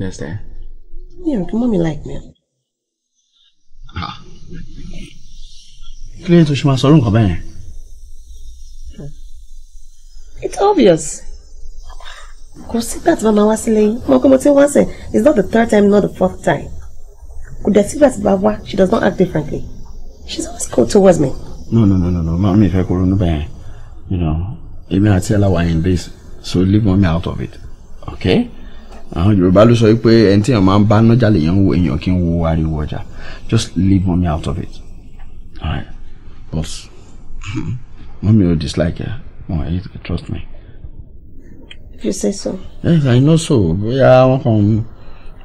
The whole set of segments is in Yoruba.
Yes, there. Yeah, kí mọ́mí like me. Ah, ló ń tó ṣe máa sọ̀rọ̀ It's obvious. Kò sígbà tí màmá wá sílé yín, mo it's not the third time not the fourth time. Kò dẹ̀ sígbà tí she does not act differently. She's always cold towards me. No, no, no, no, no, màmá mi fẹ́ kó ronú bẹ́ẹ̀. You know, èmi àti tell her why in this, so leave mommy out of it. Okay? àwọn yorùbá ló sọ wípé ẹni tí èèyàn máa ń bá nájà lèèyàn wo èèyàn kí n wo ariwo ọjà just leave mommy out of it alright but mommy no dislike her wọn ẹ trust me. if you say so. yes i know so bóyá wọn kàn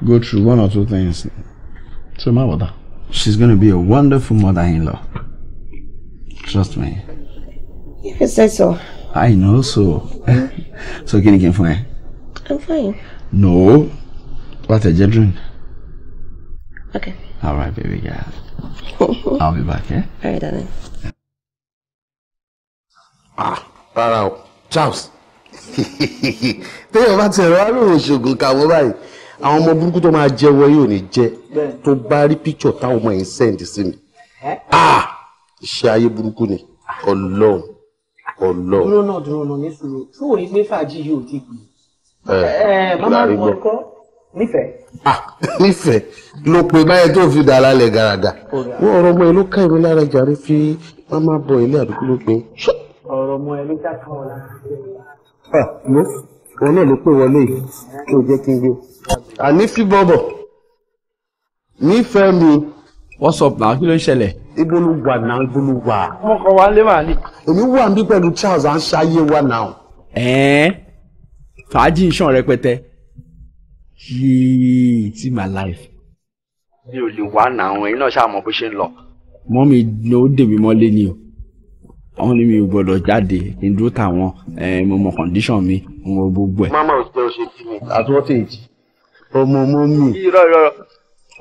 go through one or two things so my mother, she's gonna be a wonderful mother-in-law trust me. if you say so. i know so so kí ni kí ẹ. i'm fine. No. What a gentleman. Okay. All right, baby girl. I'll be back, eh? All right, darling. Ah, rárá o. Charles. Téèyàn bá ti ẹ̀rọ àrùn ìṣògùn kàwọ́ báyìí. Àwọn ọmọ burúkú tó máa jẹ́wọ́ yóò ní jẹ́ tó bá rí píkṣọ̀ táwọn ọmọ yẹn sẹ́ǹdì sí mi. Ah! Iṣẹ́ ayé burúkú ni. Ọlọ́run. Ọlọ́run. Dúró náà dúró náà ní sùúrù. Fún òní pé fàájì yóò ti gbìyànjú. Eh, eh, eh, mama ọkọ, ah, ló pe báyẹn tó fi dàrá lẹ̀ gàràgà wọ́n ọ̀rọ̀ ọmọ ẹ ká fi mama bọ̀ ilé àdúgbò ló pe. ọ̀rọ̀ ọmọ já kan lára. Ah, wọn náà ló pè wọlé yìí kí o kí n gbé. àní fi bọ̀bọ̀ nífẹ̀ẹ́ mi. kí ló ń ṣẹlẹ̀. ọmọ lé ní. èmi wà Charles à ń wa náà. fàájì ń ṣàn rẹpẹtẹ yéé it's my life. mi ò lè wá nà àwọn ẹ̀yin náà ṣáà mọ bó ṣe ń lọ. mọ́ mi ló dè mí mọ́lé ni o àwọn ni mi ò gbọ́dọ̀ jáde kí n dúró tàwọn eh, mo mọ condition mi mo mọ gbogbo ẹ̀. mama ò jẹ́ o ṣe kí mi. at what age? ọmọ ọmọ mi. irọ́ irọ́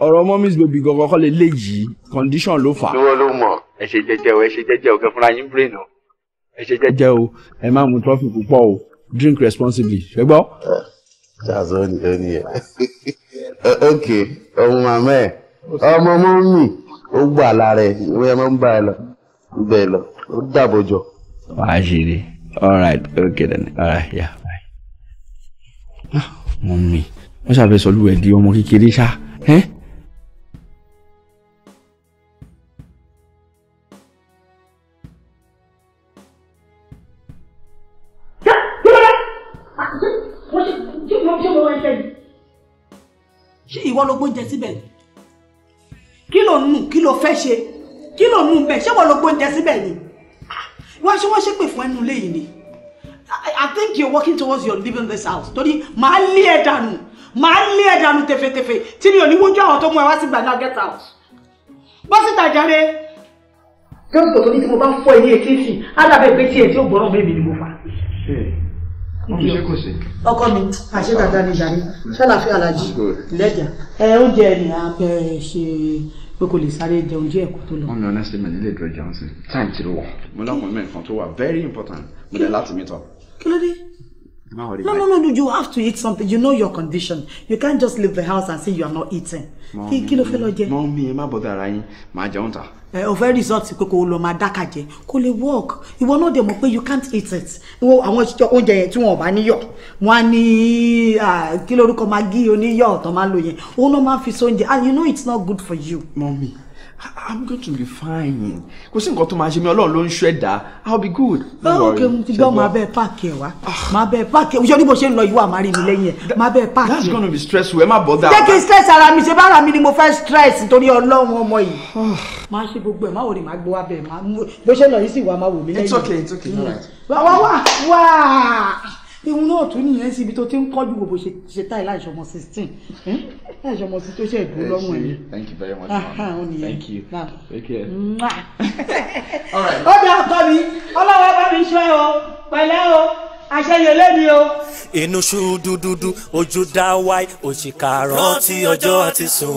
ọ̀rọ̀ mommy's baby gangan kọ́ lè léyìí condition ló fà. lówó ló mọ̀ ẹ ṣe jẹ́jẹ́ o ẹ ṣe jẹ́jẹ́ o kẹfúnra yín brain o ẹ ṣe jẹ́jẹ́ o ẹ má mu trọ́fì púpọ̀ o drink responsibly ṣe gbọ́. ṣáàzọ ó ní ẹ ok ọmọ màmá ẹ ọmọ ọmọ mi ó gbà lára ẹ ìwé ẹ máa ń bá ẹ lọ bẹ́ẹ̀ lọ ó dàbọ̀ wàá ṣe rí all right okay then all right yeah bye. mọ̀ mi wọ́n ṣàfẹ́ sọ́lú di ọmọ kékeré ṣá ẹ́. towards your leaving this house torí màá lé ẹ dànù màá lé ẹ dànù tẹ̀fẹ̀tẹ̀fẹ̀ tí mi ò ní wójú àwọn tó mú ẹ wá sí gbàdá get out bọ́ síta jáde. dókítà tó ní tí mo bá ń fọ ilé etí sí alábẹ́ pé tí etí ò gbọ́rọ̀ bẹ́ẹ̀ mi ni mo fà. ọkọ mi àṣekàdá ni jàre ṣàlàfíà alájí lẹ́jà ẹ oúnjẹ ni a bẹ̀rẹ̀ ṣe pé kò lè sáré jẹun díẹ̀ kó tó lọ. wọn mi honestly mi nílé ìdúró jẹun sí time ti lọ mo lákùnrin mẹ́rin kan tó wà very important mo dẹ̀ láti meet up. kí ló dé. No, no, no, no, you have to eat something. You know your condition. You can't just leave the house and say you are not eating. Kí ló fẹ́ lọ jẹ? Mọ́mí ẹ Over bọ̀dọ̀ you yín, go jẹun dakaje. Ẹ ò walk. You kókó lọ máa you can't eat it. Ìwọ àwọn oúnjẹ yẹn tí wọn to bá níyọ̀, wọn á ní kí lórúkọ máa gí oníyọ̀ ọ̀tọ̀ máa lò yẹn. Òun náà máa fi sóúnjẹ and you know it's not good for you. Mommy i'm going to be fine kò sí nǹkan tó máa ṣe mí ọlọ́run ló ń ṣẹ̀dá i'll be good. báwo kẹ́ mo ti gbọ́ máa bẹ́ẹ̀ páàkì ẹ̀ wá ah. máa bẹ́ẹ̀ páàkì ẹ̀ oṣooṣi bó ṣe ń lọ ìwà àmárí mi lẹ́yìn ẹ̀ máa bẹ́ẹ̀ páàkì ẹ̀. that's gonna be stressful ẹ má bọ́ dáa. jẹ́ stress ara mi ṣe bá ara mi ni mo fẹ́ stress nítorí ọlọ́run ọmọ yìí. Ah. máa ṣe gbogbo ẹ̀ má wò gbọ́ wá bẹ́ẹ̀ bó ṣe lọ yìí sì wà máa wò mí lẹ́yìn. it's okay it's okay hmm. all right. wá wá wá wá ihun náà tún nìyẹn síbi tó ti ń kọ́jú gbogbo ṣe táì láìṣọ ọmọ sixteen láìṣọ ọmọ sixteen tó ṣe ìdúró lọ́wọ́ ẹ̀. thank you very much thank you take care. ó dá ọkọ mi ọlọ́wọ́ bá mi ṣọ́ ẹ o pẹ̀lẹ́ o àṣeyọ lẹ́mi o. inú ṣú dúdúdú ojú dá wáì òṣìkà rántí ọjọ́ àti sùn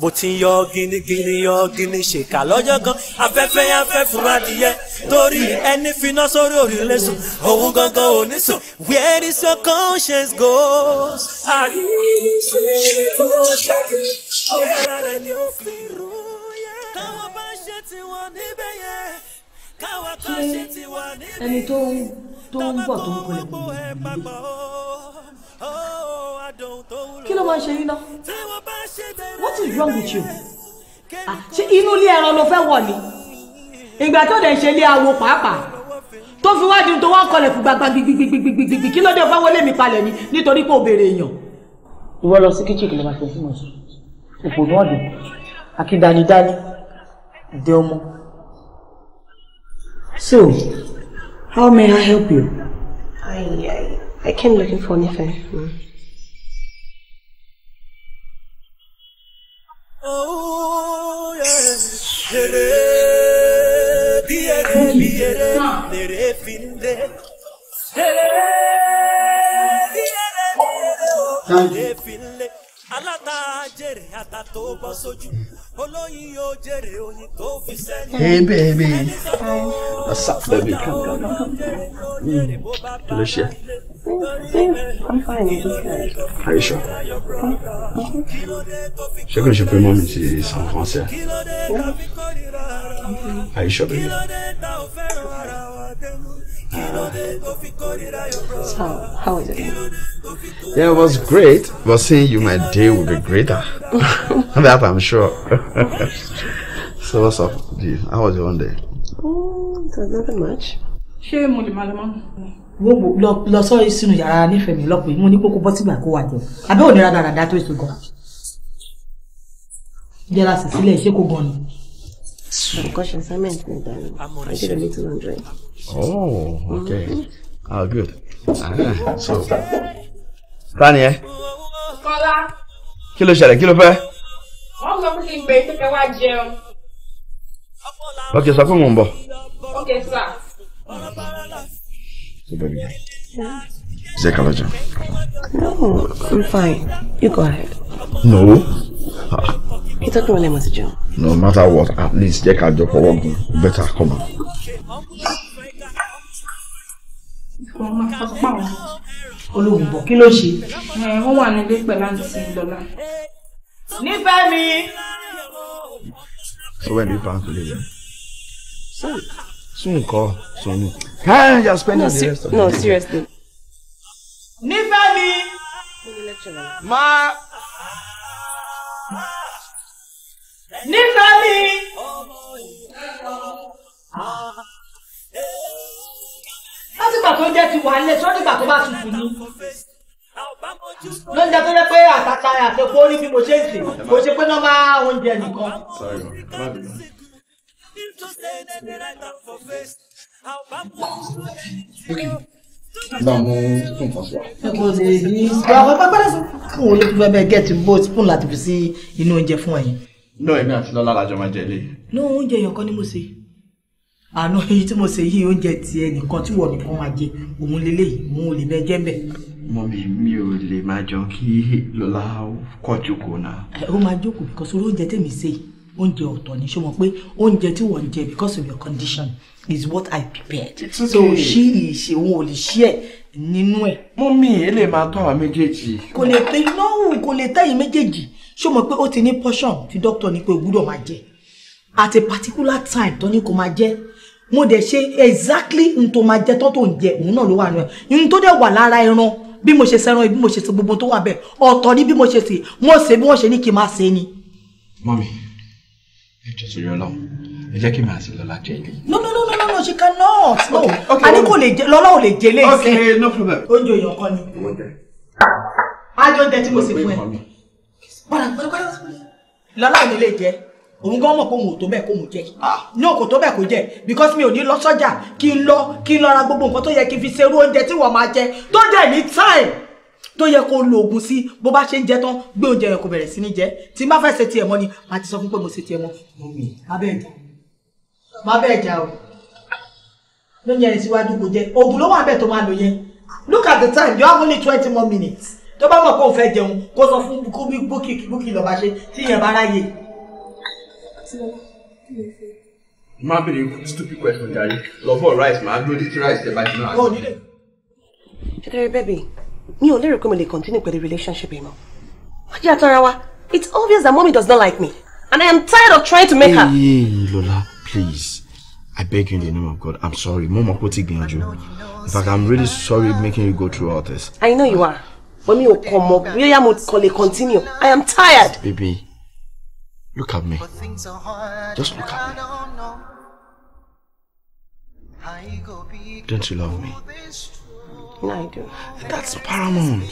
bó ti ń yọ gínígíní yọ gíní ṣèkà lọ́jọ́ gan afẹ́fẹ́ yẹn fẹ́ fura díẹ̀ torí ẹni finá sórí òrìlẹ̀ sùn òun gangan ò ní sùn. where is your conscience go? goes. àríṣe tó ṣàkè ọ̀rẹ́ rẹ̀ ni ó fi rú yẹn. táwọn bá ṣe tiwọn níbẹ̀ yẹn ṣé ẹni tó ń tó ń bọ̀ tó ń kọlẹ̀ kò oh, kí ló máa ń ṣe yín náà what is wrong with you ah, ṣé inú ilé ẹran ló fẹ́ wọ̀ ni ìgbà tó dẹ̀ ń ṣe ilé awo pàápàá tó fi wájú tó wá kọlẹ̀ fún gbagba gbigbigbigbigbigbi kí ló dé fáwọn lé mi palẹ̀ ni nítorí pé ó béèrè èèyàn. ìwọ lọ sí kíchìn kí ló máa ṣe fún mi òpò náà dé akíndánidání dé ọmọ So, how may I help you? I, I, I came looking for anything. Mm. Thank you. olóyin yóò jèrè oyin tó fi sẹ́yìn. hey baby what's up baby come come come mm. delicious. Yeah, I'm fine. I'm just good. Are you sure? Mm-hmm. Je sais que je peux même utiliser ça français. Are you sure, baby? So, how is it? Yeah, it was great. But seeing you, my day will be greater. that I'm sure. so, what's up? How was your one day? Oh, so was nothing much. ṣé mo lè máa lọ mọ́. wo wo lọ lọ sọ sínú yàrá nífẹ̀ẹ́ mi lọ́pọ̀ mo ní kókó bọ́ sígbà kó wà jẹ abẹ́ òní rádàràdà I've got assignment in Daniel. I did a little laundry. Oh, okay. Mm -hmm. Oh, good. Ah, so, Tani ẹ. Eh? Kọ́lá. kilo ló ṣẹlẹ̀? Kí ló fẹ́? Wọ́n sọ pé kí n gbé tó fẹ́ wá jẹun. Ok, sir. So, baby. Yeah. Jẹ́ ká lọ jẹun. No, I'm fine. You go ahead. No kí tó kí wọn lè mọ̀ sí no matter what at least jẹ́ ká jọ fọwọ́ gun better come on. olóògùn bọ̀ kí ló ṣe. wọ́n wà nílé pẹ̀lú àǹtí lọ́la. nífẹ̀ mi. so when do you plan to leave soon. soon call. Soon. can you spend no, the rest of no, seriously. Nifemi. mi. ma nífẹ̀ẹ́ mi. látìgbà tó jẹ́ ti wà nílé sọ́dígbà tó bá tutù ni lóúnjẹ tó jẹ́ pé àtàtà àtẹ̀kọ́ orí bí mo ṣe ń sè mo ṣe pé nọ́mbà oúnjẹ nìkan. Gba mu spoon kan si wa. Ẹ̀kọ́ lè rí. Àwọn pápá lẹ́sìn. Kò wọlé tó fẹ́ bẹ́ẹ̀ gẹ̀ẹ́tì bó spoon láti fi sí inú oúnjẹ fún ẹ̀yin náà èmi àti lọ́lá làjọ máa jẹ léyìí. ní oúnjẹ èèyàn kan ni mo ṣe àná èyí tí mo ṣe yí oúnjẹ tiẹ̀ nìkan tí wọ́n nìkan máa jẹ òun lélẹ́yìí òun ò lè bẹ jẹ́ bẹ́ẹ̀. mọ́mì mi ò lè máa jọ kí lọ́lá kọ́ jókòó náà. ẹ ó máa jókòó because orí oúnjẹ tèmi ṣe oúnjẹ ọ̀tọ̀ ni ṣé mo pé oúnjẹ tí wọ́n jẹ because of your condition is what I prepared. so ṣí ìṣe òun ò lè ṣí ẹ̀ nínú ẹ̀. mọ́mì ẹ lè máa tọ́ àwọn méjèèjì. kò lè tẹ́ iná wù kò lè tẹ́ yìí méjèèjì ṣé o mọ̀ pé ó ti ní portion tí doctor ní pé o gbúdọ̀ máa jẹ at a particular time tó ní kó máa jẹ mo dẹ̀ ṣe exactly n tó máa jẹ tó tó ń jẹ òun náà ló wà nínú ẹ̀ n tó dẹ̀ wà lára ẹran bí mo ṣe sẹ́ran bí mo ṣe ṣe gbogbo tó wà bẹ́ẹ̀ ọ̀tọ̀ ni bí mo ṣe ṣe mo ṣe bí wọ́n ṣe ní kí n máa ṣe ni. mọ́mi ẹ jẹ́ sórí ọlọ́run ẹ jẹ́ kí n máa ṣe lọ́la jẹ ilé. no no no no no no she cannot no a ní kò lè jẹ lọ́la ò lè jẹ lé e ẹsẹ̀. ok no problem. oúnjẹ èèyàn kan ni. àjọ jẹ tí mo sì fún ẹ padà pẹ́ẹ́pẹ́ẹ́ lọ́la ò ní lè jẹ́ òun gan mọ̀ pé òun ò tó bẹ́ẹ̀ kó òun jẹ́ ah. ní òkò tó bẹ́ẹ̀ kó jẹ́ because mi ò ní lọ sọ́jà kí n lọ kí n lọ ra gbogbo nǹkan tó yẹ kí n fi ṣerú oúnjẹ tí wọ́n máa jẹ tó dẹ̀ ní time tó yẹ kó lo oògùn sí bó bá ṣe ń jẹ tán gbé oúnjẹ yẹn kó bẹ̀rẹ̀ sí ní jẹ tí n bá fẹ́ ṣe tiẹ̀ mọ́ ni màá ti sọ fún pé mo ṣe tiẹ̀ mọ́ mọ́mì abẹ́ẹ̀dá má bẹ́ẹ̀ jà o lóúnjẹ rẹ̀ síwájú kò jẹ oògùn ló wà bẹ́ẹ̀ tó máa lò yẹn look at the time you have only twenty more minutes tó bá mọ̀ kó o fẹ́ jẹun kó sọ fún kó bí bókì bókì lọ ṣe tí yẹn bá ráyè. má bèrè stupid question jàre lọ bọ rice màá dúró títí rice tẹ́ bá jiná àti. ṣètìlẹ́rì bẹ́ẹ̀bì mi ò lérò pé mo lè continue pẹ̀lú relationship yìí mọ́ wọ́n jẹ́ àtọ́ra wa it's obvious that mommy does not like me and I am tired of trying to make her. Hey, Lola, please. I beg you in the name of God, I'm sorry. Mo mọ̀ kó ti gbìyànjú. In fact, I'm really sorry making you go through all this. I know you are. When mi ò kọ̀ we bóyá call it continue i am tired. baby look at me just look at me don't you love me. no i do. that's paramount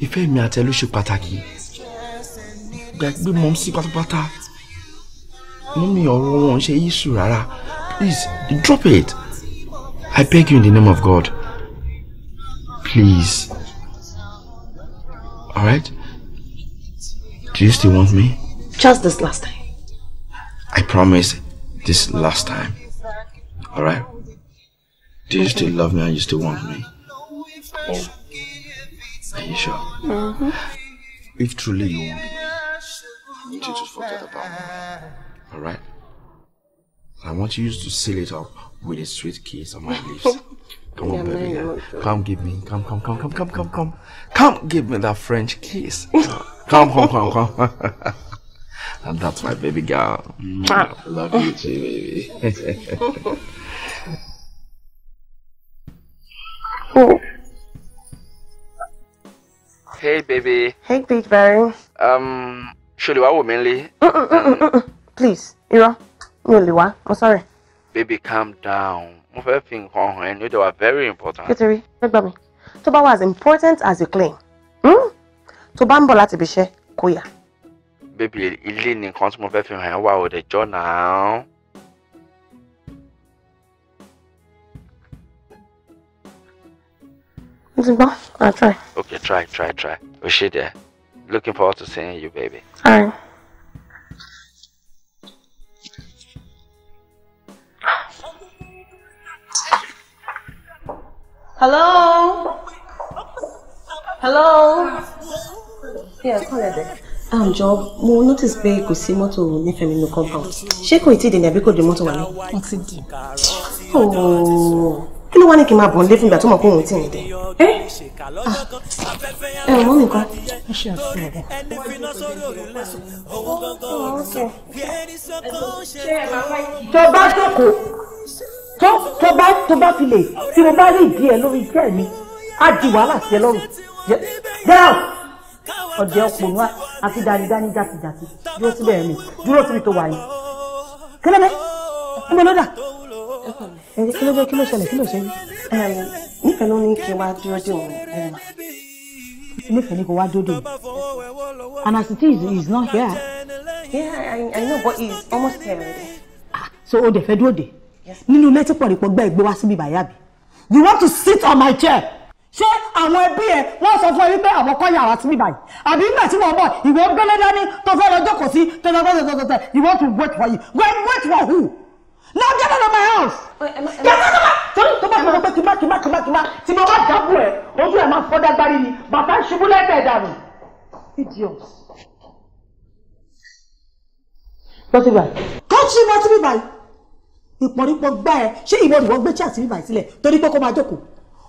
ìfẹ́ mi àti ẹ ló ṣe pàtàkì gbàgbé mọ́ sí pátápátá mú mi ọ̀rọ̀ wọn ṣe yíṣù rárá please drop it i beg you in the name of god please. Alright? Do you still want me? Just this last time. I promise this last time. Alright? Do you okay. still love me and you still want me? Yeah. Are you sure? Mm -hmm. If truly you want me, I need you to forget about me. Alright? I want you to seal it up with a sweet kiss on my lips. Come on, baby. Come give me. Come, come, come, come, come, come, come. Come give me that French kiss. come, come, come, come. and that's my baby girl. Love you too, baby. Hey, baby. Hey, Big Barry. Um, surely what mainly? Please, Ira. Really, what? I'm sorry. Baby, calm down. mo fẹ́ fi nǹkan hàn ẹ́ ó dẹ̀ wà very important. nítorí ẹ gbà mí tó bá wà as important as you claim hmm? tó bá ń bọ̀ láti ibi iṣẹ́ kó yà. bébì ilé ni nǹkan tí mo fẹ́ fi hàn ẹ́ wà ò dẹ̀ jọ́ náà. I'll try. Okay, try, try, try. We should there. Looking forward to seeing you, baby. All right. Hello? Hello? Yeah, call her there. Um, Job, mo notice pé kò sí mọ́tò nífẹ̀ẹ́ mi ní compound. Ṣé kò tí ì dènà àbí kò dé mọ́tò wà ní? Wọ́n ti dì. Oh, kí ló wá ní kí n máa bọ̀ ko. fún ìgbà tó mọ̀ pé òun ti rìn dé? Eh? Ah, ẹ ẹ mọ́ mi kan. Ẹ ṣe àfihàn. Tó tó tó bá tó bá fi lè tí mo bá rí ìdí ẹ lórí iṣẹ́ mi á di wàhálà sí ẹ lọ́rùn get out ọ̀jẹ̀ ọ̀pọ̀nù àti dánidáni jàtijàti dúró síbẹ̀ mi dúró síbi tó wà yìí kílẹ̀mẹ́ ọmọ lọ́dà ẹ̀rí kí ló dé kí ló ṣẹlẹ̀ kí ló ṣe yín. nífẹ̀ẹ́ ló ní kí n wá dúró dé òun ẹ̀rọ mà. nífẹ̀ẹ́ ní kò wá dúró dé òun and as it is he is not here. yeah I, I know but he is almost here already. Ah, so o dẹ̀ fẹ́ dúró dé nínú ilé tí pọ̀lìpọ̀ gbẹ́ ìgbé wá síbi bàyà bí you want to sit on my chair ṣé àwọn ẹbí ẹ wọ́n sọ fún ẹ wípé àwọn kọ́ yàrá síbi báyìí àbí nígbà tí wọ́n bọ̀ ìwọ gbélé dání tó fẹ́ lọ jókòó sí tẹ́tẹ́tẹ́tẹ́tẹ́ you want to wait for you go and wait for who now get out of my house oh, get out of my torí tó bá sọ pé kìmá kìmá kìmá kìmá tí mo bá dábò ẹ ojú ẹ máa fọdá gbárí ni bàbá ṣubú lẹ́tẹ̀ẹ́ dànù idiot. bọ́sibà. kọ́ọ̀tù bá síbi báyìí ìpọ̀nrípọ̀ gbá ẹ ṣé ìwọ ni wọ́n gbé chair sí bíbáyìí sílẹ̀ torí pé kó máa jókòó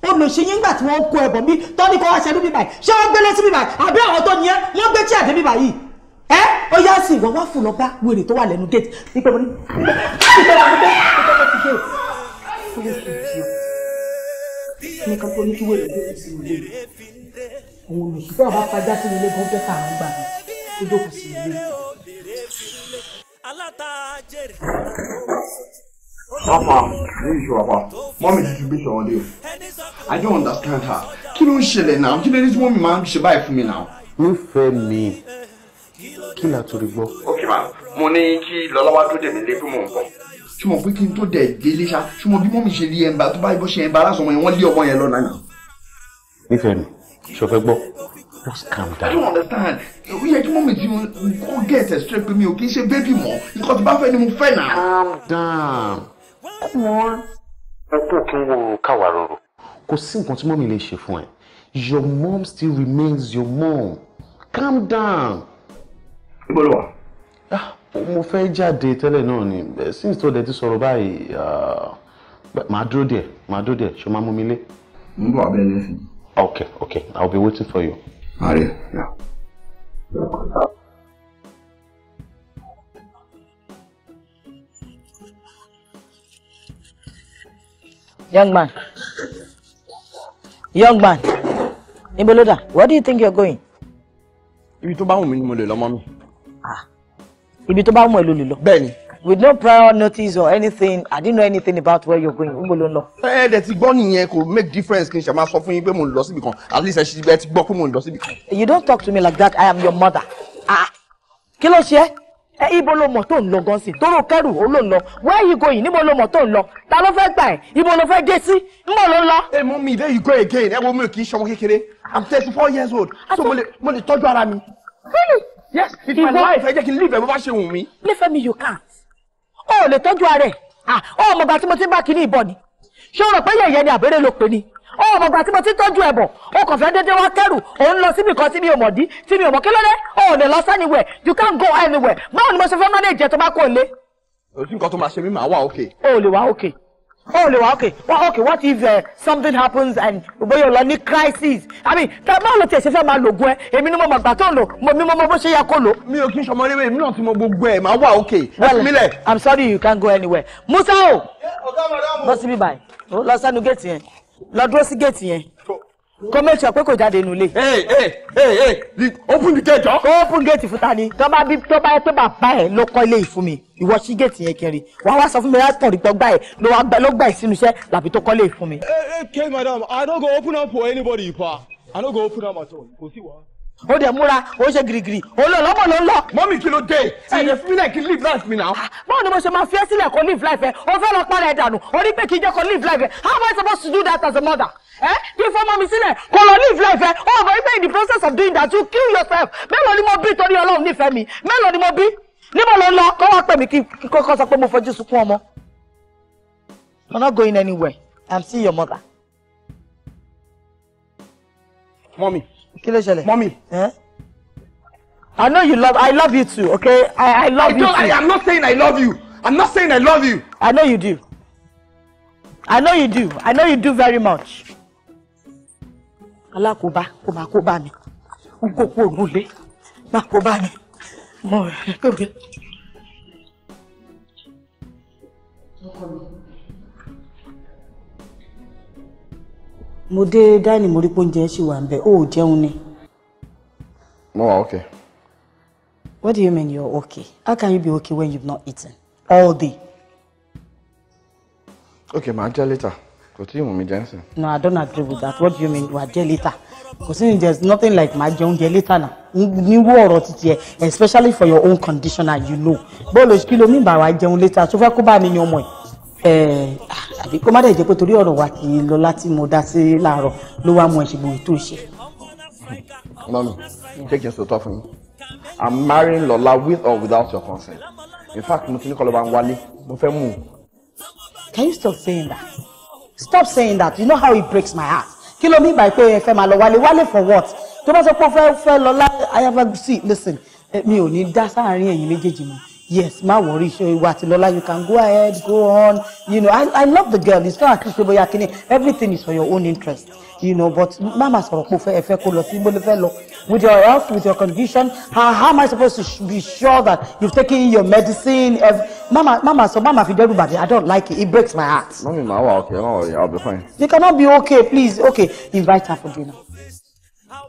olùṣe yín gbà tí wọ́n kó ẹbọ mi tọ́ni kọ́ wáṣẹ ní bíbáyìí ṣé wọ́n gbélé sí bíbáyìí àbí àwọn tó niyẹn wọ́n gbé chair dé bíbáyìí ẹ ó yá sí ìwọ wá fún lọ bá wèrè tó wà lẹ́nu gate nípa ìwọ ní nìkan tó ní kí olùsùpẹ́ ọba pàjá sí ilé gan fẹ́ káàánú gbà mí ó sí ilé. Papa, this is your papa. Mommy ti gbé sọ̀rọ̀ dé o. I don't understand her. Kí ló ń ṣẹlẹ̀ náà? Kí ló ní tí mọ́mí máa ń ṣe báyìí fún mi náà? Nífẹ̀ẹ́ mi, kí la torí gbọ́? Ok ma, mo ní kí Lọ́láwá tó dẹ̀ mí lé pé mò ń bọ̀. mo pé kí n tó dẹ̀ délé ṣá? Ṣé mo bí mọ́mí ṣe lé ẹnba tó bá ibọ̀ ṣe ẹnba aláṣọ ọmọ yẹn wọ́n lé ọmọ yẹn lọ náà? Nífẹ̀ẹ́ mi, ṣọ fẹ́ gbọ́? Just calm down. I don't understand. Ó yẹ kí mọ́mí ti get gẹ̀ẹ́tẹ̀ straight pé mi ò kí ń ṣe bébì mọ́. Nǹkan ti bá fẹ́ ni mo fẹ́ náà. Calm down wọn ọkọ kí wọn káwa rọrọ. kò sí nǹkan tí mọ́mí lè ṣe fún ẹ your mom still remains your mom calm down. ibo ló wà. Ah, mo fẹ́ jáde tẹ́lẹ̀ náà ni eh, since tó dẹ̀ ti sọ̀rọ̀ báyìí ah, màá dúró díẹ̀ màá dúró díẹ̀ ṣo máa mú mi lé. mo bọ̀ abẹ́ lẹ́sìn. okay okay i will be waiting for you. ààrẹ yà. Yeah. Young man. Young man. Iboloda, where do you think you're going? Ibi tó ba wù mí ni mo lè lọ mọ́ mi. Ah. Ibi tó bá wù mí ló lè lọ. Bẹ́ẹ̀ni. With no prior notice or anything, I didn't know anything about where you're going. Nbo ló ń lọ. Ẹ ẹ ti gbọ́ nìyẹn kò make difference kí n ṣe máa sọ fún yín mo ń lọ kan. At least ẹ ṣe ti gbọ́ pé mo ń lọ kan. You don't talk to me like that. I am your mother. Ah! Kí ló ṣe ẹ ibo ló mọ̀ tó ń lọ gan sí tóró kẹrù ó ló lọ where you going níbo ló mọ̀ tó ń lọ ta ló fẹ́ gbà ẹ̀ ibo ló fẹ́ dé sí níbo ló lọ. ẹ mú mi there you go again ẹ wo mi ò kì í ṣọmọ kékeré i'm thirty four years old so mo lè mo lè tọ́jú ara mi. Hmm. yes it's my life ẹ jẹ́ kí n live ẹ̀ bá ṣe wù mí. nífẹ̀ẹ́ mi you can't o ò lè tọ́jú ara ẹ̀ ah ọmọ bàtí mo ti bá kinní ìbọn ni ṣé o rò pé yẹ̀yẹ́ ni àbẹ̀rẹ̀ ló pe ni ó mọ̀ gbà tí mo ti tọ́jú ẹ̀bọ̀ ó kàn fẹ́ dédé wá kẹ́rù òun lọ síbi kan tí mi ò mọ̀ dí tí mi ò mọ̀ kí ló dé ó lè lọ anywhere you can go anywhere báwo ni mo ṣe fẹ́ mọ́nà ìjẹ́ tó bá kó lé. òsì nǹkan tó máa ṣe mí màá wà okay. ó lè wá okay ó lè wá okay wá okay what if uh, something happens and bóyá o lọ crisis i mean tá báwo ló tiẹ̀ ṣe fẹ́ máa lògùn ẹ èmi ni mo mọ̀ gbà tó lò mo mi mo mọ bó ṣe yẹ kó lò. mi ò kí n ṣọmọ rẹ èmi náà ti mọ gbogbo ẹ màá wà okay. well i'm sorry you can't go anywhere musa o bọ́sibí báyìí lọ sẹ́nu géètì yẹn lọ dúró sí géètì yẹn kó make sure kò jáde nulẹ̀. ee ee ee ee open the gate jọ. open gate fúta ni tó bá bí tó bá yẹ pé bàbá ẹ ló kọ́ ilé yìí fún mi ìwọ sí gate yẹn kiri wàá wá sọ fún mi látàn rí tọ́gbà ẹ ló wá ló gbà ẹ sínú iṣẹ́ làbí tó kọ́ ilé yìí fún mi. ẹ ẹ kẹ́ madam i no go open up for anybody pa i no go open up at all kò sí wàhálà ó dẹ̀ múra ó ṣe girigiri ó lọ lọ́mọ ló ń lọ. mọ́mí kí ló dé ẹ̀yẹ fún mi náà kí live life mi náà. Ah, báwo ni mo ṣe máa fi ẹ́ sílẹ̀ kó live life ẹ o fẹ́ lọ para ẹ̀ dànù o ní pé kí n jẹ́ kó live life ẹ how am I supposed to do that as a mother. ẹ kí n fọmọ mi sílẹ̀ kó lọ live life ẹ o mọ̀ wípé in the process of doing that you kill yourself mélòó ni mo bí torí ọlọ́run nífẹ̀ẹ́ mi mélòó ni mo bí níbo ló ń lọ kó wá pè mí kí kókó sọ pé mo fojú sunkún ọmọ. I'm not going anywhere. I'm still your mother. mọ́mí kí ló ṣẹlẹ̀. mọ́mí. I know you love I love you too okay I I love I you too. I am not saying I love you I'm not saying I love you. I know you do. I know you do. I know you do very much. Alákòóbá kò máa kó bá mi. N kò kú òun lé. Máa kó bá mi. Mo rẹ̀ kébé. Ọkọ mi. mo dé dáìní mo rí pé oúnjẹ ṣì wà ń ó jẹun ni. mo wà okay. what do you mean you're okay how can you be okay when you've not eaten all day. okay màá jẹ later kò tí ì mú mi jẹ nsìn. no i don't agree with that what do you mean wà jẹ later kò sí ní there's nothing like màá jẹ oúnjẹ later na níwó ọ̀rọ̀ títí ẹ especially for your own condition as you know bọ́ọ̀lù kí ló ní ìbára jẹun later so fẹ́ kó bá mi yan ọmọ yìí àbí kó má dẹ̀ jẹ́ pé torí ọ̀rọ̀ wa kì í lọ láti mo dá sí láàárọ̀ ló wá mú ẹ ṣùgbọ́n ètò ìṣe. mọ́mí jẹ́kí n sòtọ́ fún yín i'm marrying Lola with or without your consent in fact mo ti ní kọ́lọ́ bá ń wálé mo fẹ́ mú un. can you stop saying that stop saying that you know how it breaks my heart kí ló ní ìgbà pé ẹ fẹ́ máa lọ wálé wálé for what tó bá sọ pé ó fẹ́ fẹ́ Lola ayáfẹ́ sí listen mi ò ní dá sáàárín ẹ̀yin méjèèjì mọ́ yes má wọrí ṣe ìwà àti lọ́la you can go ahead go on you know I, I love the girl it's not a if ṣe bóyá kíni everything is for your own interest you know but má má sọ̀rọ̀ pé o fẹ́ ẹ fẹ́ kó lọ sí ibo ló lọ with your health with your condition how, how am I supposed to be sure that you've taken your medicine mama mama sọ mama fi dẹ́rù bàdé I don't like it it breaks my heart. mọ́mí màá wa okay màá wa, okay I'll be fine. you cannot be okay please okay invite her for dinner.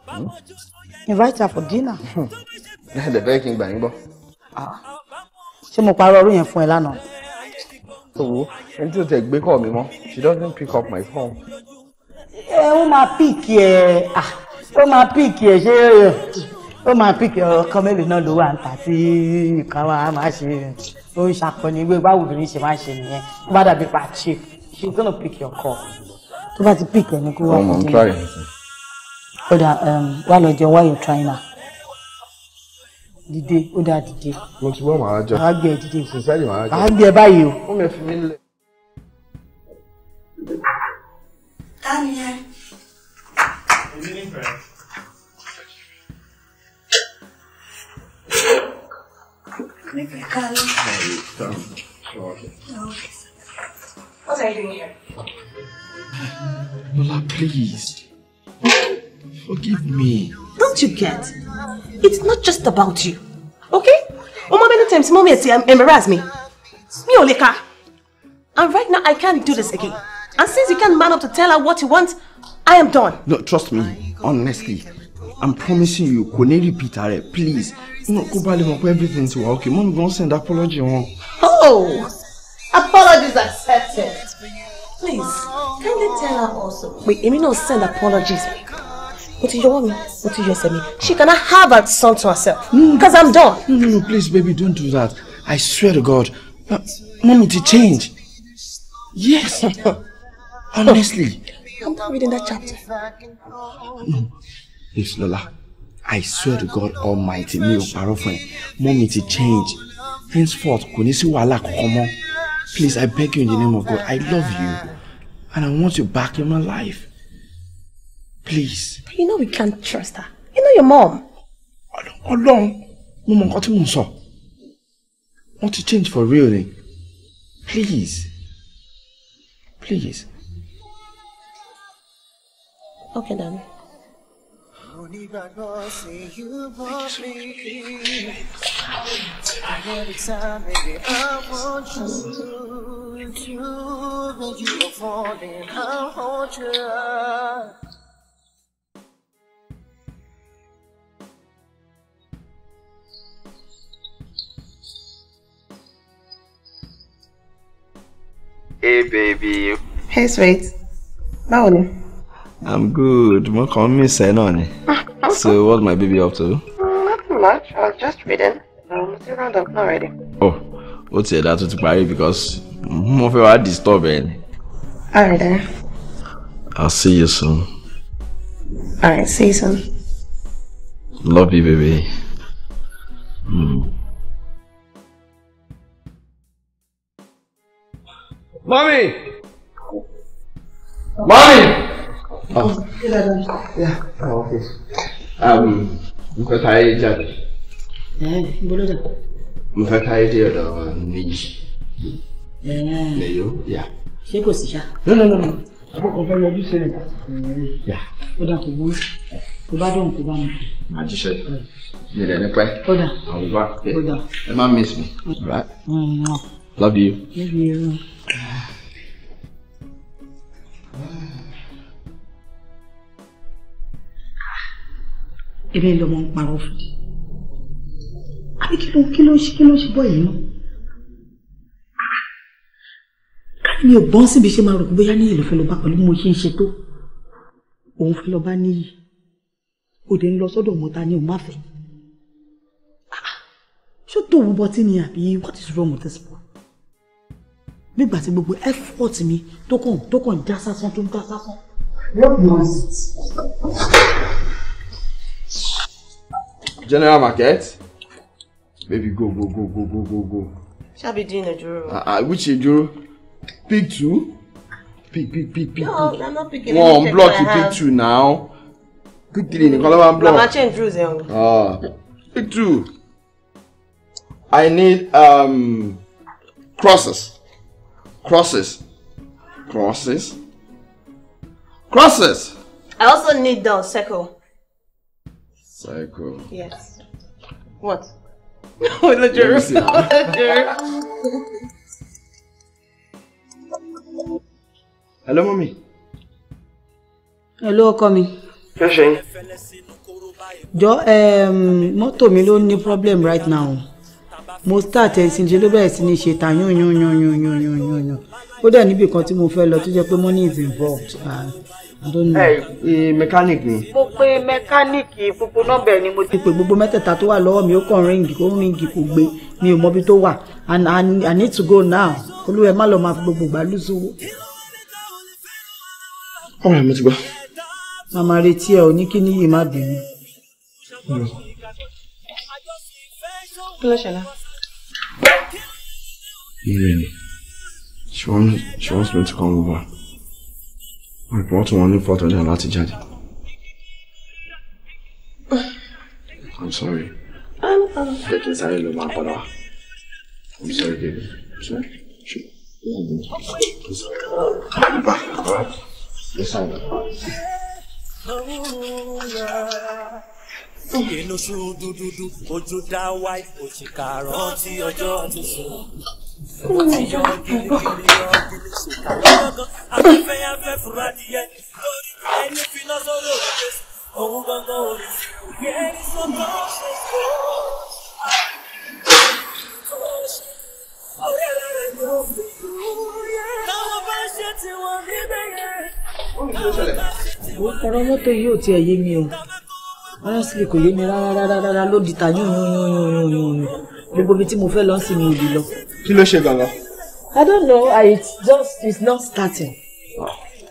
Hmm? invite her for dinner. ẹ ẹ dẹ̀ fẹ́ kí n gbà yín gbọ́. ah ṣé mo parọ́ ọrú yẹn fún ẹ lánàá. owó ẹni tí o tẹ gbé kọ mi mọ she doesn't pick up my phone. ẹ ó máa píìkì ẹ ó máa píìkì ẹ ṣé ó máa píìkì ọkàn mélòó náà ló wà ń tà tí nǹkan wa máa ṣe ó ń ṣàkọni wíwé báwo obìnrin ṣe máa ṣe nìyẹn ó bá dàbí pàṣẹ she's gonna pick your call tó bá ti píìkì ẹni kó wà fún mi. ó dà um, wà lọ jẹun why you trying now dìde ó dáa dìde. mo ti wọ́n màá jẹ. màá gbẹ dìde. sincerely màá jẹ. màá gbẹ báyìí o. ó mẹ́fì mi lẹ̀. Daniel. Nífẹ̀ẹ́ kálọ́. What are you doing here? Lola, please. Forgive me. Don't you get? It's not just about you. Okay? Oma, many times mommy am embarrassed me. Me oleka. And right now I can't do this again. And since you can't man up to tell her what you want, I am done. No, trust me. Honestly. I'm promising you, Kone repeat her, please. No, go back up everything to her. Okay, mom, don't send apology on. Oh! Apologies accepted. Please, kindly tell her also. Wait, mean, no send apologies. What did you want me? What did you say me? she cannot have her son to herself because mm, no, i'm done. no no no please baby don't do that i swear to god uh, mommy to change yes honestly. i'm done reading that chapter. no please lola i swear to god almighty me ò parọ́ mommy to change henceforth kò wala sí please i beg you in the name of god i love you and i want you back in my life. Please. You know we can't trust her. You know your mom. Ọlọ́run, mo mọ nǹkan tí mò sọ. Wọ́n ti change for real ni. Please. Please. Okay, darling. onígbàgbọ́ ṣe yóò bọ́ mi. Every time, baby, I want you. You, when you are falling, I want you. Hey, baby. Hey, sweet. are you? I'm good. Mo kàn mí say náà ah, So what's my baby up to? Mm, much. I was just reading. I'm um, still round up Not already. Oh, what's your dá tó ti because mo fẹ́ wá disturb ẹ All right then. I'll see you soon. All right, see you soon. Love you, baby. Mm. Mami! Mami! Oh. oh. Yeah. Oh, okay. Um, mo fẹ́ ta ayé jáde. Ẹ eh, bolo dà. Mo fẹ́ ta ayé dé ọ̀dọ̀ níyì. Eh. Nìyó, yà. Ṣé kò sí ṣá? No no no no. Àkókò fẹ́ yọjú sílẹ̀. Yà. Ó dà kò burú. Kò bá dùn kò bá mi. Màá jíṣẹ́. Mi rẹ̀ ní pẹ́. Ó dà. Àwọn bá. Ó dà. Ẹ má miss me. Right. Mm, no. Love you. Love you. Ah. èmi lọmọ ń parọ́ fún mi àbí kí ló kí ló ṣe kí ló ṣe bọ́ yìí náà ah. káàdì mi ò gbọ́n síbi ṣe máa rò pé bóyá níyì ló fẹ́ lọ bá pẹ̀lú mo ṣe ń ṣe tó òun fẹ́ lọ bá níyì òde ń lọ sọ́dọ̀ mọ́ta ni òun má fẹ́ ah. ṣó tó òun bọ́ tí ni àbí what is wrong with this nígbà tí gbogbo effort mi tó kàn tó kàn já sásán tó ń já sásán. general market baby go go go go go go go. ṣáàbì dín ní dúró. Ah, ah, which dúró pick two pick pick pick pick. no i'm not picking anything one block you pick two now pick three nìkan ló máa ń block. mama change rules ẹ̀ o. Ah, pick two i need um, crosses. Crosses. Crosses. Crosses! I also need the circle. Circle. Yes. What? No, the jerk. Hello, mommy. Hello, ọkọ mi. Ẹ ṣe yín. Jọ mọ́tò mi problem right now. mo start ẹ̀sìn ṣe ló bẹ̀rẹ̀ sí ní ṣe ta yún yún yún yún yún yún yún yún ó dẹ̀ níbi kan tí mo fẹ́ lọ tó jẹ́ pé money is involved ẹ ẹ mẹkáníìkì ni. mo pe mẹkáníìkì gbogbo nọ́mbà ẹ ni mo ti. mo pe gbogbo mẹ́tẹ̀ẹ̀ta tó wà lọ́wọ́ mi ó kàn ríngì ó ríngì kò gbé mi ò mọbi tó wà and I need to go now olúwẹ̀ má lọ máa fi gbogbo ìgbà lùsùwò. ọ̀rẹ́ mi ti gbọ́. màmá retí ẹ ò ní kí níyì má bínú. kí ló ṣẹlẹ̀. Really? She wants, she wants me to come over. I to one new photo there, Lati Jadi. I'm sorry. I'm, um, I'm sorry. I'm sorry, David. Sure. Sure. I'm sorry. I'll be back, alright? Yes, I will inú ṣú dúdúdú ojú dá wáì òṣìkà rántí ọjọ́ ti sùn. Àtijọ́ gírígírí mọ́tò yìí ò tiẹ̀ yé mi o honestly kò yé mi rárá rárá ló di ta yún gbogbo ibi tí mo fẹ́ lọ sí mi ò lè lọ. kí ló ṣe gangan. I don't know It just is not starting.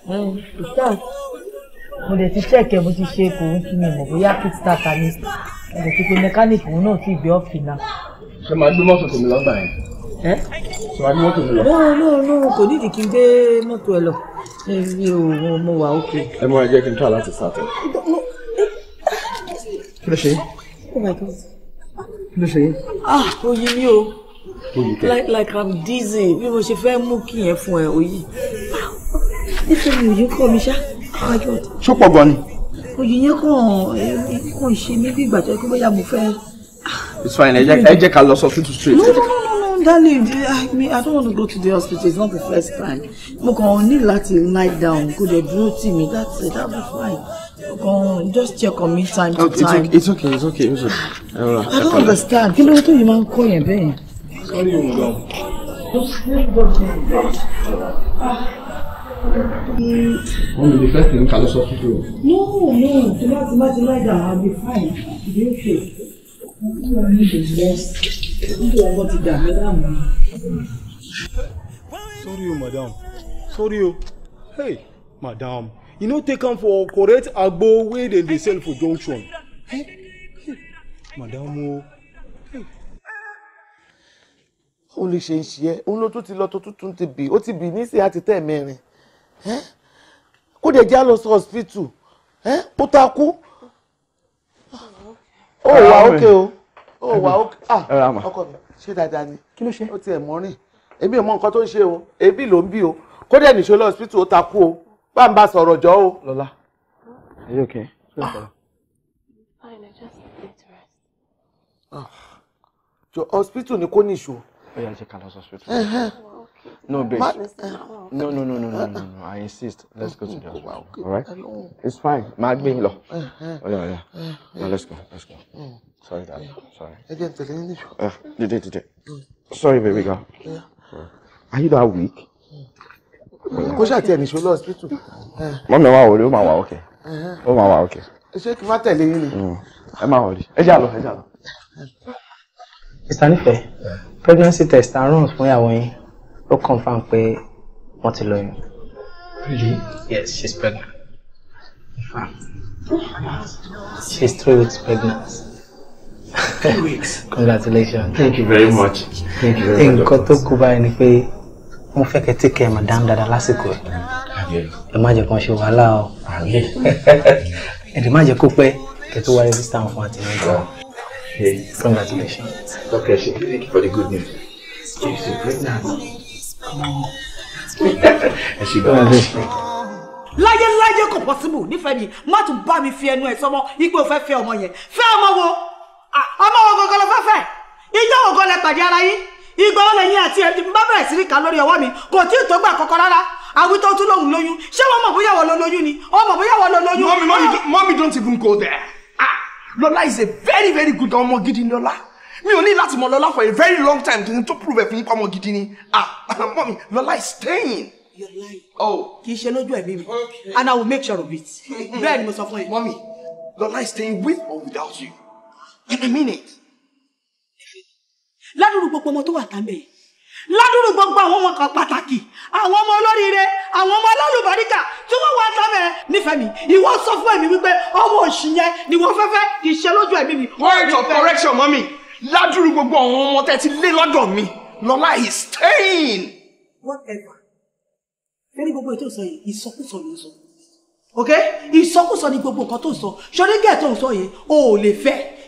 Mm, it's not. mo dẹ̀ ti ṣẹ̀kẹ̀ mo ti ṣe kò ń kí mi mọ̀ bóyá kí starter ni mo dẹ̀ ti pe mechanic òun náà ti gbé ọ̀fìn náà. ṣé màá gbé mọ́tò tèmi lọ́gbà yẹn. ẹ́ ṣé màá gbé mọ́tò mi lọ. lóòrùn No, no, kò nídìí kí n gbé mọ́tò ẹ lọ mi ò mo wà ókè. ẹ mọ ẹ jẹ́ kí n tọ́ láti starter. no kí oh my god. kí ló ah oyi like i'm dizzy bí mo ṣe fẹ́ mú kí yẹn fún ẹ oyi. níṣẹ́ mi ò yí kọ́ mi ṣá. Oh ṣó pọ̀ gan ni. oyi yẹn kàn kàn ṣe mí bí ìgbà tó yẹ kó bóyá mo fẹ́. it's fine ẹ jẹ́ ká lọ sọ no no no darling i mean i don't want to go to the hospital it's not the first time mo kàn ní láti lie down Could they dúró tì mí that's it that'll be fine gan oh, just check on me time to oh, it's Okay, it's okay it's okay it's okay. I don't understand kí ló what you yìí call ń kọ́ sorry o gan. Wọ́n lè fẹ́ tẹ̀ ń kalọ́ to fífi No no tí bá ti I'll be fine bí ó fè. Wọ́n kí wọ́n ní the best. Nítorí ọkọ ti dà mí Sorry madam. Sorry oh. Hey madam you no take am for correct agbo wey dem dey sell for junction hey, eh? eh, hey, madam o. òun lè ṣe ń ṣe ẹ òun ló tún ti lọ tó tún ti bì ó ti bì nísìnyí àti tẹ́ eh? kó dẹ̀ já lọ sí hospital ó takú ó wà ókè o ó wà ókè ah, ọkọ mi ṣé dáadáa ni kí ló ṣe ó tiẹ̀ mọ́ rìn èmi ò mọ nǹkan tó ń ṣe o èébì ló ń bì o kó dẹ̀ nìṣó lọ hospital ó takú o bá ń bá sọ̀rọ̀ jọ o lọ́la. are you okay? fine i just need to rest. Ah. jọ hospital ni kò ní ìṣó. ó yá jẹ́ ká lọ sọ hospital. No, oh, babe. No, no, no, no, no, no, no. I insist. Let's go to the hospital. Oh, All right? It's fine. Má gbé yín lọ. Oh, yeah, yeah. No, let's go. Let's go. Hmm. Sorry, Dad. Sorry. Uh, did, did, did. Sorry, baby girl. Are you that weak? kó ṣàtì ẹ̀nìṣó lọ hospital. mọ́mí ẹ máa wọlé ó máa wà ókè ó máa wà ókè. ṣé kí n má tẹ̀lé yín ni. Mm. ẹ máa wọlé ẹ jà lọ ẹ jà lọ. mr nífẹ̀ẹ́ pregnancy test and run fún ìyàwó yín ó confam pé wọ́n ti lóyún. really yes she's pregnant. Ah. She's three weeks pregnant. Three weeks. Congratulations. Thank you very much. Thank you very much. Nǹkan tó kú báyìí ni pé mo fẹ́ kẹ́ tí kẹ́ ẹ̀ madam dada lásìkò ẹ̀ ẹ má jẹ́ kàn ṣe wàhálà o ẹ̀dẹ̀ má jẹ́ kó pẹ́ kẹ́ tó wá rẹ́gísítà fún àtìlẹ́yìn ìjọ. congratulations. thank you for the good news. she is pregnant. ẹ ṣe gbọ́dọ̀ láyé láyé kò possible nífẹ̀ẹ́ mi má tún bá mi fi ẹnu ẹ̀ sọmọ ipò fẹ́ fẹ́ ọmọ yẹn fẹ́ ọmọ wo ah, ọmọ wo gọgọlọ fẹ́ fẹ́ ìjọ wo gọlẹ pàdé ara yín ìgbà wọn lẹ́yìn àti ẹni bá bẹ̀rẹ̀ sí ríkà lórí ọwọ́ mi kò tí ì tó gbà kọ́kọ́ rárá àwítọ́ tún lòun lóyún ṣé wọ́n mọ̀ bóyá wọ́n lọ lóyún ni wọ́n mọ̀ bóyá wọ́n lọ lóyún. mọ́mí mọ́mí mọ́mí don't even go there ah Lọ́lá is a very very good ọmọ gidi ni Lọ́lá mi ò ní láti mọ Lọ́lá for a very long time kí n tó prove ẹ̀ fún ọmọ gidi ni ah mọ́mí Lọ́lá is staying. you're lying oh. kì í ṣe lójú ẹ̀mí mi and I will make sure of it bẹ́ẹ̀ ni mo sọ fún ẹ. mọ́mí Lọ́lá is staying with or without you In a minute ládùúrú gbogbo ọmọ tó wà tán bẹ́ẹ̀ ládùúrú gbogbo àwọn ọmọ kan pàtàkì àwọn ọmọ olóríire àwọn ọmọ alálùbáríkà tí wọ́n wà tán bẹ́ẹ̀ nífẹ̀ẹ́ mi ìwọ sọ fún ẹ̀mí wípé ọmọ òṣì yẹn ni wọ́n fẹ́fẹ́ kì í ṣe lójú ẹ̀mí mi. word of correction mọ́mì ládùúrú gbogbo àwọn ọmọ tẹ́ ti lé lọ́dọ̀ mi lọ́lá is staying. whatever lórí gbogbo ètò ìsọ yìí ìsọkúsọ ló ń sọ ok ìsọkúsọ ni gbogbo nǹkan tó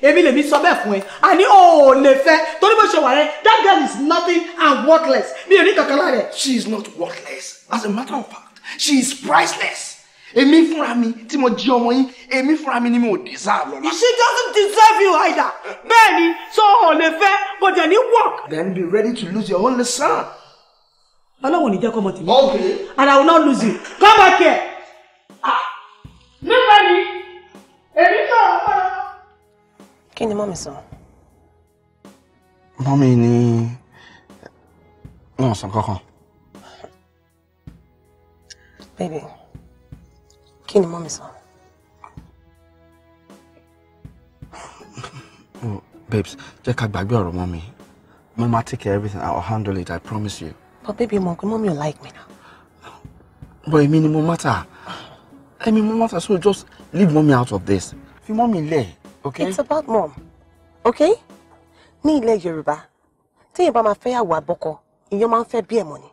èmi lèmi sọ bẹ́ẹ̀ fún ẹ àní o ò lè fẹ́ torí bó ṣe wà that girl is nothing and worthless mi ò kankan lára ẹ. she is not worthless as a matter of fact she is priceless èmi fúnra mi tí mo jí ọmọ yín èmi fúnra mi ni mi ò deserve lọ́la. she doesn't deserve you either bẹ́ẹ̀ so sọ ò lè fẹ́ kò jẹ̀ work. then be ready to lose your only son. ọlọ́wọ́ ò ní jẹ́ kọ́ ọmọ tèmi. okay. and I will not lose you come back here. Ah, nípa ni èmi náà kí ni mọ́mí sọ. mọ́mí ni náà sọ kankan. bébì kí ni mọ́mí sọ. Oh, babes jẹ́ ká gbàgbé ọ̀rọ̀ mọ́mí mo máa take care of everything I'll handle it I promise you. but baby mo pe mọ́mí like me now. but èmi ni mo matter èmi mo matter so just leave mọ́mí out of this fi mọ́mí lẹ̀. Okay. It's about mom. Okay? Ní ilẹ̀ Yorùbá, téèyàn bá máa fẹ́yàwó àbọ́kọ, ìyẹn máa ń fẹ́ bí ẹ̀mọ́ ni.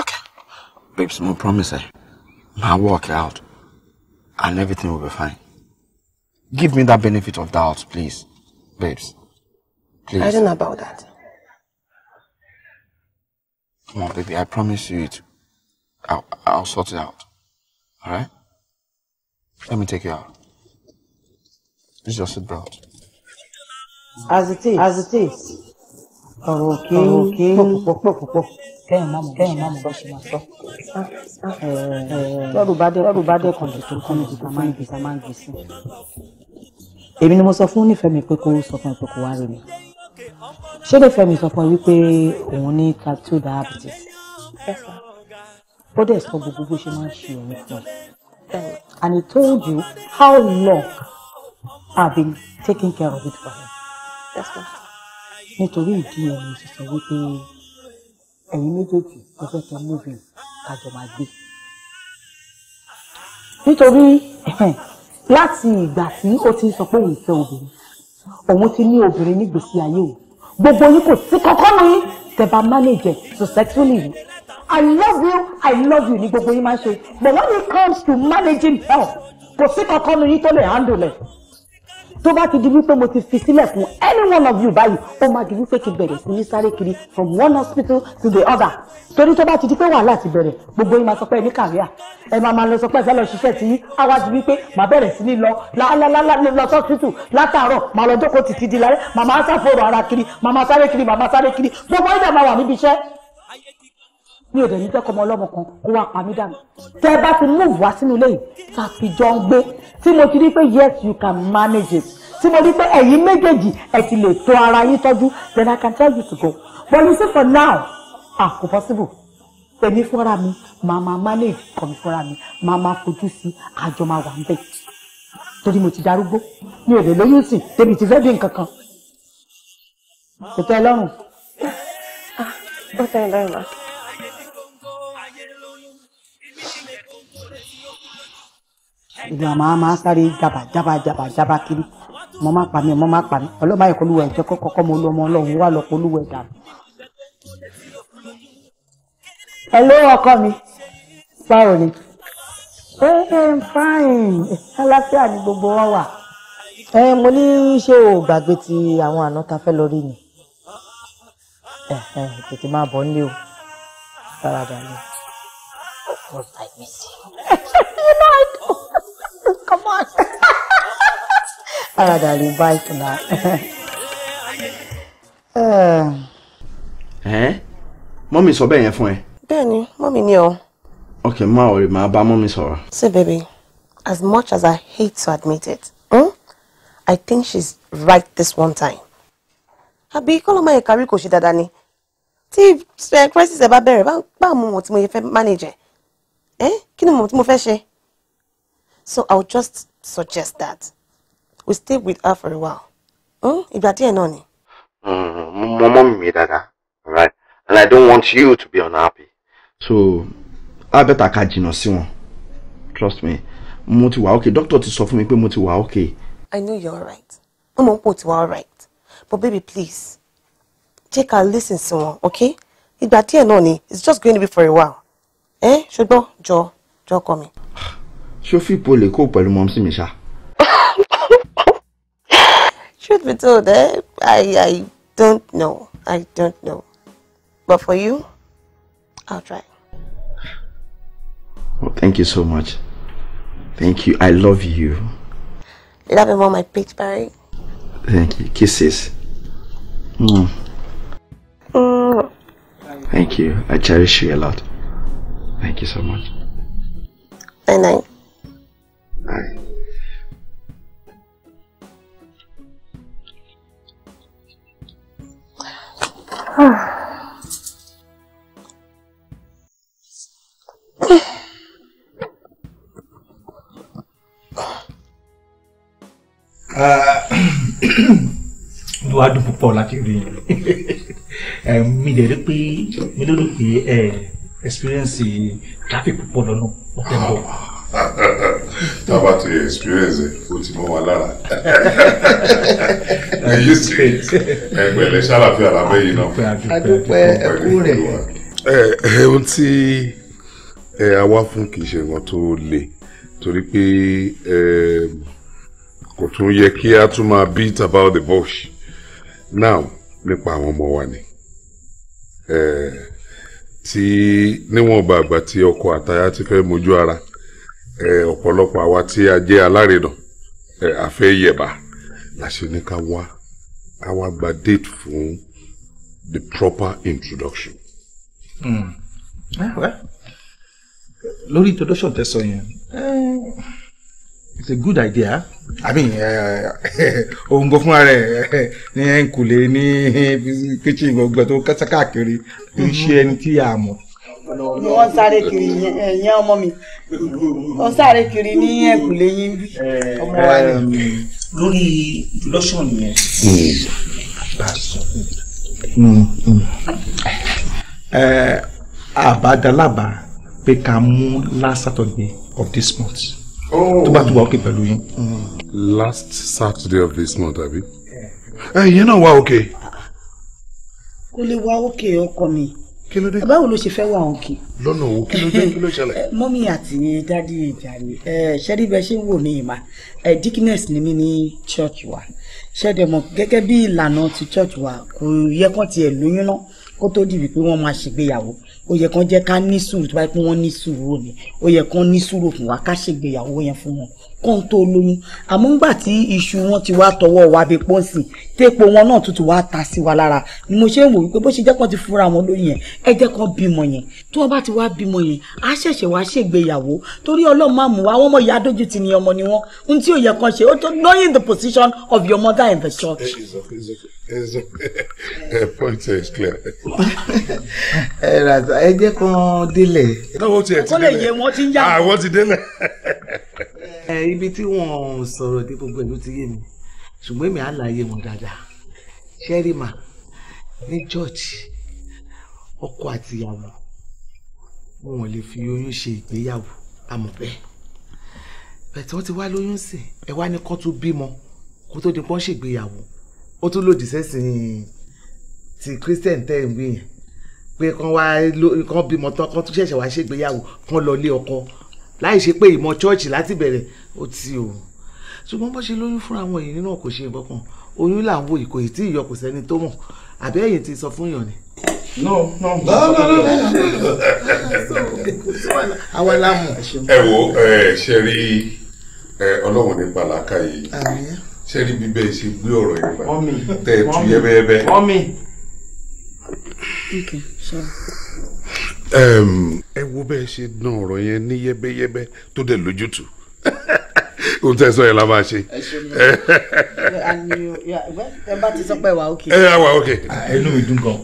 Okay. Babes, mo promise ẹ, máa work out and everything will be fine. Give me that benefit of doubt, please. Babes, please. I don't know about that. Come on, baby, I promise you it. I'll, I'll sort it out. All right? Let me take you out. It's just a drought. As it is. As it is. Okay. Okay. Okay. Okay. Okay. Okay. Okay. Okay. Okay. Okay. Okay. Okay. Okay. Okay. Okay. sọ. Lọ́dún eh, bá dé lọ́dún bá dé kan tó kán níbi tá máa ń gbé tá máa ń gbé sí. Èmi ni mo sọ fún nífẹ̀ẹ́ mi pé kó sọ fún ẹ pé kó wá rí mi. Ṣé nífẹ̀ẹ́ mi sọ fún ẹ wípé òun ní type two diabetes? Ó dẹ̀ sọ gbogbo bó ṣe máa ń ṣe òun fún ẹ and he told you how long I've been taking care of it for him. That's nítorí ìdí ẹ̀ mo sì sọ wípé ẹ̀yin méjèèjì ló fẹ́ kẹ́ move in kájọ máa gbé. nítorí láti ìgbà tí ó ti sọ pé òun fẹ́ obìnrin òun ti ní obìnrin nígbèésí ayé o gbogbo yín kò sí kankan ní tẹ́ bá manage successfully yìí i love you i love you ní gbogbo yín máa ṣe but when it comes to managing health kò sí kankan ní yín tó lè handle ẹ̀ tó bá ti di wípé mo ti fi sílẹ̀ fún any one of you báyìí ó máa di wípé kí bẹ̀rẹ̀ sí ní sáré kiri from one hospital to the other torí tó bá ti di pé wàhálà ti bẹ̀rẹ̀ gbogbo yín máa sọ pé ẹ ní kàríà ẹ máa máa lọ sọ pé ẹ fẹ́ lọ ṣiṣẹ́ tí á wá di wípé màá bẹ̀rẹ̀ sí ní lọ lọ sọ́sítù látàárọ̀ màá lọ jókòó títí di lálẹ́ màá máa sáfòrò ara kiri màá máa sáré kiri màá máa sáré kiri gbogbo yín dẹ̀ máa wà níbi iṣẹ́ mi ò dẹ̀ ní jẹ́kọ́ ọmọ ọlọ́mọ kan kó wá pa mí dànù tẹ́ ẹ bá ti move wá sínú ilé yìí tá a fi jọ ń gbé tí mo ti rí pé yes you can manage it tí mo rí pé ẹ̀yin méjèèjì ẹ̀ ti lè tó ara yín tọ́jú then I can tell you to go but you see for now ah kò possible èmi fúnra mi màá máa manage kàn mí fúnra mi màá máa fojú sí àjọ máa wà ń bẹ̀ torí mo ti darúgbó mi ò lè lóyún sí débi ti fẹ́ bí nǹkan kan kò tẹ́ ẹ lọ́rùn. Ah, ó tẹ́ ẹ lọ́rùn máa. ṣùgbọ́n àmọ́ a máa sáré jaba jaba jaba jaba kiri mo má pa mi mo má pa mi ọlọ́mọ ayẹ̀kọ́ olúwa ẹ̀jẹ̀ kọ́kọ́ mo lu ọmọ ọlọ́run wà lọ́pọ̀ olúwa ẹ̀dá mi. ẹ ló ọkọ mi báwo ni. ẹ eh, ẹ fine aláfíà ni gbogbo wọn wà. ẹ eh, mo ní ṣé o gbàgbé ti àwọn àna ta fẹ́ lọ rí ni. ẹ eh, ẹ tètè máa bọ̀ nílé o. dára dára. Come on. All right, darling. Bye for now. Uh. Ẹ́ mọ́mí sọ bẹ́ẹ̀ yẹn fún ẹ. Bẹ́ẹ̀ni, mọ́mí Okay, má worry, rí màá bá mọ́mí See baby, as much as I hate to admit it, hmm? I think she's right this one time. Àbí kọ́lọ́mọ yẹn kárí kò ṣe dáadáa ni. Tí eh, crisis ẹ bá bẹ̀rẹ̀ bá mú wọn tí mo yẹ fẹ́ manage eh, mo tí mo so I'll just suggest that we stay with her for a while hmm? ìgbà díẹ̀ náà ni. Hmm, mo mọ mi dada right and i don't want you to be unhappy. so I bẹ́tà ká jìnnà sí wọn trust me mo okay doctor ti sọ Me mi pé okay. i know you're alright mo mọ̀ alright but baby please take a listen sí wọn okay ìgbà díẹ̀ náà ni it's just going to be for a while. Eh? Should ṣùgbọ́n Joe. Joe, call me. Should we fìpò lè kó pẹ̀lú mi be told eh? I, I don't know I don't know but for you I'll try. Well, oh, thank you so much. Thank you. I love you. Love him on my page, Barry. Thank you. Kisses. Mm. Thank you. I cherish you a lot. Thank you so much. Bye night. Ay. ló wá dùn púpọ̀ láti rí i mi dẹ̀ rí pé mi ló rí pé experience traffic púpọ̀ lọ́nà ọ̀tẹ̀ ń bọ̀ tá bá ti experience ẹ̀ ó ti mọ́ wa lára èyí sì ẹgbẹ́ ilẹ̀ ṣàlàfíà lábẹ́yìn náà adúpẹ́ ẹkú rẹ̀. ohun tí ẹ awá fún kì í ṣe nǹkan tó le torí pé kò tún yẹ kí a tún máa beat about the bush now nípa àwọn ọmọ wa ni tí níwọ̀n bàgbà tí ọkọ àtaya ti fẹ́ mójú ara ọ̀pọ̀lọpọ̀ àwa tí a jẹ́ alárinà àfẹ́ yẹ̀bà láti ní ká wá ká wá gba date fún the proper introduction. Mm. Yeah, well. lórí introduction tẹ sọ yẹn eh, it's a good idea i mean ohun eh, gbọ́ fúnra rẹ̀ eh, ní ẹ̀ńkùlé ní kitchen gbogbo tó kásákàkiri kì í ṣe mhm. ẹni tí a mọ̀ ni wọ́n sáré kiri ẹ̀yìn ọmọ mi wọ́n sáré kiri ní ẹ̀kúlé yín bí ọmọ wa ni. lórí lọ́sàn yẹn. Mm, mm. àbádàlábà pé ká mú last Saturday of this month oh. tó bá tó òkè pẹ̀lú yín. last Saturday of this month àbí. Eh, ẹ̀yin náà wà òkè. kò lè wá òkè ọkọ mi kí ló dé. báwo ló ṣe fẹ́ wà òkè. lọ́nà òwò kí ló dé kí ló ṣẹlẹ̀. mọ́mí àti dádì ìjà ni ṣẹ́rí bẹ́ẹ̀ ṣe ń wò mí ìmá dikines ni mí ní church wa ṣẹ́dẹ̀ mọ̀ gẹ́gẹ́ bí ìlànà ti church wa kò yẹ kán tiẹ̀ lóyún náà kó tó dìbì pé wọ́n máa ṣègbéyàwó ó yẹ kán jẹ́ ká ní sùúrù tó bá yẹ pé wọ́n ní sùúrù ni ó yẹ kán ní sùúrù fún wa ká ṣègbéyàwó yẹn fún wọn kán tó lóyún àmọ́ ńgbà tí iṣu wọn ti wá tọwọ́ wa bí pọ́ǹsì téèpo wọn náà tuntun wá ta sí wa lára ni mo ṣe ń wò wípé bó ṣe jẹ́ kán ti fúnra wọn lóyún yẹn ẹ jẹ́ kán bímọ yẹn tí wọ́n bá ti wá bímọ yẹn á ṣẹ̀ṣẹ̀ wá ṣègbéyàwó torí ọlọ́run máa mú wa àwọn ọmọ ìyá dójú ti ni ọmọ ni wọ́n ohun tí ò yẹ kán ṣe ó tó knowing the position of your mother in the church. Eh, Yes, uh, point is clear. ẹ rà ẹ jẹ́ kàn délẹ̀. lọ́wọ́ tiẹ̀ ti délẹ̀ kọ́lẹ̀ yẹ wọ́n ah, ti ń yá. àwọn ti délẹ̀. ibi tí gbogbo ìlú ti yé mi ṣùgbọ́n èmi àlàyé wọn dáadáa ṣẹ́rìmà ní chọ́ọ̀chì ọkọ àtìyàwó wọn ò lè fi oyún ṣe ìgbéyàwó àmọ́ bẹ́ẹ̀ bẹ̀tẹ̀ wọ́n ti wá lóyún sìn ẹ wá ní kó tún bímọ kó tó di pọ́n ṣègbéyàwó ó tún lòdì sẹ́sìn ti christian tẹ́ ń gbé yẹn pé kán wá kán bímọ tán kán tún ṣẹ̀ṣẹ̀ wá ṣègbéyàwó kán lọ lé ọkọ láì ṣe pé ìmọ̀ chọ́ọ̀chì láti bẹ̀rẹ̀ ó ti o ṣùgbọ́n bó ṣe lóyún fún àwọn èyí náà kò ṣe nǹkan kan oyún là ń wo ìkò ètí ìyọ kò sẹ́ni tó mọ̀ àbí ẹ̀yin ti sọ fún yàn ni. no no no no no no àwa la mọ̀. ẹ wo ẹ ṣe rí ọlọ́run nípa làákàyè sẹ́rí bíbẹ́ ṣe gbé ọ̀rọ̀ yìí pa tẹ̀ ẹ̀ tu yẹ́bẹ́yẹ́bẹ́. ẹ wo bẹ́ẹ̀ ṣe dán ọ̀rọ̀ yẹn ní yẹ́bẹ́yẹ́bẹ́ tó dẹ̀ lójútùú o tẹ sọ yẹn la máa ṣe. ẹ bá ti sọ pé wà ókè. ẹ wà ah, ókè. inú mi dùn gan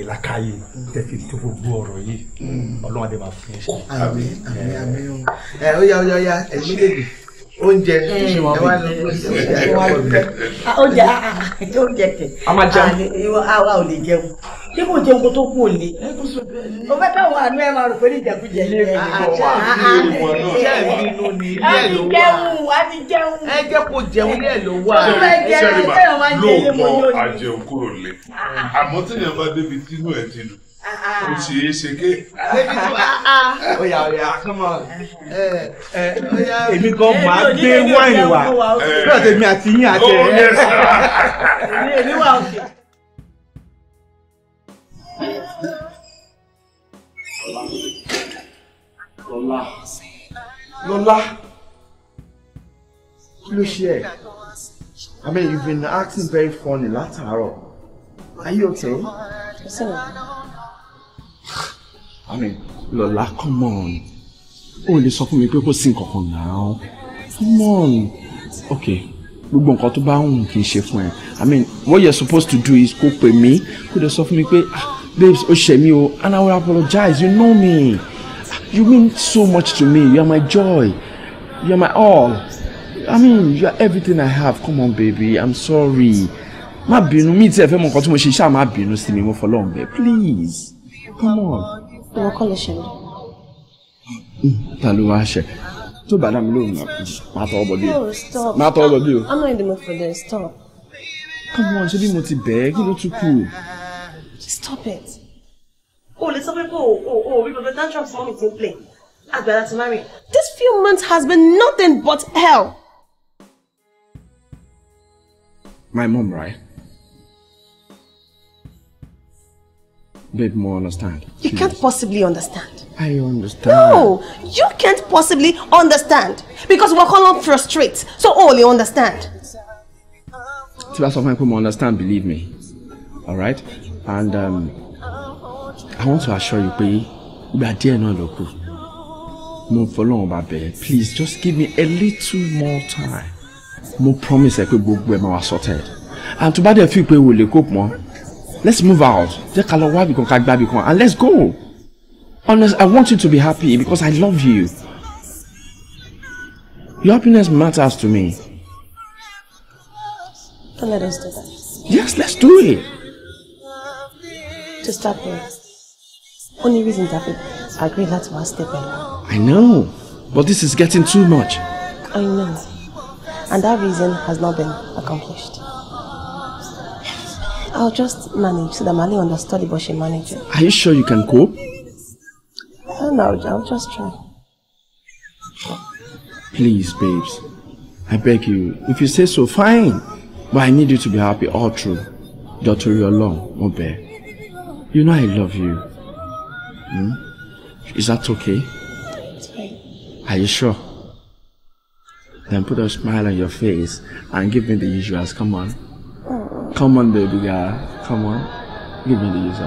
ìlàkàyè mm, tẹ̀sí tó gbogbo ọ̀rọ̀ yìí mm. ọlọ́run àdè máa fún yín. àmín àmín àmín o. ó yá ó yá ó yá ẹ̀mí lè oúnjẹ ẹ wá lọ ah, ah, ah, oúnjẹ oúnjẹ kẹ àwa ò lè jẹun ṣé kò jẹun kó tó kú ò lè o fẹ́ ká wà ní ẹ máa rò pé ní ìjẹkújẹ ilé mi kò wà ní ìwọ náà ṣé ẹ bínú ni ilé ẹ ló wà á ti jẹun á ti jẹun ẹ jẹ́ kó jẹun ilé ẹ ló wà á ti jẹun ṣé ẹ máa jẹ ilé mo yóò ní. lóòótọ́ àjẹun kúrò lè àmọ́ tí èèyàn bá débi tínú ẹ̀ ti dùn ó ṣeé ṣe ké. oya ah, ah. ah, oya come on. Eh, eh, eh, èmi gan máa gbé wáìnì wá lọ́dọ̀ tèmi àti yín àti ẹ̀rẹ́. èmi wà òkè. lọ́lá lọ́lá kí ló ṣe ẹ́ I mean you've been acting very funny látàárọ̀ are you okay? sọ̀rọ̀. I mean, Lola, come on. Oh, lè sọ fún mi pé kò sí nǹkan Come on. Okay gbogbo nǹkan tó bá ń hùn i mean what you're supposed to do is kó pè mí kó dẹ sọ fún mi ah, babes ó ṣe mí and i will apologize you know me you mean so much to me you are my joy you are my all i mean you are everything i have come on baby i'm sorry má bínú mi tí ẹ fẹ́ mọ nǹkan tí mo shisha ṣáà má bínú sí mi mo fọlọ́run please come on ìwọ kọ́ ló ṣẹlẹ̀. Hmm, ta ló wá ṣe tó bá dá mi lóhùn náà má tọwọ́ bọ̀ bí o má tọwọ́ bọ̀ bí o. I'm not in the mood for this stop. come on ṣé bí mo ti bẹ̀ẹ́ kí ló tún kù. stop it. o lè sọ pé kó o o rí bàbá tantrums mọ́mì ti ń play àgbàlá ti marry. this few months has been nothing but hell. my mom right. Babe, more understand. You Please. can't possibly understand. I understand. No, you can't possibly understand because we're all frustrated. So all you understand. Tí bá sọ fún ẹ understand, believe me. All right? And um, I want to assure you pé ìgbà díẹ̀ náà ló kù. Mo fọlọ́run bá bẹ̀rẹ̀. Please just give me a little more time. Mo promise ẹ pé gbogbo ẹ máa wá sorted. And to bá dẹ̀ few people will lè more. Let's move out. Jẹ́ ká lọ wá ibìkan ká and let's go. Honest, I want you to be happy because I love you. Your happiness matters to me. Don't let us do that. Yes, let's do it. To start with, only reason that we agreed that was step I know, but this is getting too much. I know, and that reason has not been accomplished. I'll just manage so that Mali the study but she manages. Are you sure you can cope? I oh, don't know, I'll just try. Please, babes. I beg you, if you say so, fine. But I need you to be happy all through. Dr. Yolong, Obe. You know I love you. Hmm? Is that okay? Are you sure? Then put a smile on your face and give me the usuals. Come on. Come on, baby guy. Come on. Give me the user.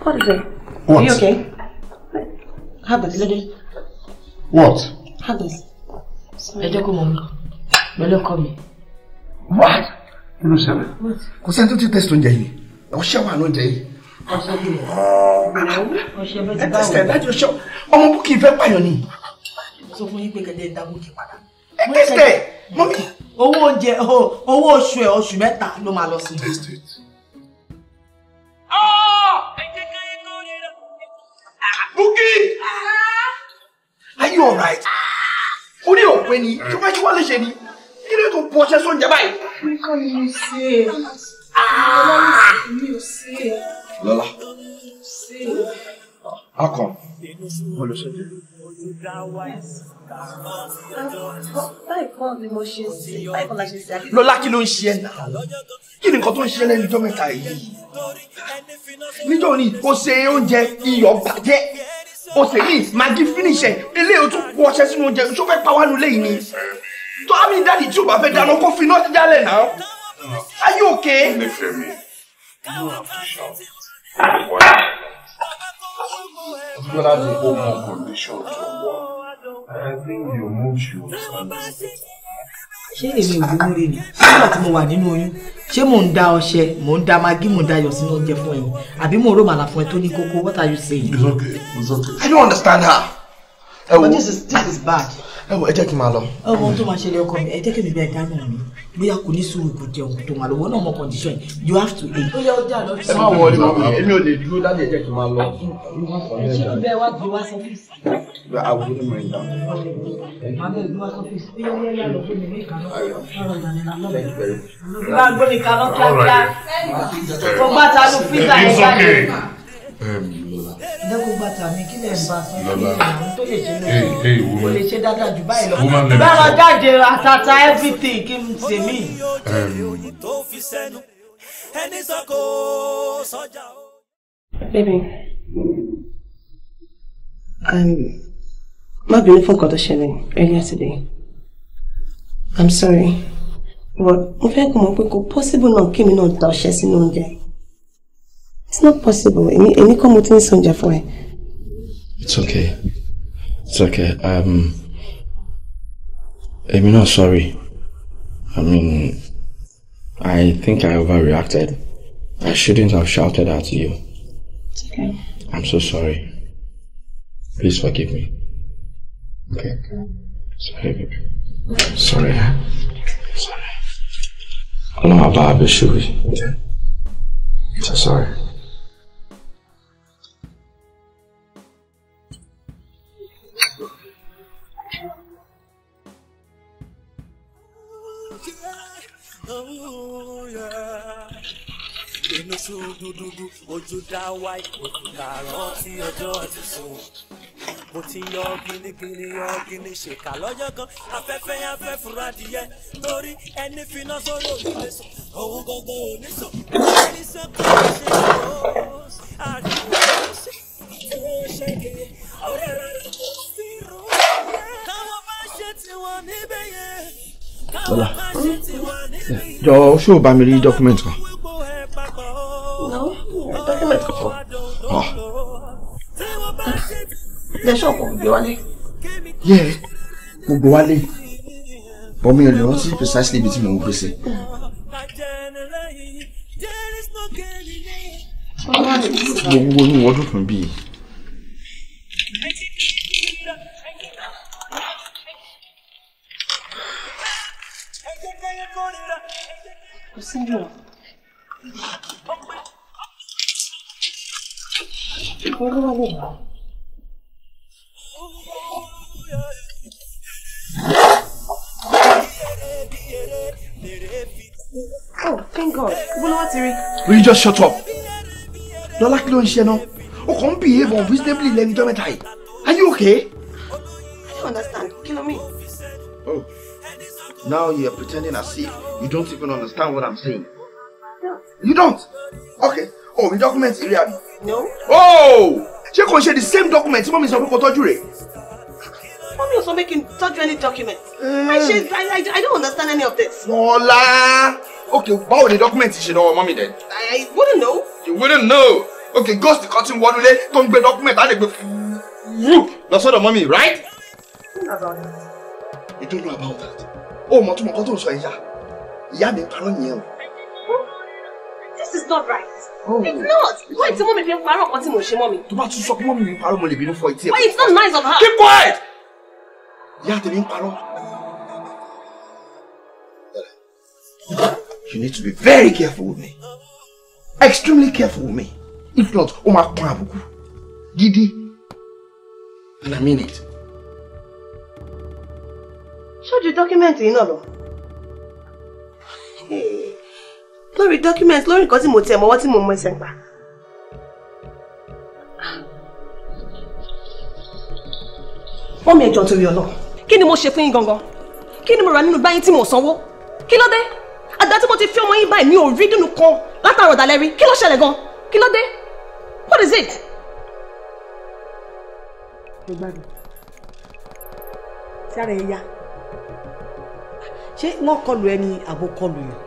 What is it? What? Are you okay? Have this. Lady. What? Have this. Ẹjọ́ kò mọ̀ mi. Pẹ̀lú What? Kí ló ṣẹlẹ̀? Kò sí ẹni tó ti tẹ̀sítọ̀ oúnjẹ yìí. Ọṣẹ́ wà lóúnjẹ yìí ẹ tẹsẹ̀ dájú ṣọ ọmọ búkì fẹ́ pààyàn ni. sọ fún yín pé kẹ́lẹ́ ń dá búkì padà. ẹ tẹsẹ̀ mọ́mí. owó oúnjẹ owó oṣù ẹ oṣù mẹ́ta ló máa lọ sí. búkì are you alright? ó ní òpin ni tí wọ́n ṣe wá léṣe ni kí ló tó bọ́ ṣẹ́ sóúnjẹ báyìí. wíkọ́ ni mo ṣe é. Lola, How come? Mo lọ sọ́jọ́. Lọ́lá kí ló ń ṣe ẹ́ náà? Kí ni nǹkan tó ń ṣe lẹ́nu ọjọ́ mẹ́ta yìí? Níjọ́ ni o ṣe oúnjẹ iyọ̀ bàjẹ́. O ṣe ní magi finish ẹ̀. Eléyìí o tún kú ọṣẹ sínú oúnjẹ. Ṣó fẹ́ pa wá nulẹ̀ yìí ni? Tó àmì tí o bá fẹ́ dáná kó fi iná dídálẹ̀ náà. Are you okay? Only for me. You have to shout. I'm gonna not the whole condition to one. I think your move should understand this. ṣé èmi ò gbóhùn rè ni nígbà tí mo wà nínú oyún ṣé mò ń da ọṣẹ mò ń da magí mò ń da ayọ̀ sínú oúnjẹ fún ẹ ni àbí mò ń rò màlà fún ẹ tó ní kókó what are you saying. it's okay it's okay. I don't understand her. ẹ wo but this is this is bad. ẹ wo ẹ jẹ́ kí n máa lọ. ọmọ tó máa ṣẹlẹ̀ ọkọ mi ẹ jẹ́ kí mi bí ẹ dáná mi bóyá kò ní sùúrù kò jẹun tó máa lọ wọn náà mọ condition you have to aid. bóyá ó lọ sí. ẹ má wọlé mọ èmi ò lè dúró láti ẹjẹ kí n máa lọ. ṣé o wá gbé wá sọfíìsì. àwọn onímọ̀ lọ fún mi ní ìkànnì. ọ̀rọ̀ ìdánilá lọ́wọ́. ìgbà gbọ́dọ̀ dẹ́kúgbà tàbí kí lè ń bá sọ kí ìyàwó tó lè ṣe lóko kò lè ṣe dáadáa jù báyìí lọ bára jáde àtàtà everything kí n ṣe mí. baby má bínú fún nǹkan tó earlier today i'm sorry but if I kọ́ mọ̀ pé possible náà kí mi náà da ọṣẹ sínú oúnjẹ. It's not possible. Any any come with me, It's okay. It's okay. Um, I'm not sorry. I mean, I think I overreacted. I shouldn't have shouted at you. It's okay. I'm so sorry. Please forgive me. Okay. Sorry, baby. Sorry. Sorry. I don't know about Abishu. Okay. so sorry. ní ṣúdúdúdú ojú dá wáì ojú dá rántí ọjọ́ ti sùn. mo ti yan gínígíní yan gíní ṣèkà lọ́jọ́ kan afẹ́fẹ́ yẹn fẹ́ fura díẹ̀ torí ẹni finá sórí òrùlé sùn òun gangan ò sùn. ẹni sọ́kọ̀ ṣe ìwọ àdúgbò ṣe ìwọ ṣe kiri ọ̀rẹ́ rẹ̀ sí rò yẹn. káwọn bá ṣe tiwọn níbẹ̀ yẹn. Bọ́lá, jọ ṣó o bá mi rí dọ́kúmẹ́ntì kan rätt bra. Ja. Ilé iṣẹ́ ọkọ̀ Ògbéwálé. Yeah, Ògbéwálé. Bọ́mí ò lè rántí precisely ibi tí mò ń gbé sí. Gbogbo inú wọn dùn fún bíi. Kò sí ìrọ̀. Oh, thank God. Will you just shut up? Lọ́lá kí ló ń ṣe náà? O behave On lẹ́nu ọjọ́ mẹ́ta yìí. Are you okay? I don't understand. Kill me. Oh, now you're pretending as if you don't even understand what I'm saying. No. You don't? Okay. Oh, ní document rí àbí. no. oh ṣé kò ń ṣe the same document tí mọ́mí sọ pé kò tọ́jú rẹ̀. mọ́mí ò sọ pé kí n tọ́jú any document. Hmm. I I, I don't understand any of this. Wọ́lá okay báwo ni document ṣe lọ́wọ́ mọ́mí dẹ̀. I wouldn't know. you wouldn't know okay ghost kan ti ń wọnúlé tó ń gbé document á lè gbé wú lọ sọ́dọ̀ mọ́mí right. you don't know about that. o mọ̀ tó mọ̀ kó tó ń sọ ìyá ìyá mi parọ́ nìyẹn o. This is not right. Oh. It's not. Why is mommy being parọ́ kan tí mo ṣe mommy? To bá tún sọ pé mommy being parọ́ mo being bínú fọ́ etí ẹ̀. Why it's not nice of her. Keep quiet. Ìyá tèmi being parọ́. You need to be very careful with me. Extremely careful with me. If not, ó máa pọ́n àbùkù. Gidi. And I mean it. Ṣojú dọ́kímẹ́ǹtì yìí náà lọ. Hey. lórí documents lórí nǹkan tí mo tiẹ̀ mọ́wọ́ tí mo mọ ẹsẹ̀ ń pa. wọ́n mi ẹ̀jọ̀ torí ọlọ́ kí ni mo ṣe fún yín gangan kí ni mo rà nínú báyìí tí mo sanwó kí ló dé àgbà tí mo ti fi ọmọ yín báyìí mi ò rí dùnú kan látàrọ̀ dàlẹ́ rí kí ló ṣẹlẹ̀ gan kí ló dé what is it. mo gbádùn sára ẹ ya ṣé wọ́n kọlù ẹni àbò kọlù yìí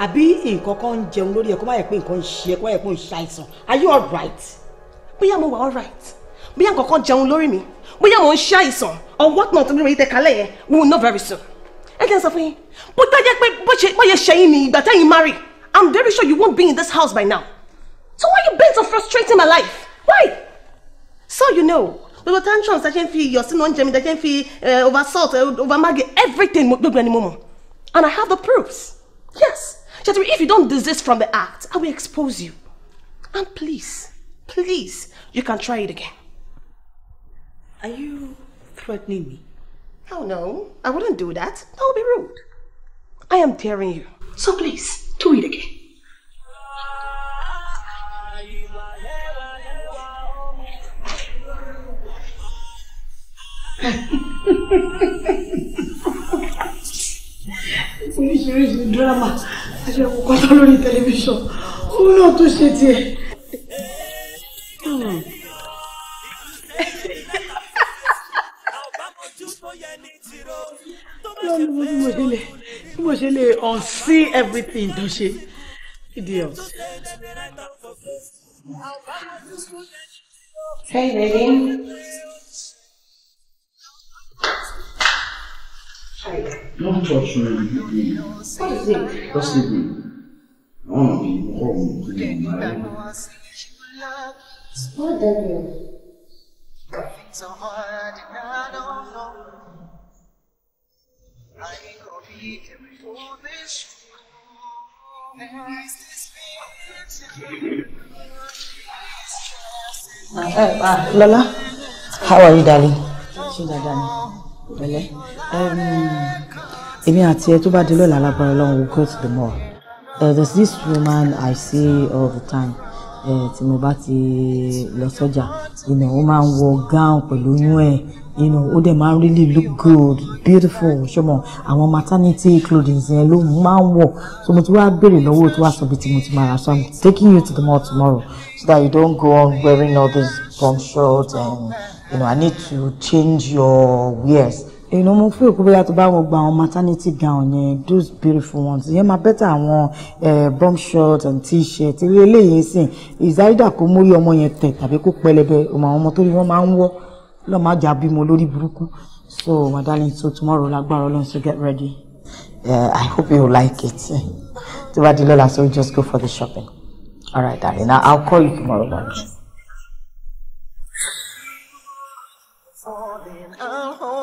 àbí nǹkan kan ń jẹun lórí ẹ kó má yẹ pé nǹkan ń ṣe ẹ kó má yẹ pé ń ṣàìsàn are you alright bóyá mo wà alright bóyá nǹkan kan jẹun lórí mi bóyá mo ń ṣàìsàn or what not lórí ìtẹ̀kálẹ̀ yẹn we will know very soon ẹ jẹ́ sọ fún yín bó tẹ́ jẹ́ pé bó ṣe ṣẹ́yìn ni ìgbà tẹ́yìn marry I'm very sure you won't be in this house by now so why you bent on frustrating my life why so you know gbogbo tantrums ẹ ṣe ń fi iyọ̀ sínú oúnjẹ mi ẹ ṣe ń fi eh, over salt eh, over maggi everything gbogbo ẹni mo mọ̀ and I have the proofs. if you don't desist from the act, I will expose you. And please, please, you can try it again. Are you threatening me? Oh no, I wouldn't do that. That would be rude. I am daring you. So please, do it again. oríṣiríṣi dírámà àti ẹ̀wọ̀n pátá lórí tẹlifíṣàn òun náà tó ṣe tiẹ̀. Hmm. lọ́nà mo bí mo ṣe lè bí mo ṣe lè unsee everything tó ṣe idiot. Hey, baby. Don't touch me. What is it? Just leave me. I want to be home with you, man. What the hell? Things ah, are hard and I don't know. I ain't gonna be here Uh, Lola, how are you, darling? She's darling pẹ̀lẹ́ èmi àti ẹ tó bá di lọ́la alábàárà lọ́wọ́ we go to the mall uh, there's this woman I see all the time eh, tí mo bá ti lọ sọ́jà ìnà ó máa ń wọ gown pẹ̀lú oyún ẹ̀ ìnà ó dẹ̀ máa ń really look good beautiful ṣọmọ àwọn maternity clothing yẹn ló máa ń wọ̀ so mo ti wá béèrè lọ́wọ́ tó wá sọ bí tí mo ti máa rà so I'm taking you to the mall tomorrow so that you don't go on wearing all these bomb shorts and you know, I need to change your wears. You know, mo you could bóyá tó bá wọn maternity gown yẹn those beautiful ones Yeah, my better àwọn eh, bum shorts and t shirts ilé eléyìí sìn ìzáídà kó mórí ọmọ yẹn tẹ̀ tàbí kó pẹlẹbẹ ọmọ àwọn ọmọ tó rí wọn máa ń wọ́ lọ́ọ́ máa jà so my darling so tomorrow lágbára ọlọ́run so get ready. Yeah, I hope you like it. tó bá di lọ́la just go for the shopping. all right darling now I'll call you tomorrow lunch.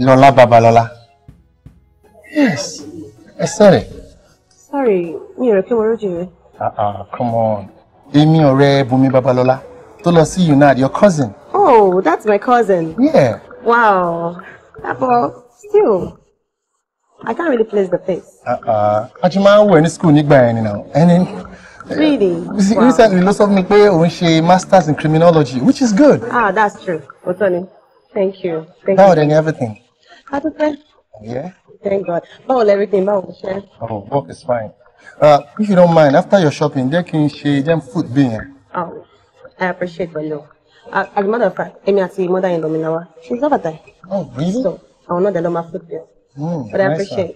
Lola Babalola. Yes, I said it. Sorry, mi ò rò pé mo Ah ah, come on. Amy or ọ̀rẹ́ Bùnmi Babalola Tola see you now. your cousin. Oh, that's my cousin. Yeah. Wow. Ah, but still, I can't really place the face. Ah ah, Actually, my máa ń school nígbà yẹn ni now. And then, Really? Wow. Recently, ló sọ fún mi pé òun masters in criminology, which is good. Ah, that's true. Otoni, thank you. Thank Proud you. then, everything. How adúpẹ́. yeah. thank god báwo lẹ rí kí n báwo ṣe. oh work is fine uh, if you don't mind after your shopping jẹ́ can n ṣe dem food bí oh i appreciate well o uh, as a matter of fact èmi àti mother in law she's over there. oh really. so I will not lọ́ máa food bill. Mm, but nice i appreciate.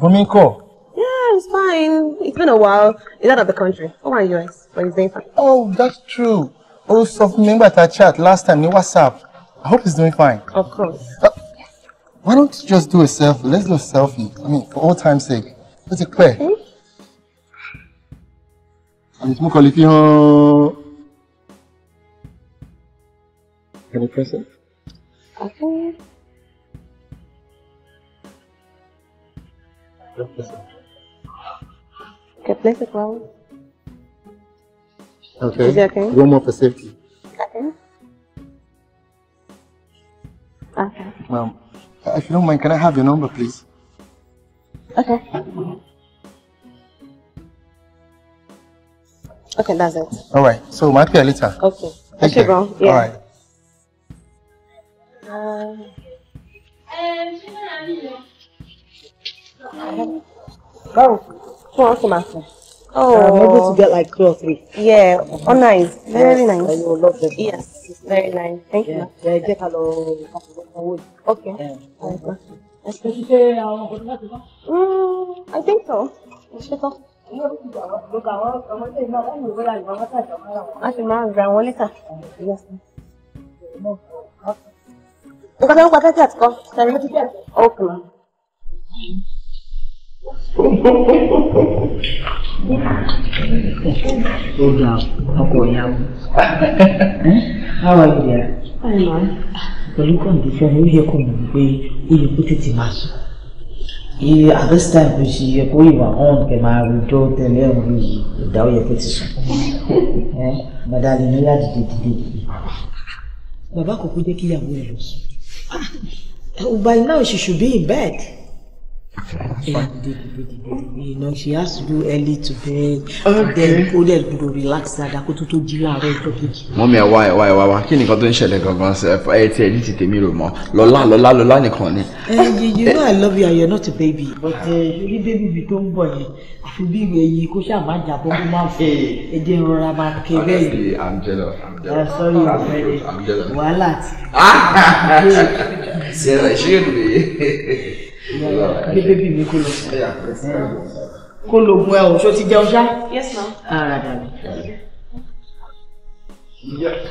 Bumi ńkọ́. Yeah, it's fine. It's been a while. He's out of the country. Over in US, but he's doing fine. Oh, that's true. Ó sọ fún mi chat last time in WhatsApp. I hope he's doing fine. Of course. Uh, why don't you just do a selfie? Let's do a selfie. I mean, for all time's sake. Let's it clear. Okay. Hmm? I'm smoke Can you press it? Okay. Okay, place it well. Okay. Is it okay? One more for safety. Okay. Okay. Well, if you don't mind, can I have your number, please? Okay. Okay, that's it. All right. So, my be later. Okay. Thank okay, bro. Yeah. All right. Um, come on, come on. Oh. I'm able to oh. get like two or three. Yeah, oh, nice. Very yes, nice. I will love them. Yes, very nice. Thank yeah. you. Yeah, get hello. Okay. Yeah. Okay. Did you say mm, I think so. A sì máa gbà wọ́n létà. Nǹkan tó ń pa tẹ́tí àtìkọ́. Ok ó ga ọkọ ìyàwó báwa ìyá pẹ̀lú kọ̀ǹdíṣọ́ ni ó yẹ kó mọ̀ pé ó yẹ kó tètè máa sùn iye àbẹ́sítà kò sí yẹ kó ìwà hàn kẹ máa rojọ́ tẹ̀lé ọ̀rọ̀ yìí ìdá ó yẹ kó ti sùn bàdá lè ní láti dìde dìde. bàbá kò kú jẹ́ kíyàwó ẹ̀ lọ sùn. Ah, by now she should be in bed. Yeah, the, the, the, you know, she has to do early today. Okay. Then kó dẹ̀ gbọ́dọ̀ relax dáadáa kó tó tó jí láàárọ̀ ìjọ kejì. Mọ́mí ẹ̀ wá ẹ̀ wá ẹ̀ wá wá kí nìkan tó ń ṣẹlẹ̀ gangan ṣe ẹ ti ẹ̀ ní ti tèmi rò mọ́ lọ́lá lọ́lá lọ́lá nìkan ni. Eh, you know I love you and you're not a baby but eh, orí bébí mi tó ń bọ̀ yẹn àfi bí ìwé yìí kó ṣáà máa jà bọ́ kó máa fẹ́ eh. ẹ jẹ́ rọra máa bẹ́ẹ̀ I'm jealous. I'm jealous. I'm sorry o fẹ́rẹ̀ wàhálà ti. Ṣé ẹ gbé bébì mi kó lọ kó lo oògùn ẹ o ṣó ti jẹun ṣá. yes ma'am. ara dàbí. Yeah.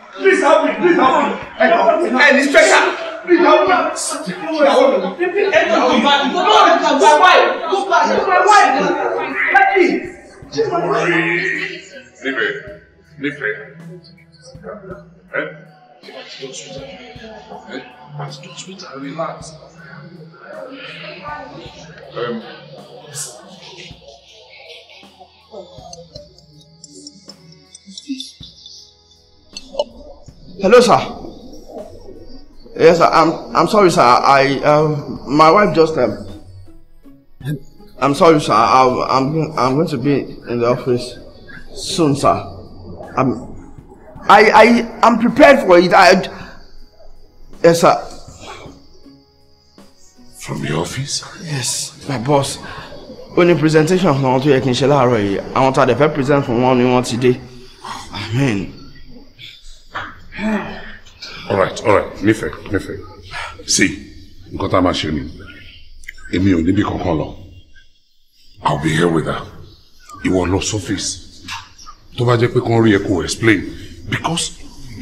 please help me please help me ẹ ní special please help me ìyàwó mi. ẹ ní ọ̀gbìn bá mi lọ́wọ́ mi kà gba wáyé kó gba kó gba wáyé kó relax. Um, Hello, sir. Yes, sir. I'm I'm sorry, sir. I uh, my wife just um. I'm sorry, sir. I, I'm I'm going to be in the office soon, sir. I'm I I I'm prepared for it. I yes, sir. From your office? Yes, my boss. When the presentation fún àwọn tó yẹ kí n ṣe láàárọ̀ yìí àwọn tá a dẹ̀ fẹ́ present fún wọn ni wọ́n ti Amen. I all right all right nífẹ̀ẹ́ nífẹ̀ẹ́ sí nǹkan tá a máa ṣe ni èmi ò níbi kankan lọ i will be here with her ìwọ lọ sọ́fíìsì tó bá jẹ́ pé kàn rí ẹ kó explain because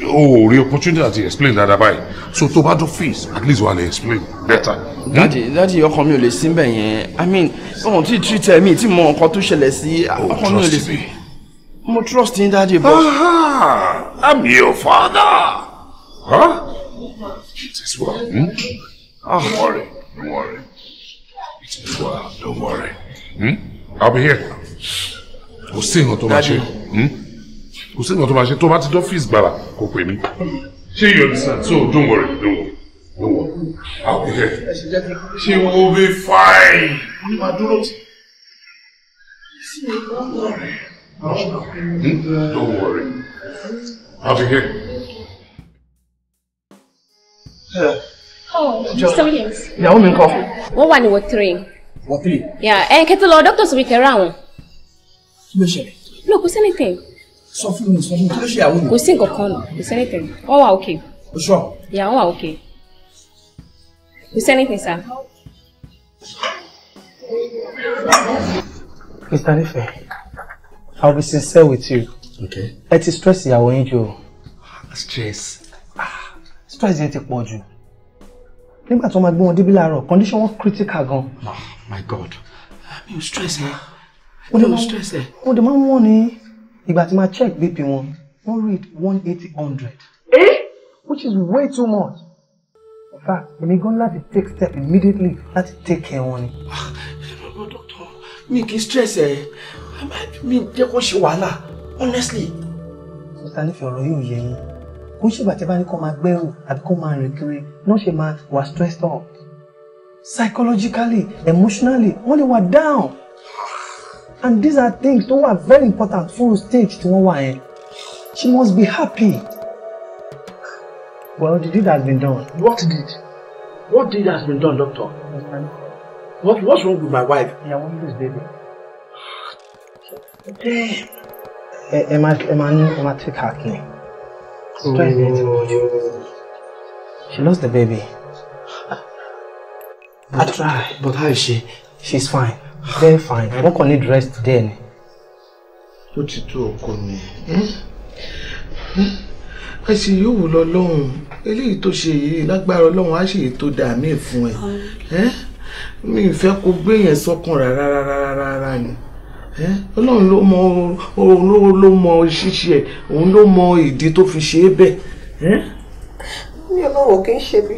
o ò rí opportunity àti explain dáadáa báyìí so tó bá dún face at least wà lè explain better. dadi dadi ọkọ mi ò lè síbẹ̀ yẹn i mean ohun tí tí tẹ mi tí mo ọkọ tó ṣẹlẹ̀ sí ọkọ mi ò lè sí mo trust yín dadi but. I'm your father. Huh? It's is well. Hmm? Oh. Don't worry. Don't worry. It's is well. Don't worry. Hmm? I'll be here. Kò sí nǹkan tó máa ṣe. Hmm? Kò sí nǹkan tó máa ṣe. Tó bá ti dọ́fíìsì gbàrà kò pè mí. you understand? So don't worry. Don't worry. Don't worry. I'll be here. She will be fine. Mo ní máa dúró tí. Hmm? Don't worry. Don't worry. Over here. Yeah. Oh, Mr. Williams. Yeah, I'm in Wọ́n wà ní ward three. What three? Yeah, ẹ̀ eh, kẹ́tọ́ lọ dókítà sórí kẹrẹ àwọn. Kí ló ṣẹlẹ̀? No, kò sí anything. Sọ fún mi, sọ fún mi, kí ló ṣe ìyàwó mi? Kò sí nǹkan kan nù, kò sí anything. Wọ́n wà okay. O sọ? Yeah, wọ́n wà okay. Kò sí anything, sir. Mr. Nife, I'll be sincere with you. Okay. ẹ ti stress ìyàwó yín jù o. Ah, stress. Ah, stress yẹn ti pọ̀ jù nígbà tí wọ́n máa gbé wọn débí láàárọ̀ condition wọn critical gan. oh my god mi ò stress ẹ mi ò stress ẹ. mo dẹ̀ máa ń wọ́n ní ìgbà tí máa check bp wọn wọ́n read one eighty hundred. eh which is way too much. in fact èmi gan láti take step immediately láti take care wọn ni. doctor mi kì í stress ẹ mi jẹ́ kó ṣe wàhálà honestly. sísá nífẹ̀ẹ́ ọ̀rọ̀ yóò yẹ yín kó ń ṣègbà tí a bá ní kó máa gbẹ́rù àbí kó máa rìn kiri náà ṣe máa wà stressed up psychologically emotionally wọ́n lè wà down and these are things tó wà very important fún stage tí wọ́n wà yẹn she must be happy. Well, the deed has been done. What deed? What deed has been done, doctor? What, what's wrong with my wife? Yeah, one of these baby. Damn. ẹ máa ẹ máa ní ẹ máa take heart she lost the baby. But, I try. But how is she? She's fine. Very fine. Wọ́n kàn need rest today ni. Ó ti tó ọkọ mi. Ẹ̀sìn yóò wù lọ lọ́hùn. Eléyìí tó ṣe yìí lágbára Ọlọ́run á ṣèyí tó dáa me fún ẹ. Hmm? Mi ì fẹ́ kó gbé yẹn sọ́kàn rárá rárá rárá ni ọlọ́run ló mọ òun ló mọ ṣíṣe ẹ̀ òun ló mọ ìdí tó fi ṣe é bẹ́ẹ̀. mi ọlọ́wọ́ kì í ṣe mí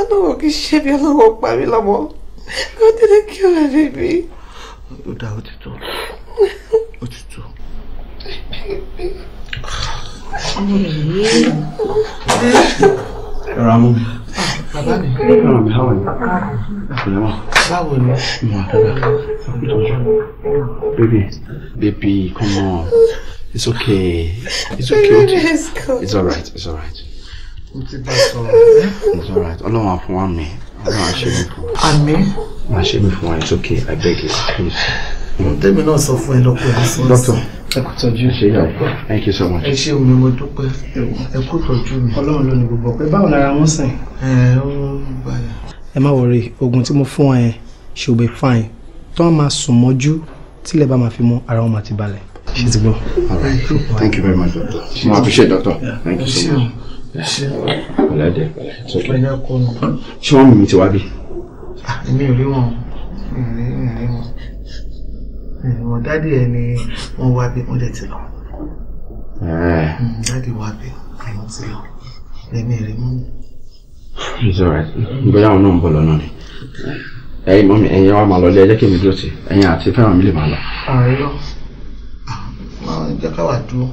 ọlọ́wọ́ kì í ṣe mí ọlọ́wọ́ pa mí lọ́mọ kó tẹ́lẹ̀ kí ọ̀rẹ́ mi bí. ó dá ó ti tó ó ti tó. Thank you. Ramu. Bàbá mi. Bàbá mi, báwo ni? Bàbá mi. Báwo ni? Mo àdàdà. come on. It's okay. It's okay. It's alright. It's alright. It's alright. Ọlọ́run á fún wa me. I'm á ṣe mí fún wa. Àmín. Ọlọ́run á ṣe mí It's okay. I beg you. Please. Tẹ́mi náà sọ fún ẹ lọ́pọ̀ ẹ̀ sọ́ọ̀sì. Doctor ẹ kú tọ́jú. ṣe yà ọkọ thank you so much. ẹ ṣe omi mo dúpẹ́ ẹ kú tọ́jú mi. ọlọ́run ló ní gbogbo ọpẹ́ báwo lára wọn sàn. ẹ ó gbàyà. ẹ má wọrí oògùn tí mo fún ẹ ṣe òbí fine tó wọn máa sùn mọ́jú tílẹ̀ bá máa fi mú ara wọn máa ti balẹ̀. ṣe ti gbọ́. all right thank you very much doctor. mo appreciate doctor. thank you so much. ọ̀làdẹ ọ̀làdẹ ṣé wọ́n mímí ti wá bí. Ah, èmi ò rí wọn ò rí wọn wọn dádì ẹ ni wọn wá bí wọn dẹ ti lọ eh. mm, dádì wá bí wọn ti lọ lẹmí rẹ mú. it's alright bóyá àwọn náà ń bọ̀ lọ́nà ni ẹ̀yin mọ́mí ẹ̀yin wa máa lọ lé ẹjẹ́ kí mi dúró sí ẹ̀yin àti fẹ́ràn mi lè máa lọ. àárọ̀ ah, jẹ́ ká wà dúró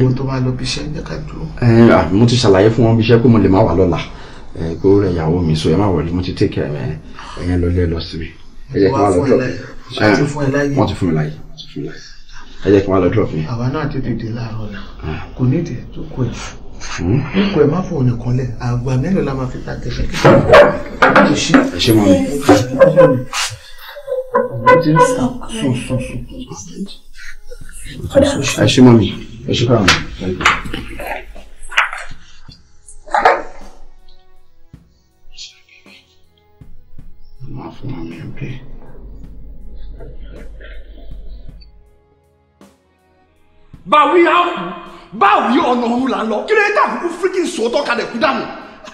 owó tó máa lọ bí iṣẹ́ jẹ́ ká dúró. Eh, ah, mo ti ṣàlàyé fún wọn bí iṣẹ́ pé mo lè má wà lọ́la eh, kó rẹ̀ ìyàwó mi so ẹ má wọlé mo ti take care ẹ̀yẹn lọ lé lọ síbi. ẹ ká wà lọ́jọ́ wọ́n ti fún ẹ láyè. wọ́n ti fún mi láyè wọ́n ti fún mi láyè ẹ jẹ́ kí wọ́n lọ drop mi. àwa náà ti dìde láàárọ̀ náà ah. kò ní ìdí tó kọ ẹ̀ hmm? kọ ẹ̀ má fọ òní kan lẹ̀ àgbà mélòó la máa fi ta kẹ̀kẹ́ kẹ̀kẹ́. ẹ ṣe mọ́ mi. ẹ ṣe mọ́ mi ẹ ṣe káàmù. okay. báwí á kú báwí ọ̀nà ọ̀run là ń lọ kí ló dé tàbí kú freaking sòótọ́ kalẹ̀ kú dànù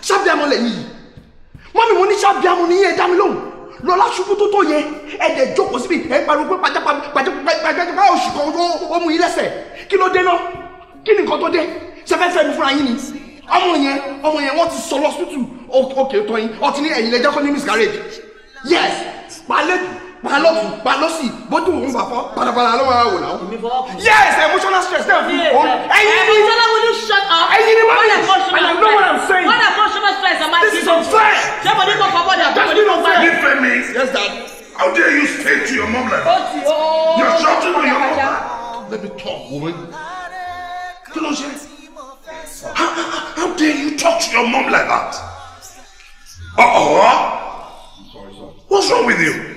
sábìámọ́ lẹ́yìn yìí mọ́mí mo ní sábìámọ́ ní yẹn dá mi lóhùn lọ́lá ṣubú tó tó yẹn ẹ̀dẹ̀ jókòó síbi ẹ̀ pariwo pé pàjápàjápàjápàjápà oṣù kan ó mú yín lẹ́sẹ̀ kí ló dé náà kí ni nǹkan tó dé sẹfẹ́fẹ́ mi fúnra yín ni ọmọ yẹn ọmọ yẹn wọ́n ti sọ lọ́sítù òkè tó yín ọtí ní ẹ̀yìn lẹ́jọ́ kọ́ ní miscarriage yes pàlẹ́ balọ́ọ̀fù balọ́ọ̀sì bójú òun bàbọ̀ balabala ló máa wò náà. yes emotional stress dem fi on. ẹyin ni ẹyin ni shut up. ẹyin ni maa yẹn and I know what I'm saying. what emotional stress am I this is unfair. ṣé mo ní kó fọwọ́ That's bí mo ní me yes dad. how dare you say to your mom like that. you're shouting to your mom. let me talk woman. kí ló ṣe. how how dare you talk to your mom like that. Uh-oh. What's wrong with you?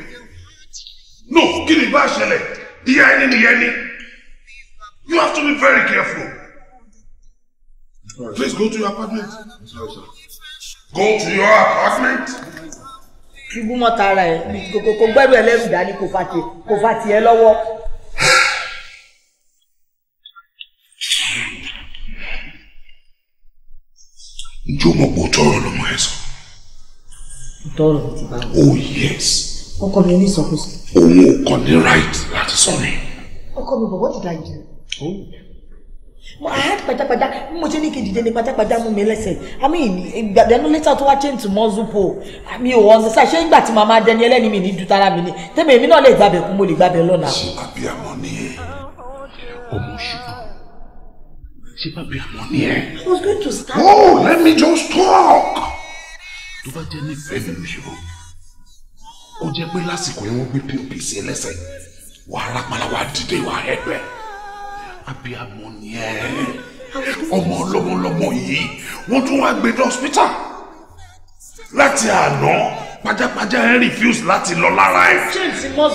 proof kí ni bá ṣẹlẹ̀ ìyá ẹni nìyẹn ni you have to be very careful. Please go to your apartment. go to your apartment. ṣubú mọ́ tara ẹ̀ kò gbẹ́rù ẹlẹ́rù dání kò fà kò fà tiẹ̀ lọ́wọ́. ǹjọ́ mọ̀ pé o tọrọ lọ́mọ ẹ sọ. o tọrọ ti bá wọn. oh yes ọkọ mi ní ìsọkúsọ. òun ò kàn ní right láti sọ ni. ọkọ mi bọ̀ what did I do? Oh. mo add pátápátá bí mo ṣe ní kí n dìde ní pátápátá mú mi lẹ́sẹ̀ i mean ìgbàdánù létà tó wá change to muscle pole mi ò wọ́n sá ṣé nígbà tí màmá dẹni ẹlẹ́ni mi ní ju tara mi ni tẹ́mi èmi náà lè gbàbẹ̀ kú mo lè gbàbẹ̀ lọ́nà. ṣé bàbí àmọ́ ni ẹ ọmọ ṣubú ṣé bàbí àmọ́ ni ẹ. I was going to start. oh let me just talk. tó bá jẹ́ nífẹ̀ẹ́ mi ò ṣubú kó jẹ́ pé lásìkò yẹn wọ́n gbé pop sí ẹlẹ́sẹ̀ wàá rápálá wàá dìde wàá ẹgbẹ́ abiyamọ ni ẹ ọmọ ọlọmọlọmọ yìí wọ́n tún wá gbé lọ hospital láti àná pajápajá ẹ refuse láti lọ lára ẹ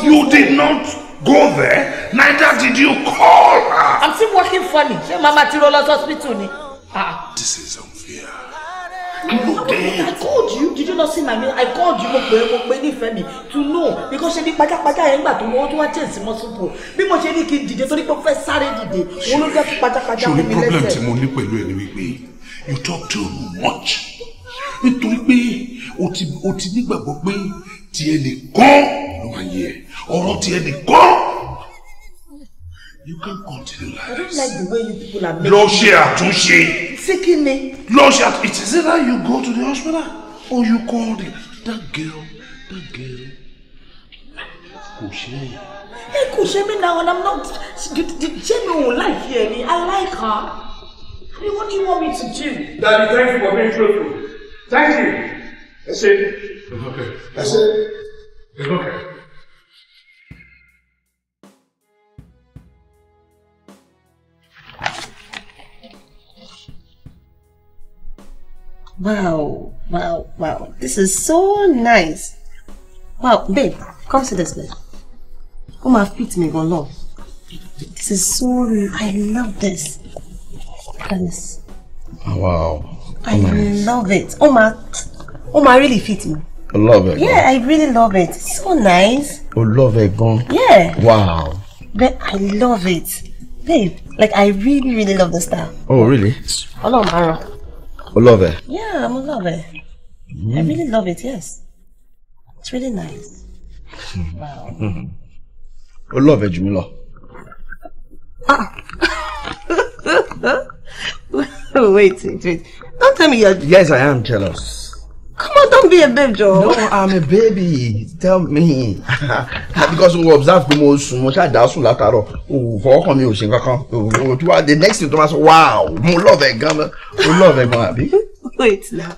you did not go there neither did you call her. i'm still working funny ṣé mama ti rọ lọ sí hospital ni. Ah, ah. this is unfair. I called you did you not see my mail I called you mo pe mo pe nífẹ̀ẹ́ to know because ṣe ni pajápajá yẹn gbà tó wọ́n tó wá jẹ́ ìsìn mọ́sùpù bí mo ṣe ní kí n dìde torí pé mo fẹ́ sáré dìde òun ló jẹ́ kí pajápajá mi lẹ́sẹ̀. ṣòro problem tí mo ní pẹ̀lú ẹ̀ ni wípé you talk too much nítorí pé o ti o ti nígbàgbọ́ pé tiẹ̀ nìkan ló máa yẹ ọ̀rọ̀ tiẹ̀ nìkan You can continue like I don't like the way you people are making Lọ ṣe àtúnṣe. Ṣé me. ni? It is either you go to the hospital or you call the that girl that girl. Kò Hey, é. me now ṣe mí náà and I'm not ṣé mi ò láìpẹ́ ẹ me. I like her. I mean, what do you want me to do? Daddy, thank you for being truthful. Thank you. Ẹ ṣe. It's okay. Ẹ ṣe. It's okay. Wow, wow, wow. This is so nice. Wow, babe, come see this, babe. Oh, my feet me go long. This is so, I love this. Look at this. Ah, wow. I oh, nice. love it. Oh, my, oh, my really fit me. I love it. Yeah, I really love it. It's so nice. I love it, gone. Yeah. Wow. But I love it. Babe, like I really, really love the style. Oh, really? Hello, Mara. You love it? Yeah, I'm a lover. Mm. I really love it, yes. It's really nice. Wow. You love it, Jumilo. Ah. wait, wait, wait. Don't tell me you're... Yes, I am jealous. Come on, don't be a babe, Joe. No, I'm a baby. Tell me. Because we observe pé most. sùn, mo ṣáà dá sùn látàárọ̀. Fọwọ́kàn mi ò ṣe kankan. Tí wàá the next thing tó máa wow, we love ẹ̀ gan. Mo love ẹ̀ baby. Wait now.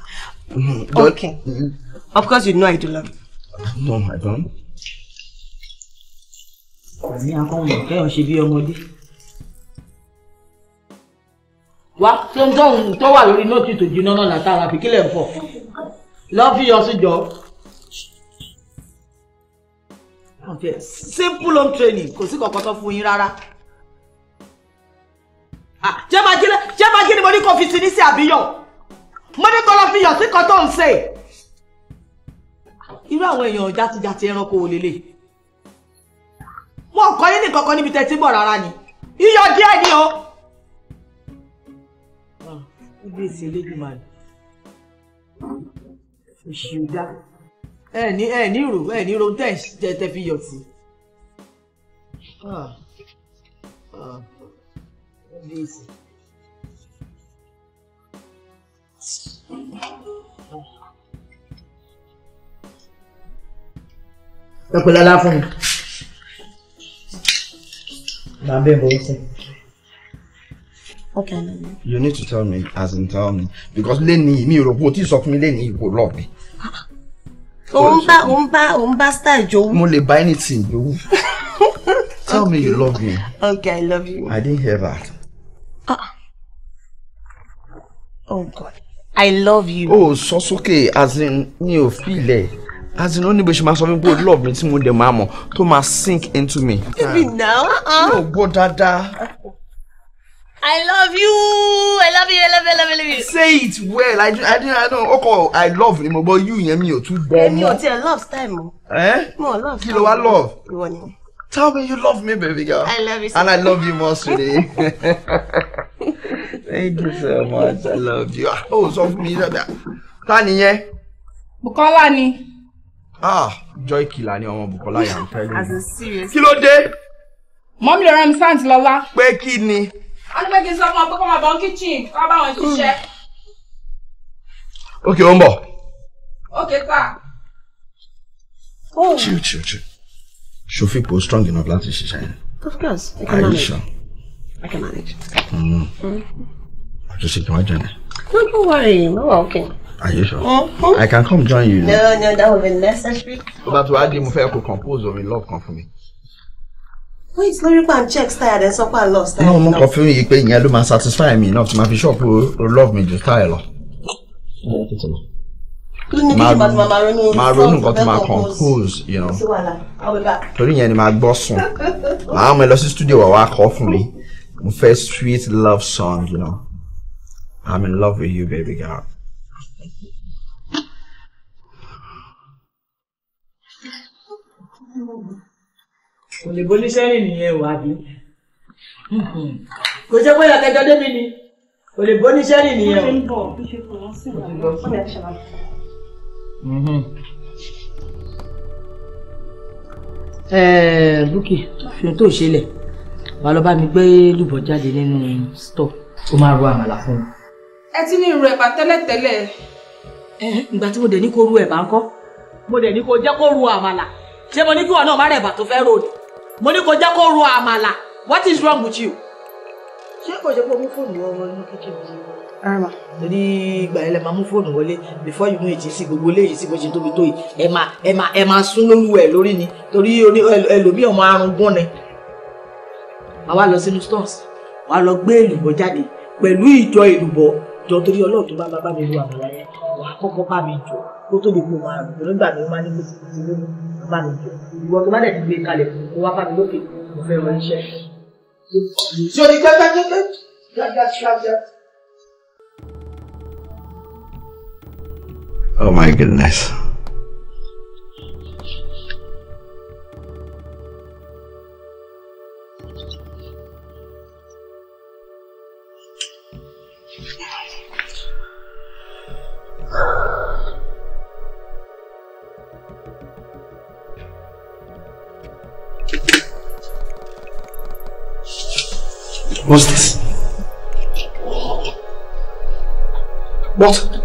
But, mm-hmm. okay. Mm, of course you know I do love No, I don't. What? akọ́mọ̀ kẹ́hìn ṣe bí ọmọdé. Wá tó ń tó wà lórí nóòtì tó lọ fi yọ sí jọ. simple home training kò sí kankan tó fún yín rárá. jẹ́ máa kí ni mo ní kó fi sí ní sí àbíyọ̀ mo ní kó lọ fi yọ sí kan tó ń ṣe. irú àwọn èèyàn játijàti ẹranko ò lélẹ̀. wọn kọ́ yín ní kankan níbi tẹ́tí bọ̀ rárá ni iyọ̀ díẹ̀ ni o. ibi ìsìn lè jù ìṣúdá. ẹ ní ẹ ní ro ẹ ní ro tẹ ẹ tẹ fi yọ sí. Ah, ah, ẹ pẹ̀lẹ́ lá fún mi. màá bẹ̀ bọ̀ ó sẹ́yìn. Okay. You need to tell me, as in tell me, because lẹ́ni mi ò rò pé o ti sọ fún mi lẹ́ni kò lọ mi. Òun bá òun bá òun bá star jowú. Mo lè buy anything jowú. Tell me you love me. Okay, I love you. I didn't hear that. Ah. Oh God, I love you. Oh, so sókè as in mi ò fi ilẹ̀ as in only ní bó ṣe máa sọ love me tí mo dẹ̀ máa mọ̀ tó máa sink into me. Even now. Yóò gbọ́ dáadáa. Ah. I love you. I love you. I love you. I love you. Say it well. I I do, I don't. Okay, I love him mo, but you and me. ò too bad. mọ́. Èmi ò tiẹ̀ love time o. Eh? Mo love. Kí ló love? Ìwọ ni. Tell me you love me, baby girl. I love you. So and I love you more today. Thank you so much. I love you. Ah, oh, so fún mi dáadáa. Ta ni Bukola ni. Ah, Joy Killer ni ọmọ Bukola yà ń tẹ́lẹ̀. As a serious. Kí ló dé? Mọ́mí lè rán mi sáǹtì lọ́lá wọ́n ní pé kí n sọ fún ọ pé kó máa bọ́ kíchìn kó bá wọn ṣiṣẹ́. ókè ó ń bọ̀. ókè pa. Oh. chill chill chill ṣòfin kò strong enough láti ṣiṣẹ́ of course i can manage. Sure? i can manage. Mm. Mm. àjọṣe kí wọ́n jẹ́ ni. no don't worry no wa okay. Are you sure? Mm-hmm. I can come join you. No, no, that will be necessary. But why do you prefer to compose or love come for me? wait lórí pa n check style rẹ sọ pa lọ style. náà mo kàn fún yìí pé ìyẹn ló máa satisfy me enough. tí máa fi ṣọ́ọ̀pù love me ju style lọ. máa ronú nǹkan tó máa compose you know torí yẹn ni máa gbọ́ sùn màá mọ ẹ lọ sí studio wà wá kọ́ fún mi mo fẹ́ sweet love song you know i'm in love with you baby girl. kò lè boníṣẹ́ rìn nìyẹn o àbí kò ṣe pé ìyàtẹ̀jọ́ débi ni kò lè rìn nìyẹn o. ó ti ń bọ̀ bí ṣe fò wọ́n sí ìlànà ó lè ṣàlàyé. Búkì fi tó ṣẹlẹ̀ wà lọ bá mi gbé lùbọ̀ jáde nínú stọ̀ ó máa ro àmàlà fún mi. ẹ ti ní irú ẹ̀bà tẹ́lẹ̀tẹ́lẹ̀. ìgbà tí mo dẹ̀ ní kó ru ẹ̀bà ńkọ́ mo dẹ̀ ní kó jẹ́ kó ru àmàlà ṣé mo ní kí wọn náà má rẹ̀ bà tó fẹ́ rò mo ní kò jẹ́ kó ro àmàlà what is wrong with you. ṣé kò ṣe pé mú fóònù ọmọ inú kíkì bí rárá torí ìgbà yẹn lẹ máa mú fóònù wọlé before you know it sí gbogbo léyìí sí bó ṣe tóbi tó yìí ẹ máa ẹ máa ẹ máa sún lólu ẹ lórí ni torí ẹlòmíì ọmọ arun gún ni. àwa lọ sínú stores wàá lọ gbé èlùbọ́ jáde pẹ̀lú ìjọ èlùbọ́ jọ torí Ọlọ́run tó bá bá mi lu àmàlà yẹn wàá kọ́kọ́ bá mi jọ kó tó di gbogbo àrùn nígbà mi máa ní gbèsè ti lóyún bá mi jọ ìwọ tó bá dẹ̀ ti gbé kalẹ̀ kó wá bá lókè mo fẹ́ rán iṣẹ́. sori gbẹgbẹgbẹ gbẹgbẹgbẹ. Oh my goodness. What's this? What?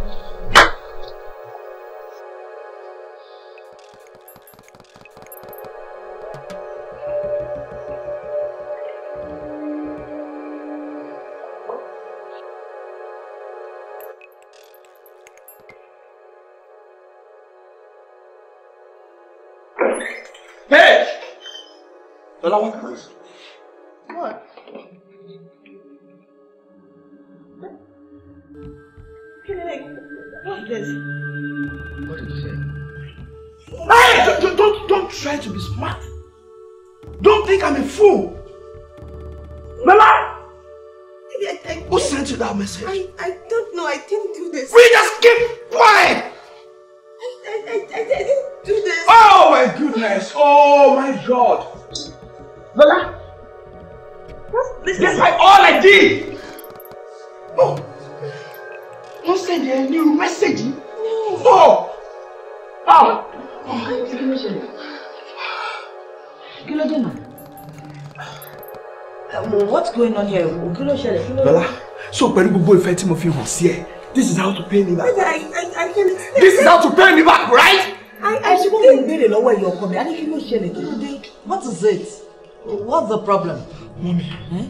tí mo fi hàn this is how to pay me back. I, I, I can't. this is how to pay me back right. I I should ìbéèrè lọ́wọ́ ẹ̀yọ̀ ọkọ mi a ní kí ló ṣẹlẹ̀ kí ló what is it what's the problem. mommy? mummy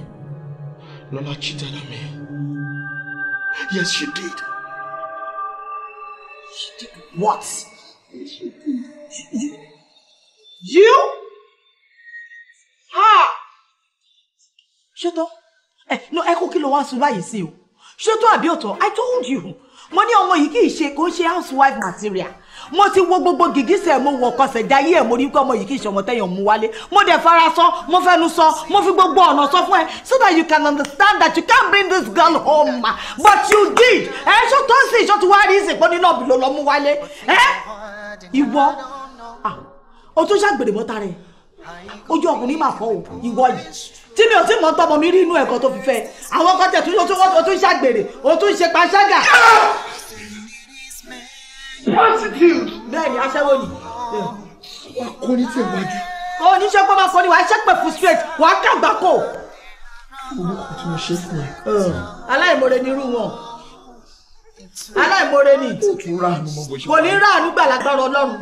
Lola cheated on me yes she did. she did what. She did. you. ha. Shut up. Eh? no ẹ kó kí ló wá sun báyìí sí o ṣé tó àbí ọ̀tọ̀ i told you mo ní ọmọ yìí kì í ṣe kò ń ṣe housewife material mo ti wo gbogbo gìgísẹ̀ mo wọ̀ kọsẹ̀ jayé ẹ̀ mo rí pé ọmọ yìí kì í ṣe ọmọ tẹ̀yàn mú wálé mo dẹ̀ fara sọ mo fẹ́nu sọ mo fi gbogbo ọ̀nà sọ fún ẹ so that you can understand that you can't bring this girl home but you did ẹ ṣó tó ń sìn ṣó ti wá rí ìsìnkú nínú ọ̀bì ló lọ mú wálé ẹ ìwọ ah, o tún ṣàgbèrè mọ́ta rẹ̀ ojú ọkùnrin máa fọ́ ìwọ yìí tí mi ò tí mọ tọmọ mi rí inú ẹ̀kọ́ tó fi fẹ́ àwọn kan tẹ̀ tún ó tún ṣàgbèrè ó tún ṣe panṣágà. prostitute. bẹ́ẹ̀ni aṣẹ́wó ni. wàá kó ní tí ẹ wájú. o ní sẹ́pẹ́ máa kọ́ ni wàá sẹ́pẹ́ frustrate wàá kàgbà kò. orúkọ tí mo ṣe fún ẹ. aláìmoore ni irú wọn aláìmoore ni kò ní ráàánú gbàlagbára ọlọ́run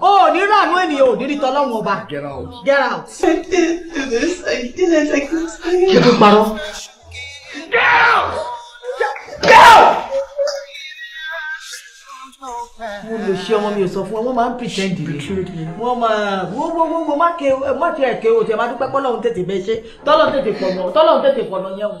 o ní ràánú ènìyàn ò ní rí tọ́lọ́run ọba get out. get out. I didn't do get out. get out. mo lè ṣe ọmọ mi ò sọ fún ọ wọ́n máa ń pretend ni wọ́n máa gbogbogbò má ké má ké ẹ̀kẹ́ o tẹ̀ máa dúpẹ́ pé tètè bẹ́ ṣe tọ́lọ́run tètè pọ̀nà tọ́lọ́run tètè pọ̀nà yẹn o.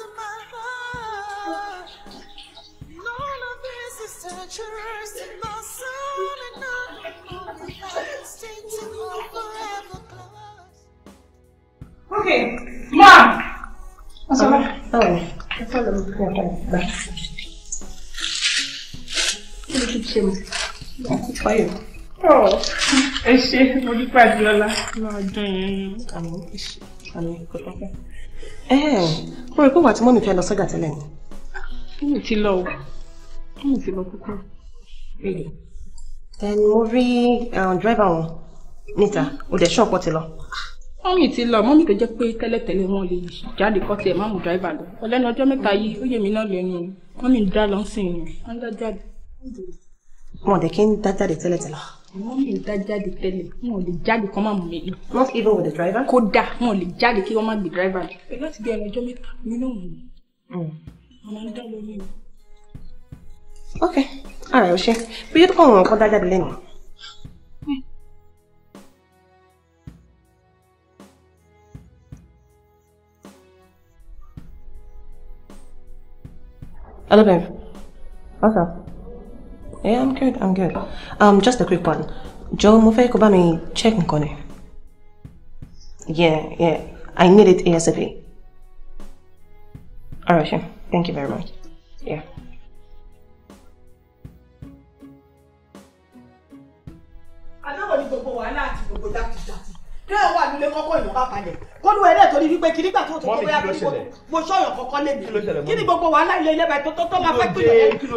Okay, mom. What's up? Oh, I follow me. Yeah, follow me. Bye. Look at him. That's fine. Oh, ẹ ṣe mo dúpẹ́ àdúrà lọ́dún yẹn. Àmì I'm kò tó pẹ́. Ẹ ẹ́ mo rí pé wà tí mọ́mí fẹ́ lọ sọ́jà tẹ́lẹ̀ ni. Mi ò ti lọ o lẹ́yìn tí mo then movie rí um, driver wọn níta ó dẹ̀ ṣọ́ọ̀pọ̀ ti lọ. mọ́mì ti lọ mọ́mì tó tele pé tẹ́lẹ̀tẹ́lẹ̀ wọn lè jáde kọ́ tiẹ̀ má mú dráìvà lọ ọlẹ́nu ọjọ́ mẹ́ta yìí ó yẹ mí náà lẹ́nu mọ́mì ń Mommy, lọ́sìn yìí wọ́n dá jáde. wọn dẹ̀ kí ń dá jáde tẹ́lẹ̀tẹ́lẹ̀. mọ́mì ń dá jáde tẹ́lẹ̀ wọn ò lè jáde kọ́ má mú mi not even with the driver. kódà wọn ò lè jáde kí wọ́n má gbé dráìvà lọ. láti bí ẹnu ọjọ́ mi náà mú mi. wọn mm. máa ń dá lórí Okay. All right, you Bí yóò kọ̀ wọ́n kọ́ dájáde lẹ́nu. Hello, babe. What's up? Yeah, I'm good, I'm good. Um, just a quick one. Joe, mo fẹ́ kó bá check nǹkan ni. Yeah, yeah. I need it ASAP. All Thank you very much. Yeah. aláwọ̀ ni to go, àti to that. kéèyàn wà nílé kọ́kọ́ ìlú bá balẹ̀ kọ́dún ẹ̀rẹ́ torí wípé kí nígbà tó tó bóyá kí mo sọ̀yọ̀ kọ́kọ́ lé mi kí ni gbogbo wàhálà ilé ilé báyìí tó tó máa fẹ́ pè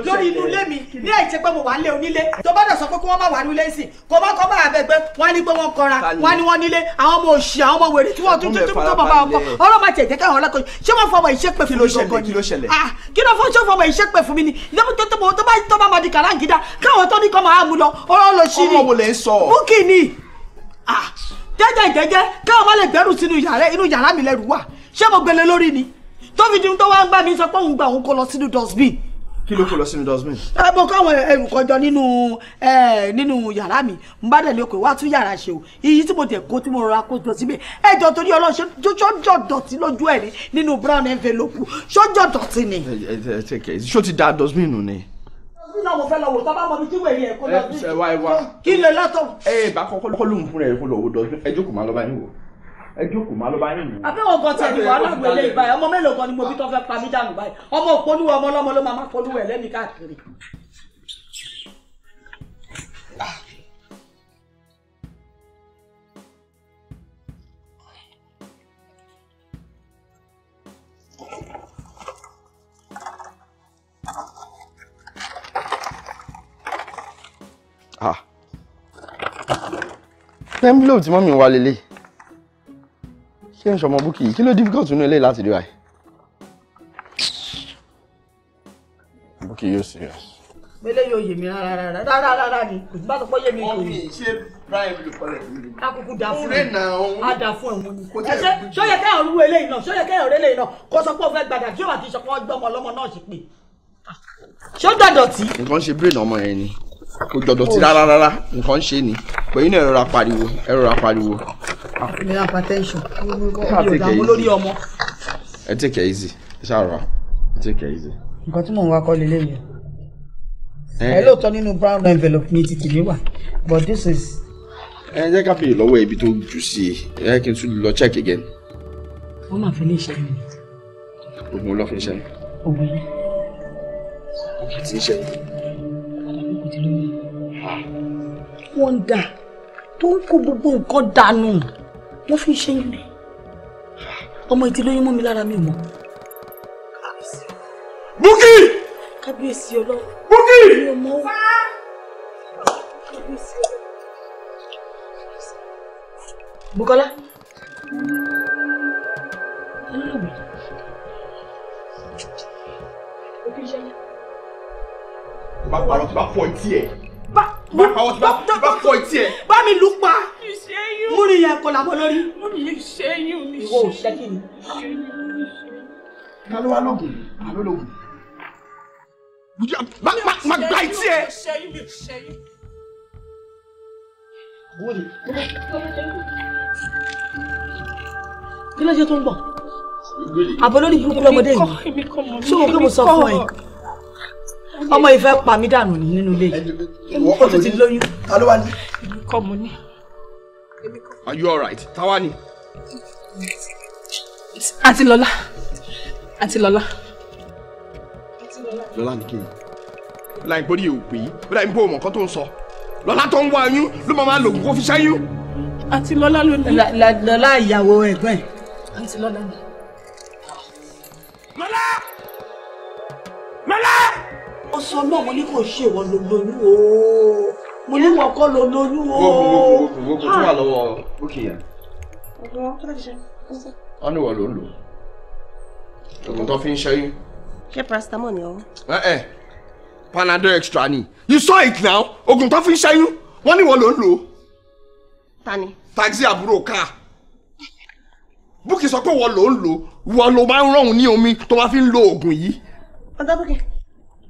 lórí inú ilé mi ní àìsí pé mo wà nílé onílé tó bá dẹ̀ sọ pé kí wọ́n má wà nílé sí kò bá kọ́ bá abẹ́gbẹ́ wọ́n á pé wọ́n kọra wọ́n á wọ́n nílé àwọn ọmọ òṣì àwọn ọmọ wèrè tí wọ́n tún tún tó bàbá ọkọ ọlọ́ máa tẹ̀ kẹ́hìn ọlọ́kọ ṣé wọ́n fọmọ iṣẹ́ pẹ̀ fún mi lọ́kọ ni ah, kí ló fọ́ ṣé fọmọ iṣẹ́ pẹ̀ fún mi ni tó bá ma di kàrangídá káwọn tó ní kọ́ máa mú lọ ọlọ́ọ̀lọ́ṣì ni búkì ni. Ah, jẹ́jẹ́ jẹ́jẹ́ kí wọ́n má lè gbẹ́rù sínú yàrá inú yàrá mi lẹ́rù wà ṣé mo gbélé lórí ni tó fi dun tó wá ń gbà mí sọ pé òun gba òun kó lọ sínú dustbin. kí ló kó lọ sínú dustbin. ẹ mo kọ́ àwọn ẹrù kan jọ nínú nínú yàrá mi n bá dẹ̀lé okòó wá tún yàrá ṣe o iyì tí mo tẹ̀ kó tí mo rọra kó jọ síbẹ̀ ẹ jọ torí ọlọ́ṣẹ́ jọjọ dọ̀tí lójú ẹ̀ ní nínú brown envelope ṣọjọ dọ̀tí ni. ṣó ti da dustbin nù ni náà mo fẹ́ lọ wò tó bá mọ mi kíwèé yẹn kó lọ bí kí lè lọ́tọ̀. ẹ bá kọ́kọ́ lóhùn fún rẹ̀ kó lọ wò dọ́jú ẹ jókòó máa lọ bá yín wò ẹ jókòó máa ló bá yín wò. àbẹ̀wò gan tẹ̀lé wà lágbo ilé ìbáyìí ọmọ mélòó gan ni mo bí tó fẹ́ pa mí dànù báyìí ọmọ òpolúwẹ̀ ọmọ ọlọ́mọ ló máa má polúwẹ̀ lẹ́mìí káàkiri. envelope tí mọ́mí wa lélẹ̀ ṣé ń ṣọmọ búkì yìí kí ló difficult nínú eléyìí láti do wa yìí. búkì yóò ṣe yàn. mele yóò yè mí rárá rárá rárá ni kò tí bá sọ pé yé mi kò yé. ṣé brian ló kọlẹ̀ fún mi. akuku da fún ẹ a da fún ẹ ni. ẹsẹ sọyẹ kẹyàn rú eléyìí náà sọyẹ kẹyàn rú eléyìí náà kó sọ pé ó fẹ́ gbàdà tí ó bá ti sọ pé ó gbọmọ ọlọmọ náà ṣe pé. ṣé ó dàdọ̀tí. nǹkan ṣe bírèdì ọmọ yẹn ni àkójọ dọ̀tí rárá rárá nǹkan ṣe ni pẹ̀lú náà ẹ̀rọra pariwo ẹ̀rọra pariwo. ní hypertension ìdààmú lórí ọmọ. ẹ take it easy ẹ ṣàrọ̀ ẹ take it easy. nǹkan tí mò ń wá kọ́ lélẹ̀ yẹn. ẹ lóòótọ́ nínú brown envelope ní ti kìlí wà but this is. ẹ jẹ́ ká fi lọ́wọ́ ibi tó jù sí i ẹ kí n tún lọ check again. wọ́n máa fẹ́ lè ṣe mí. oògùn ló fi ń ṣe mí. yìí. oògùn ti ń ṣe kò ti lóyún. wọ́n ń dà tó ń kó gbogbo nǹkan dànù wọ́n fi ń ṣẹ́yún ni ọmọ ìdí lóyún mọ́ mi lára mi mọ́. Búkì. kábíyèsí ọlọ́run. Búkì. mi ò mọ̀ ọ́. kábíyèsí ọlọ́run. Bùkọ́lá bá parọ́ tí bá fọ́ etí ẹ̀ bá parọ́ tí bá fọ́ etí ẹ̀. bá mi lù pa múri yẹ kó labọ́ lórí. ìwọ ò ṣe kí ni. ta ló wá lóògùn àló lóògùn. má gba etí ẹ. kí ló ṣe tó ń bọ̀ àbọ̀ lórí burúkú lọ́mọdé yìí ṣé o kí mo sọ fún ẹ ọmọ ìfẹ́ pa mí dànù nínú ilé yìí ó ti lóyún. ta ló wá mo ní. are you alright táwa ni. àti lọ́lá àti lọ́lá. lọ́lá ni kí ni lọ́lá ìgbórí yìí ò pè é lọ́lá ìgbó ọmọ kan tó ń sọ lọ́lá tó ń wá yún ló máa máa lògùn kó fi ṣáyún. àti lọ́lá ló ní. lọ́lá ìyàwó ẹ̀gbọ́n ẹ̀. àti lọ́lá ni. lọ́lá lọ́lá ó sọ náà mo ní kò ṣe ìwọ ló lóyún o mo ní wọn kọ́ ló lóyún o. wọ́pọ̀ wọ́pọ̀ wọ́pọ̀ tún wà lọ́wọ́ bókì yẹn. wọ́n ní wọ́n ló ń lò oògùn tó fi ń ṣẹ́yún. ṣé paracetamol ni ọ. ẹ ẹ panadol extra ni you saw it now oògùn tó fi ń ṣẹ́yún wọ́n ní wọ́n ló ń lò. ta ni. taxi àbúrò káà búkì sọ pé wọ́n ló ń lò wọ́n ló máa ń rọ̀hún ní omi tó máa fi ń lo oògùn yìí. ọ̀dọ́ búkì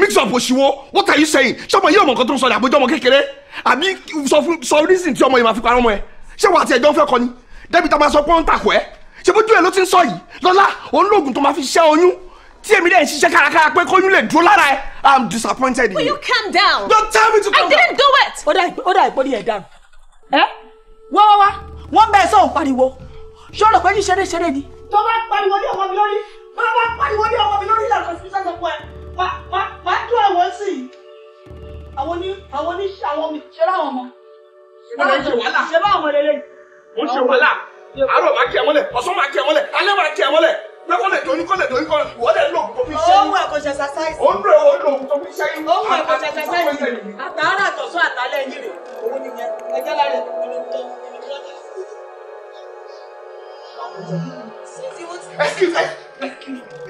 mix up òṣìwọ́ what are you saying ṣọmọ yìí ọmọ nǹkan tó ń sọ ní àbójọ́ ọmọ kékeré àbí sọ fún sọ reason tí ọmọ yìí máa fi parọ́ ọmọ ẹ ṣé wàá tiẹ̀ jọ ń fẹ́ kọ ni débi tá a máa sọ pé ó ń takò ẹ́ ṣe bójú ẹ ló ti ń sọ yìí lọ́lá òun lóògùn tó máa fi ṣẹ́ oyún tí èmi dẹ̀ ń ṣiṣẹ́ kárakára pé kóyún lè dúró lára ẹ i'm disappointed you. will you calm down. don't tell me to calm down. i didn't do it. ó dà ó dà ìpọ́nì ẹ̀ dànù. ẹ wá wá wá wọ́n bẹ́ẹ̀ sọ̀rọ̀ pariwo ṣọ́ọ̀rọ̀ pé ní ṣeré ṣeré ni. tó bá pariwo ní ọmọ mi lórí tó bá pariwo ní ọmọ mi lórí ìlànà ìfisẹ́sẹ̀ fún ẹ wá dún àwọn sí i àwọn ní àwọn ní àwọn ọmọ ṣe bá ọmọ. ṣe wàhálà ṣe bá àwọn ọmọ ṣe wàhálà àárọ̀ máa kí ẹ mọ́lẹ̀ ọ̀sán máa kí ẹ mọ́lẹ̀ alẹ́ máa kí ẹ mọ́lẹ̀ lọ́kọ̀lẹ̀ tó kọ́lẹ̀ tó kọ́lẹ̀ wọ́n lè lo fi ṣẹ́yìn. ohun ẹ̀kọ́ṣẹ́ ṣàṣàṣì. ó ń lo òkú tó fi ṣẹ́yìn. ohun ẹ̀kọ́ṣẹ́ ṣàṣàṣì. àtàrà àtọ̀sọ́ àtàlẹ̀ yìí rè owó nìyẹn ẹjẹ́ lára ẹ̀ nínú tó nínú tó láti ṣe. ẹ kí ẹ kí.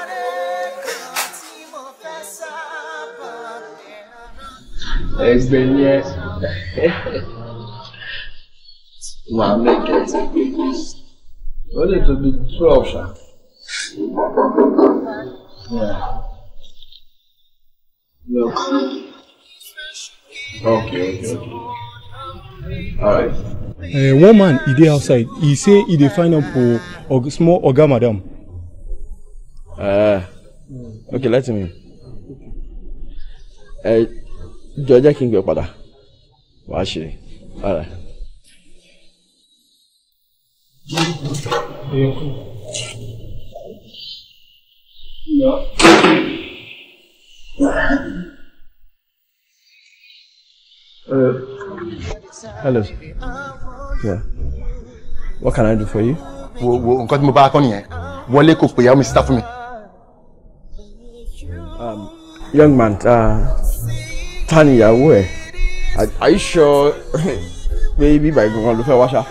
ẹgbẹ́ yẹn máa mẹ́kẹ́ ó lè tóbi twelve ṣá. Look. Okay, okay, All right. Uh, one man he dey outside he say he dey find am for og small oga madam. Uh, okay let me. in. Uh, jọ jẹ́ kí n gbé padà wàá ṣe ara. Uh, hello. Yeah. What can I do for you? Wo wo nǹkan tí mo bá kọ́ nìyẹn. Wọlé kò pè yàwó mi síta fún mi. Um, young man, uh, ta ni ìyàwó ẹ are you sure pé bíbá ìgbọ̀ngàn ló fẹ́ wá ṣá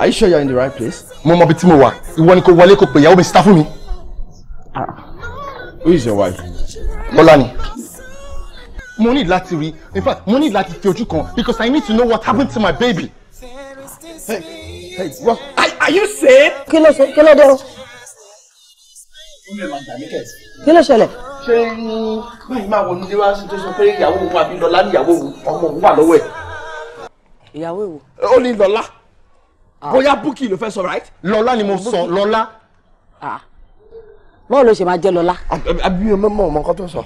are you sure you in the right place. mo mọ ibi tí mo wà ìwọ ni kò wọlé kò pè ìyàwó mi síta fún mi. Ah. who is your wife. bọ́lá ni mo need láti rí in fact mo need láti fi ojú kan because i need to know what happened to my baby. Hey, hey, Are, are you safe? kí ló ṣe kí ló dé o. kí ló ṣẹlẹ̀ ṣé báyìí máa wọnú léwá sí tó sọ pé ìyàwó òun àbí lọlá níyàwó òun ọmọ òun wà lọ́wọ́ ẹ̀. ìyàwó èwo. ó ní lọlá ah. bóyá búkì ló fẹ́ sọ right. lọlá ni mo sọ lọlá. Ah. báwo ló ṣe máa jẹ́ lọlá. àbí ah, eh, mi ò mọ ọmọ kan tó sọ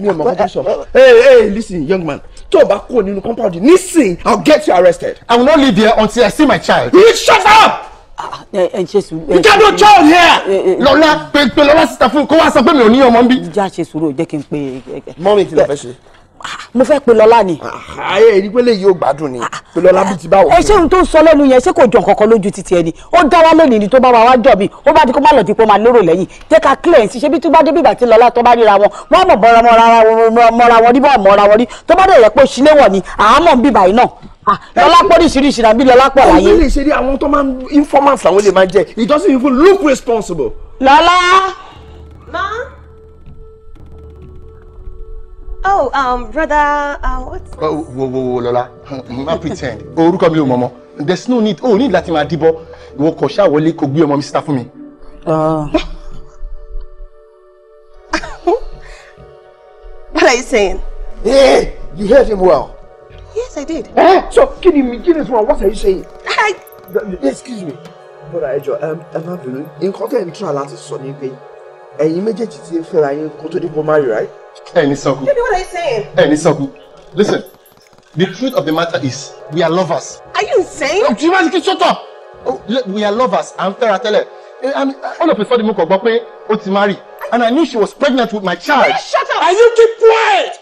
mi ò mọ kan tó sọ eh, eh, hey hey listen young man tó o bá kúrò nínú compound nísìnyí i will get you arrested. i will not leave here until i see my child. you shut up ẹ ṣe sùúrù. you get no child here. lọ́lá pe pe lọ́lá síta fún kó wá sọ pé mi ò ní ọmọ ń bí. ìjà ṣe sùúrù jẹ́ pe. Eh, eh, eh. mọ́mí kí ló fẹ́ ṣe mo fẹ́ pe lọ́lá ni. ayé ẹni pé lèyí ò gbádùn ni pe lọ́lá bí ti bá wọ̀. ẹ ṣé ohun tó ń sọ lẹ́nu yẹn ṣé kò jọ nǹkan kan lójú títí ẹni ó dá wa lónìí ni tó bá wa wá jọ̀ bí ó bá di kó má lọ di pé ó máa lérò lẹ́yìn jẹ́ ká clear sí ṣé bí tó bá dé bíbà tí lọ́lá tó bá ríra wọn wọ́n mọ̀ bọ́ra mọ́ra wọn rí bọ́ mọ́ra wọn rí tó bá dẹ̀ yẹ Oh, um, brother, uh, what's oh, this? Oh, whoa, whoa, whoa, Lola. Má hmm, pretend. Oh, look at me, Mama. There's no need. Oh, need láti máa díbọ́. Ìwọ kò ṣáà wọlé kó gbé ọmọ mi síta fún mi. What are you saying? Hey, you heard him well. Yes, I did. Eh? So, kí ni mi, kí ni what are you saying? I... Excuse me. Bọ́dà ẹjọ́, ẹ má bínú. Nǹkan tẹ̀ ń tura láti sọ ní pé ẹ̀yin méjèèjì And ń fẹ́ra yín kó tó dín kó má rí, right? Any circle. Tell me what I'm saying. Any circle. Listen, the truth of the matter is, we are lovers. Are you insane? No, you shut up. Oh, we are lovers. I'm fair, I tell her. and all of a sudden, mo kàn gbọ́ pé marry, and I knew she was pregnant with my child. Will shut up? And you keep quiet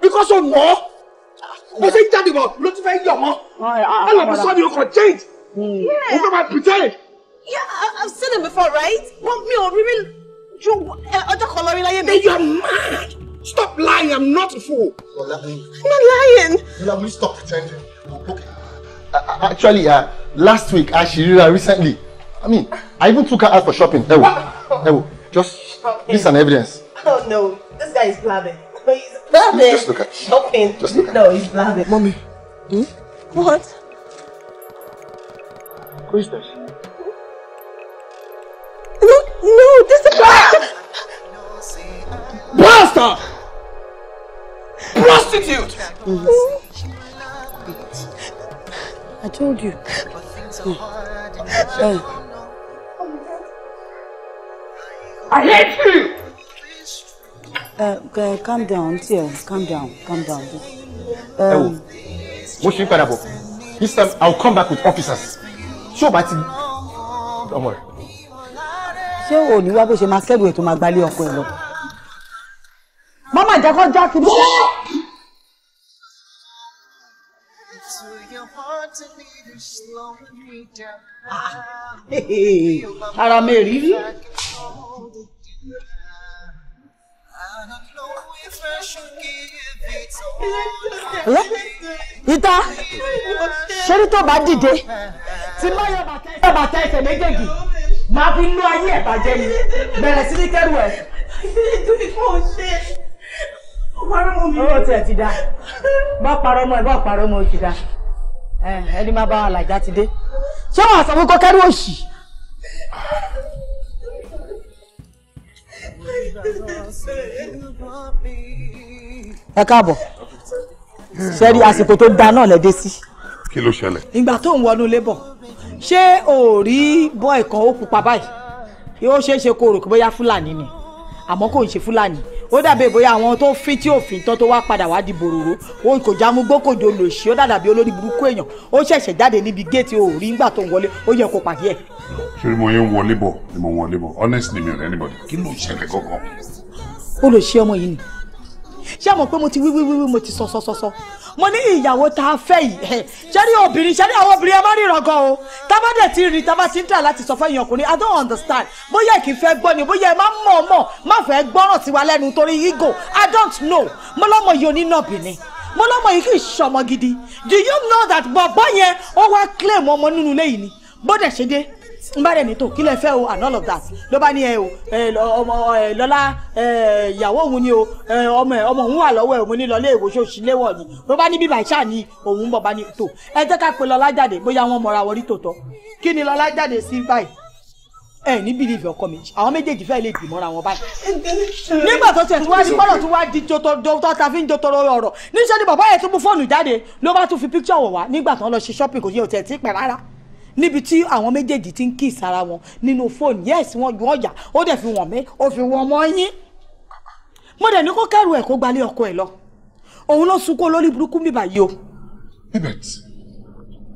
because of mọ̀ bó ṣe ń jáde bọ̀ ló your fẹ́ yọ̀ mọ́. all of a sudden, o kàn change. o fẹ́ máa pretend. Yeah, I've seen him before, right? But me or oh, rí You ọjọ́ eh, eh, You are mad. Stop lying. I'm not a fool. Olabi. I'm not lying. Olabi, stop pretending. Okay. Uh, uh, actually, uh, last week, Ashirira recently, I mean, I even took her out for shopping. Ewo, Ewo, just shopping. this an evidence. Oh no, this guy is blabbing. He's blabbing. Just look at shopping. Just look at no, he's blabbing. Mommy. Hmm? What? Who is this? No, No, this is bad. Blaster! Prostitute! Mm. I told you. Mm. Uh, I hate you! Uh, uh, calm down, dear. Calm down, calm down. Um, What should you This time I'll come back with officers. Show Bati. Don't worry ṣé o ní wá bó ṣe máa kẹ́rù ẹ̀ tó máa gbalé ọkọ ẹ̀ lọ. mama jẹ́ kó kiri. Ah, ara mi rí rí. ìta ṣẹ́rí tó bá dìde tí má yọ bàtà ẹsẹ̀ méjèèjì máa fi lú ayé ẹ̀ bàjẹ́ ni bẹ̀rẹ̀ sí ní kẹ́rù ẹ̀. owó tiẹ̀ ti da bá parọ́ mọ́ ẹ bá parọ́ mọ́ ẹ ti da ẹni má bá wa làjá ti dé ṣé wọn àṣà kẹ́rù òṣì ẹ káàbọ̀ ṣe rí àsìkò tó da náà lẹ́dẹ́ sí. kí ló ṣẹlẹ̀. ìgbà tó ń wọnú lébọ̀ ṣé o rí bọ́ọ̀ kan ó pupa báyìí yóò ṣeé ṣe kó o rò pé bóyá fúlàní ni àmọ́ kò ń ṣe fúlàní ó dàbí bóyá àwọn tó fi tí òfin tán tó wá padà wá di bòròró òun kò já mú gbókòdó lò sí ó dàdàbí olórí burúkú èèyàn ó ṣẹ̀ṣẹ̀ jáde níbi géètì ò rí ńgbà tó ń wọlé ó yẹ kó pàdé ẹ̀. ṣé mo yẹn wọlé bọ̀ ni mo wọlé bọ̀ honestly mi ò rẹ́ anybody kí ló ṣẹlẹ̀ gọ́gọ́. ó lè ṣe ọmọ yìí ni ṣé àmọ̀ pé mo ti wíwíwí mo ti sọ sọ mo ní ìyàwó tá a fẹ́ yìí ṣé ní obìnrin ṣé ní àwọn obìnrin ẹ má ríran gan o tá dẹ̀ ti rìn tá ti ń tà láti sọ fẹ́yìn ọkùnrin I don't understand bóyá kì í fẹ́ gbọ́ ni bóyá ẹ má mọ̀ mọ̀ má fẹ́ gbọ́ràn tiwa lẹ́nu torí ego I don't know mo lọ́mọ yìí onínàbìnrin mo lọ́mọ yìí kì í ṣọmọ gidi do you know that bọ̀bọ́ yẹn ó wá claim ọmọ nínú ilé yìí ni bó dẹ̀ ṣe dé n bá rẹ̀ ní tò kí lẹ fẹ́ o and all of that ló bá ní ẹ o ọmọ ẹ lọ́lá ìyàwó òun ni o ọmọ ẹ ọmọ òun wà lọ́wọ́ ẹ òun ní lọ́lé èwo ṣòṣì léwọ̀ ni ló bá ní bíbà ìṣá ni òun bọ̀ bá ní tò ẹ jẹ́ ká pe lọ́lá jáde bóyá wọ́n mọra wọn rí tòótọ́ kí ni lọ́lá jáde sí báyìí ẹ ní bílíìfì ọkọ mi àwọn méjèèjì fẹ́ẹ́ lè dì mọ́ra wọn báyìí nígbà tó tẹ̀ tí wá sí bọ́lọ̀ tó wá di jọtọ̀ ta fi ń jọtọ̀ ọ̀rọ̀ níṣẹ́ ni bàbá yẹn tún mú fóònù jáde ló bá tún fi píkṣọ̀ wọ̀ wá nígbà tó ń lọ ṣe ṣọ́pìn kò yẹ òtẹ̀ tí pẹ̀ rárá níbi tí àwọn méjèèjì ti ń kí ìsara wọn nínú fóònù yẹ́ẹ̀sì wọn ju ọ̀yà ó dẹ̀ fi wọ̀n mí ó fi wọ̀n mọ́ yín mo dẹ̀ ní kó kẹ́rù ẹ̀ kó gbalé ọkọ ẹ̀ lọ òun ló sunkún olórí burúkú mi báyìí o. Bíbẹ̀t,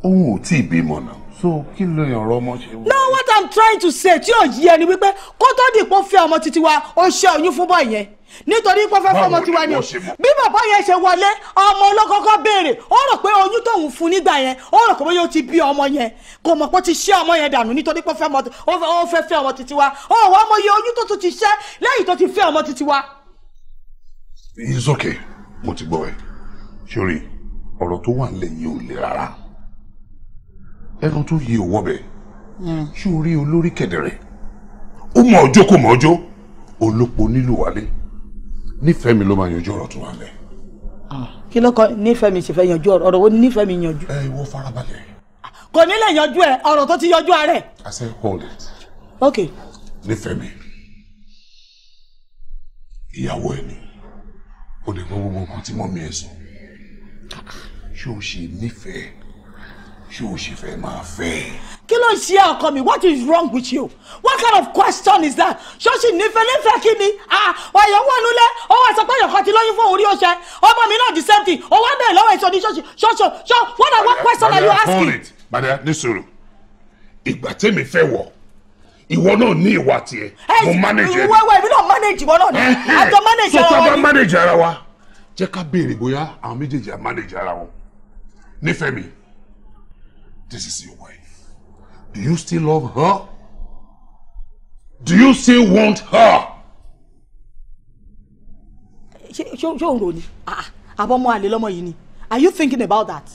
òun ò tí ì bímọ náà so kí ló yàn ọ̀rọ̀ ọmọ ṣe. no what i'm trying to say tí ò yí ẹni wípé kó tó dìpọ̀ fẹ́ ọmọ títí wa ó ṣe oyún fún bọ́ yẹn nítorí pé fọmọ tiwa ni bí bàbá yẹn ṣe wọlé ọmọ ọlọ́kọ́kọ́ béèrè ó rò pé oyún tóun fún nígbà yẹn ó rò pé bóyá ti bí ọmọ yẹn kò mọ̀ pé ó ti ṣe ọmọ yẹn dànù nítorí pé ó fẹ́ fẹ́ ọmọ titi wa ó wọ ọmọ yẹn oyún tó tún ti ṣẹ́ lẹ́yìn tó ti fẹ́ ọmọ titi wa. it's okay mo ti gbọ́ ẹ sórí ọ̀rọ̀ tó wà nílẹ̀ yìí ò le rárá ẹnu tó yẹ òwò bẹ̀ hmm. sórí olórí kẹ̀dẹ̀rẹ̀ ó mọ̀ ọjọ́ kò mọ̀ ọjọ́ olópo nílùú nífẹ̀ẹ́ mi ló máa yanjú ọ̀rọ̀ tó wà lẹ̀. Ah, kí ló kọ nífẹ̀ẹ́ mi sì fẹ́ yanjú ọ̀rọ̀ wo ni nífẹ̀ẹ́ mi yanjú. ẹ ìwọ farabalẹ̀. kò ní lè yanjú ẹ ọ̀rọ̀ tó ti yanjú ara ẹ. I say hold it. ok. nífẹ̀ẹ́ mi ìyàwó ẹ ni ó lè gbọ́ gbogbo nǹkan tí mọ́mí ẹ sọ ṣé o ṣe nífẹ̀ẹ́ ṣé o ṣe fẹ́ máa fẹ́. kí ló ń ṣe ọkọ mi what is wrong with you what kind of question is that ṣọ́ọ̀ṣì nífẹ̀ẹ́ nífẹ̀ẹ́ kí ni ọ̀yọ́ wà nulẹ̀ ó wà sọ pé ọ̀yọ́ kan ti lóyún fún orí oṣẹ ọmọ mi náà the same thing ó wá bẹ̀rẹ̀ lọ́wọ́ ìṣòdì ṣọ́ọ̀ṣì ṣọ́ọ̀ṣì ṣọ́ what are what question are you asking. bàdà ní sùúrù ìgbà tẹ́mi fẹ́ wọ̀ ìwọ náà ní ìwà tiẹ̀ mo manage ẹ̀. wẹ́wẹ́ èmi náà manage ìwọ náà ni àjọ manage ara wa ni. sọ́kà bá manage ara wa jẹ́ ká béèrè bóyá àwọn méjèèjì á manage ara wọn nífẹ̀ẹ́ mi This is your wife. Do you still love her? Do you still want her? ṣé o rò ni ah, ah, àbọ̀mọ àlè lọ́mọ yìí are you thinking about that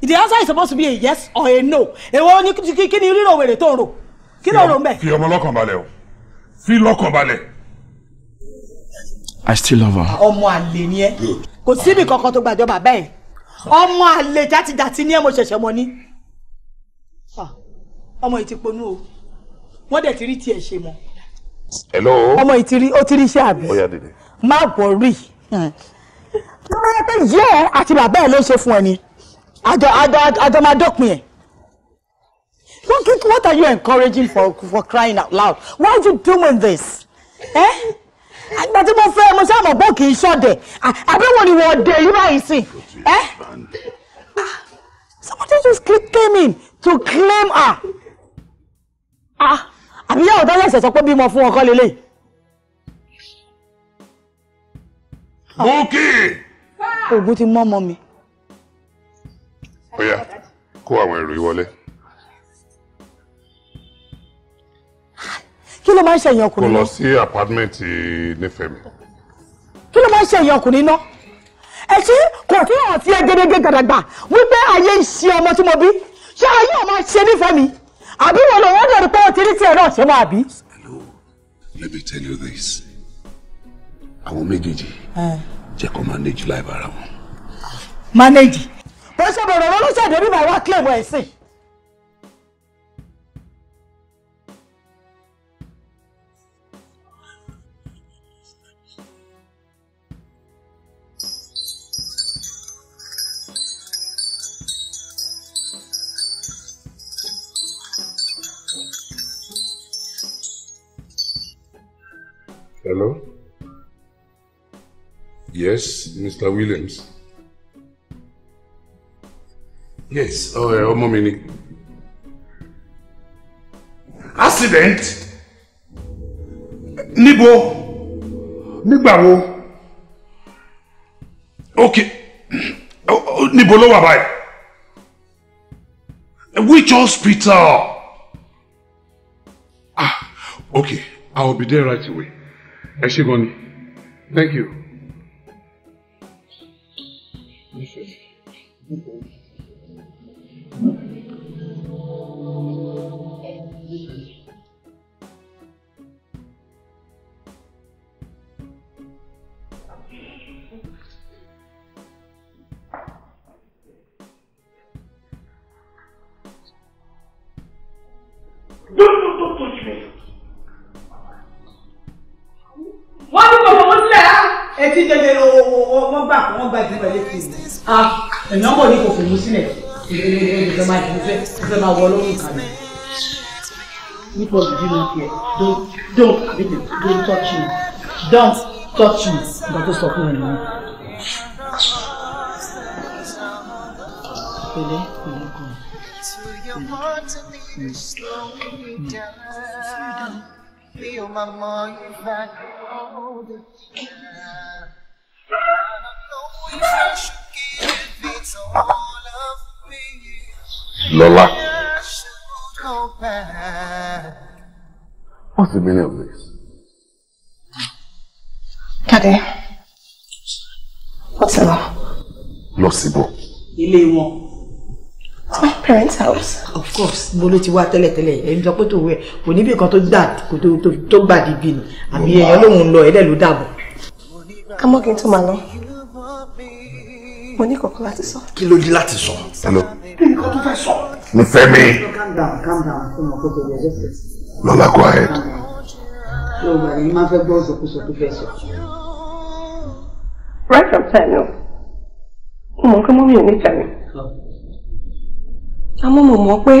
the answer is supposed to be a yes or a no èwo ni kini ni rírò wèrè tó ń rò kí ló fi ọmọ lọ́kàn balẹ̀ o fi lọ́kàn balẹ̀. I still love her. Omo àlè ni ẹ kò to kankan ba gbàjọba Omo ọmọ àlè játijàti ni ẹ mo ṣẹ̀ṣẹ̀ mọ ni ọmọ yìí ti ponú o wọ́n dẹ̀ ti rí tiẹ̀ ṣe mọ́. hello. ọmọ yìí ti rí ó ti rí iṣẹ́ àbí. ó yá má bọ̀ rí tó bá yẹ pé àti bàbá ẹ ló ṣe fún ẹ ni àjọ àjọ àjọ máa dọ́pin ẹ. What, what are you encouraging for, for crying out loud? Why are you doing this? Eh? àgbà tí mo fẹ́ mo ṣe àmọ̀ bó kì àbẹ̀wò ni wọ́n dé yí báyìí sí. Ah. Somebody just came in to claim her. Ah. àbí yàwó tó lẹ́sẹ̀ sọ pé bímọ fún ọkọ lélẹ̀. Bukky. oògùn ti mọ́ ọmọ mi. ó yá kó àwọn ẹrù yìí wọlé. kí ló máa ń ṣẹ̀yìn ọkùnrin náà. kò lọ sí àpátímẹ́ǹtì nífẹ̀ẹ́mi. kí ló máa ń ṣẹ̀yìn ọkùnrin náà. ẹ̀sìn kò tí ò ti ẹgẹdẹgẹ gàdàgbà wípé ayé ń ṣe ọmọ tí mo bí ṣé ayé ò ṣe nífẹ̀ẹ́ mi àbí wọn lòun lè rí pé ó ti rí tiẹ̀ náà ṣe máa bí. hello let me tell you this àwọn méjèèjì jẹ́ kó manage láì bára wọn. manage bó ṣe bọ̀rọ̀ lọ́lọ́sẹ̀ débi màá wá claim ẹ̀ sìn. Hello? Yes, Mr. Williams. Yes, oh, eh, ọmọ mi ni. Accident? Nibo. Nígbà Okay. Oh, oh, níbo ló wà báyìí? Which hospital? Ah, okay. I'll be there right away. Eshiboni, thank you. etí jẹjẹrẹ wọ́n gbà kó wọ́n ìdílé pẹ̀lú ètò ìlú. a èèyàn bọ̀ ní kò fòmù sílẹ̀ ìdílé ìlú ìjọba ìdílé ìfẹ́ máa wọ ọlọ́run kàlẹ̀. nípa òbí mi kẹ don don don touch me don touch me ìgbà tó sọ fún mi nìyẹn. pẹ̀lẹ́ pẹ̀lẹ́ kan. في مرمى يفعل عودك أنا لو يشكي في What's the meaning of this? Kade, what's the law? Lọ síbò. my parents' house. Of course, mo ló ti wá tẹ́lẹ̀tẹ́lẹ̀ ẹ̀yin sọ pé tó wẹ̀ kò níbi kan tó gbà tó gbà dìbì ni àbí ẹ̀yàn lòun lọ ẹ̀dẹ̀ ló dàbọ̀. Amọ́gin tó máa lọ, mo ní kọ̀kọ́ láti sọ. Kí ló dé láti sọ? Hello. Kí ni kan tó fẹ́ sọ? Ní Fẹ́mi. Lọ́lá go ahead. Yorùbá ni máa fẹ́ gbọ́ òsòkúsò tó fẹ́ sọ. Right from time, no. Mo mọ̀ pé mọ́mí ò ní tẹ̀lé àmọ́ mo mọ̀ pé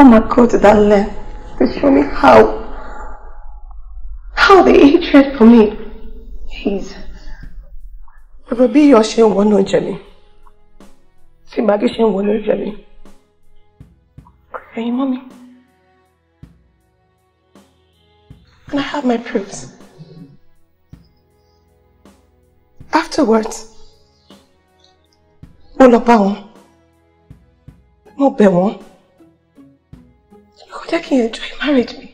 ọmọ kò ti that lẹ́ They show me how how the hatred for me is gbogbo will be your shame one oúnjẹ mi tí màgí ṣe ń wọnú oúnjẹ mi ẹ̀yin and I have my proofs. Afterwards, mo lọ mo bẹ̀ wọ́n kò jẹ́ kí n enjoy marriage mi.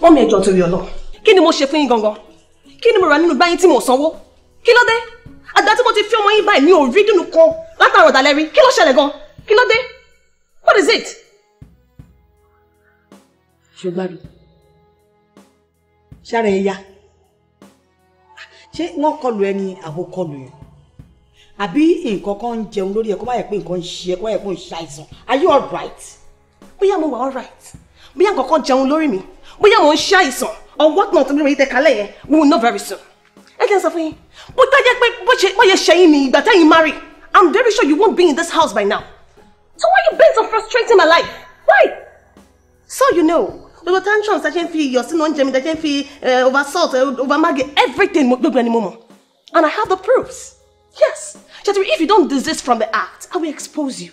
wọ́n mi ẹjọ́ torí ọlọ́ kí ni mo ṣe fún yín gangan kí ni mo rà nínú báyìí tí mo sanwó kí ló dé àgbà tí mo ti fi ọmọ yín báyìí ní òrí dùnú kan látàrọ̀ ọ̀dàlẹ́ rí kí ló ṣẹlẹ̀ gan kí ló dé what is it. ṣé o gbádùn ṣára ẹ ya ṣé wọ́n kọlù ẹni àbò kọlù yẹn àbí nǹkan kan ń jẹun lórí ẹ kó má yẹ pé nǹkan ń ṣe ẹ kó má yẹ pé ń ṣàìsàn are you alright? bóyá mo wà alright bóyá nǹkan kan jẹun lórí mi bóyá mo ń ṣàìsàn ọwọ́ kan tó lórí ìtẹ̀kálẹ̀ yẹn we will know very soon. ẹ jẹ́ sọ fún yín bó dájẹ́ pé bó ṣe ṣẹ́yìn ni ìgbà tẹ́yìn marry I'm very sure you won't be in this house by now. So why you bent so frustrating my life? Why? So you know gbogbo tantrums ta ṣe ń fi iyọ̀ sínú oúnjẹ mi ta ṣe ń fi eh, over salt over maggi everything gbogbo ẹni mo mọ̀ and I have the proofs. if you don't desist from the act, I will expose you.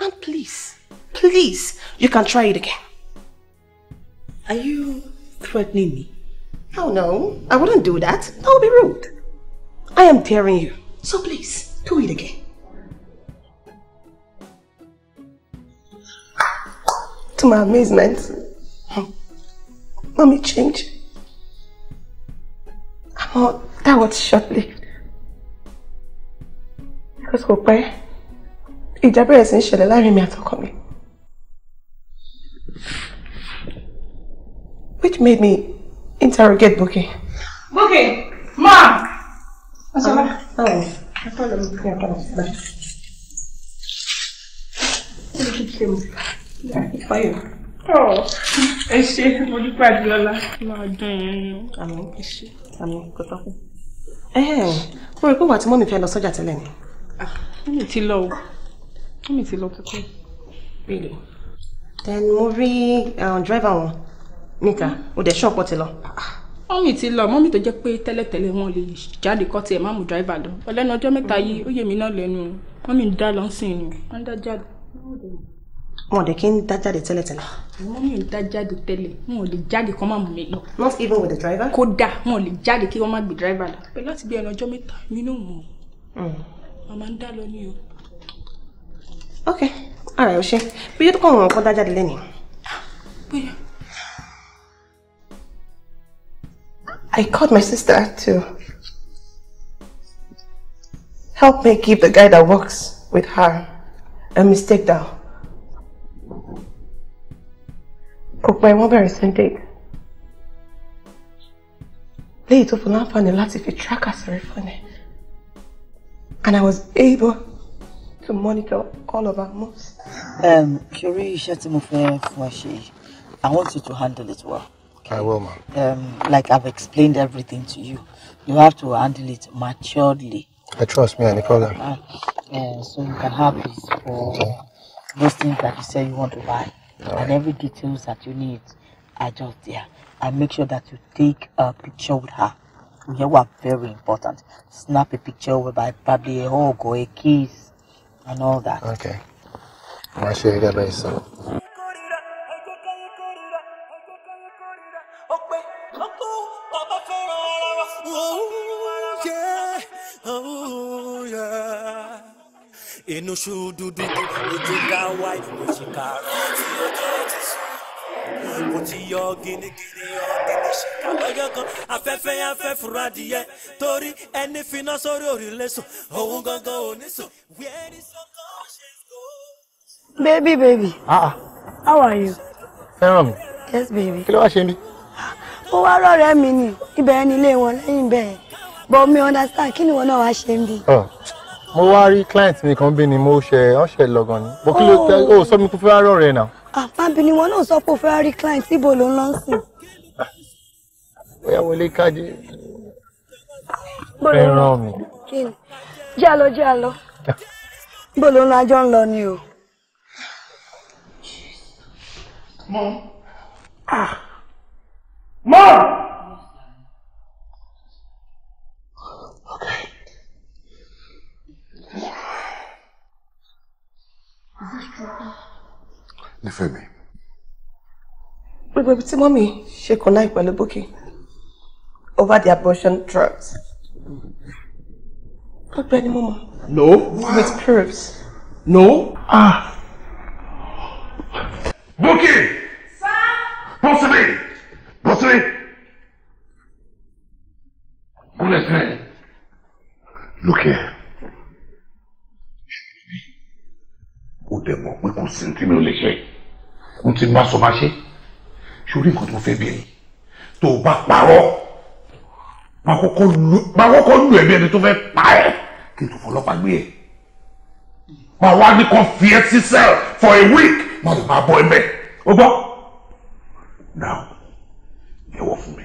And please, please, you can try it again. Are you threatening me? Oh no, I wouldn't do that. That would be rude. I am daring you. So please, do it again. To my amazement, mommy changed. I'm that was shortly. because kò pẹ́ ìjà bẹ̀rẹ̀ sí ń ṣẹlẹ̀ láàrin mi àtọkọ mi which made me interrogate Buki. Buki ma. ọ̀sán bá. Ah, báwo ẹ kọ́ lọ bí ọ̀tọ̀ lọ bá. Oh, ẹ ṣe mo dúpẹ́ àdúrà máa dùn yín nù. àmì ẹ ṣe àmì kò tọ́kù. ẹ ẹ mo rí pé wà tí mọ́mí fẹ́ lọ sọ́jà tẹ́lẹ̀ ni mọ́mì ti lọ o mọ́mì ti low. kíkọ́. really then movie rí um, driver wọn níta ó dẹ̀ ṣọ́ọ̀pọ̀ ti lọ. mọ́mì ti lọ mọ́mì tó jẹ́ pé tẹ́lẹ̀tẹ́lẹ̀ wọn lè jáde kọ́ tiẹ̀ má mú driver lọ ọlẹ́nu ọjọ́ mẹ́ta yìí ó yẹ mí náà lẹ́nu mọ́mì ń dá lọ́sìn ni wọ́n ń dá jáde Oh, dẹ kí n dá jáde tẹ́lẹ̀ tẹ́lẹ̀. wọn mi ò dá jáde tẹ́lẹ̀ wọn ò lè jáde not even with the driver. kódà wọn ò lè jáde kí driver But pẹ̀lú be bí ẹnu ọjọ́ mẹ́ta You náà mọ̀. Mm màmá ń dá lọ ní o. ok ara ẹ̀ ò ṣe bí yóò tó kọ̀ wọ́n kọ́ dá lẹ́nu. bóyá. I called my sister to help me give the guy that works with her a mistake down. kò pẹ́ wọ́n bẹ̀rẹ̀ sí date léyìí tó fún láǹfààní láti fi tracker sọ̀rọ̀ fún ẹ. And I was able to monitor all of our moves. Um, Shuri Shatimufe Fwashi, I want you to handle it well. Okay? I will, ma'am. Um, like I've explained everything to you. You have to handle it maturely. I trust me, any problem. Uh, uh, so you can have this for okay. those things that you say you want to buy. and every details that you need are just there. I make sure that you take a picture with her ìyẹn are very important snap a picture whereby probably a hug or a kiss and all that. okay I'll show you that sọ. inú ṣúdú dúdú ojú ká wá ìlú ṣìkà rántí ọjọ́ ti sùn kò ti yọ gínígíní ọ afẹ́fẹ́ yẹn fẹ́ adìyẹ torí ẹni finá sórí òrìlẹ̀ sùn òun gangan ò ní sùn. baby baby ah, ah how are you. fẹ́ràn mi. yes baby. kí ló wá ṣe mí. ó wá rọ̀rẹ́ mi ni ibẹ̀ ni ilé wọn lẹ́yìn bẹ́ẹ̀ but mi understand kí ni wọn náà wá ṣe ń bí. Oh, mo wá rí client mi kan bí ni mo ṣe ọ̀ṣẹ̀ lọ́gàn ni bó kí ló tẹ́ ó oh. oh, sọ mi kó fẹ́ rọ̀rẹ́ náà. àpá ah, bí ni wọn náà sọ pé ó fẹ́ rí client ibo ló ń lọ sí i bóyá wọlé kájí. bọ́lá ràn mí. kí ni jẹ́ àlọ́ jẹ́ àlọ́ bọ́lá ń lọ ajọ́ ń lọ ni o. mọ́. Ah. mọ́. Okay. Is this true? Nífẹ̀ẹ́ mi. Gbogbo ibi tí mọ́mì ṣe kàn láìpẹ́ ló bókè over the abortion drugs. Not Ọ̀gbẹ́ni Momo. No. With proofs. No. Ah. Bukky! Sir? Possibly. Possibly. Bọ́ síbí! Look here. Ó dẹ̀ mọ̀ pé kò sí tí mi ò lè ṣe. N ti má To má ṣe. Ṣorí nǹkan máa kọ́kọ́ lu ẹ̀mí ẹni tó fẹ́ pa ẹ́ kí n tó fọlọ́pàá gbé ẹ̀ e. máa wá ní kan fi ẹ́ sí cell for a week máa lè máa bọ́ ẹ bẹ́ẹ̀ ó gbọ́. now jẹ́wọ́ fún mi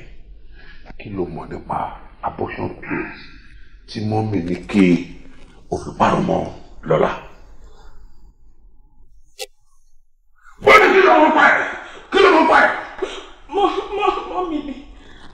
kí ló mọ̀ nípa abortion pills tí mọ́mì ní kí òfin parọ́ mọ́ lọ́la. wọ́n ní kí ló mọ̀ pa ẹ̀ kí ló mọ̀ pa ẹ̀. mọ́ mọ́ mọ́ mi ni.